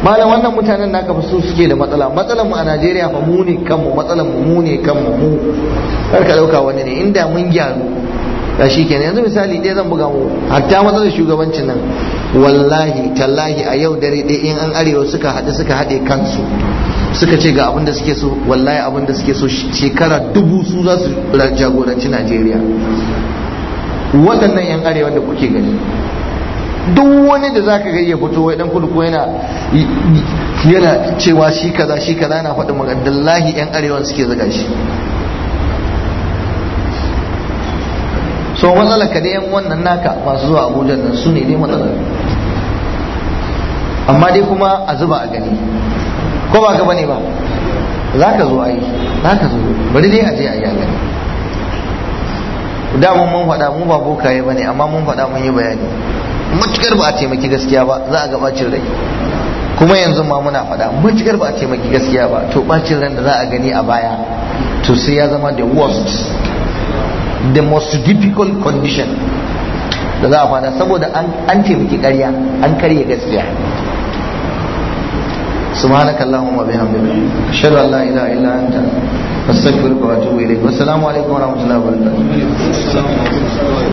malam wannan mutanen na kafa su suke da matsala matsalan mu a Najeriya fa mu ne kanmu matsalan mu mu ne kanmu mu kar ka dauka wani ne inda mun gyaru da shi kenan yanzu misali ɗaya zan buga mu hatta matsalar shugabancin nan wallahi tallahi a yau dare ɗaya in an arewa suka haɗu suka haɗe kansu suka ce ga abin da suke so wallahi abin da suke so shekara dubu su za su jagoranci Najeriya waɗannan yan arewa da kuke gani duk wani da zaka ga ya fito wai dan kudu ko yana yana cewa shi kaza shi kaza yana faɗin magadallahi yan arewa suke zaga shi so matsalar ka dai yan wannan naka masu zuwa abuja nan su ne dai matsalar amma dai kuma a zuba a gani ko ba gaba bane ba za ka zo ayi za ka zo bari dai a je a yi a gani da mun faɗa mu ba bokaye ba ne amma mun faɗa mun yi bayani matukar ba a taimaki gaskiya ba za a ga bacin rai kuma yanzu ma muna faɗa matukar ba a taimaki gaskiya ba to bacin ran da za a gani a baya to sai ya zama the worst the most difficult condition da za a faɗa saboda an taimaki ƙarya an karya gaskiya subhanakallahumma bihamdika ashhadu an la ilaha illa anta astaghfiruka wa atubu ilayk wassalamu alaikum wa rahmatullahi wa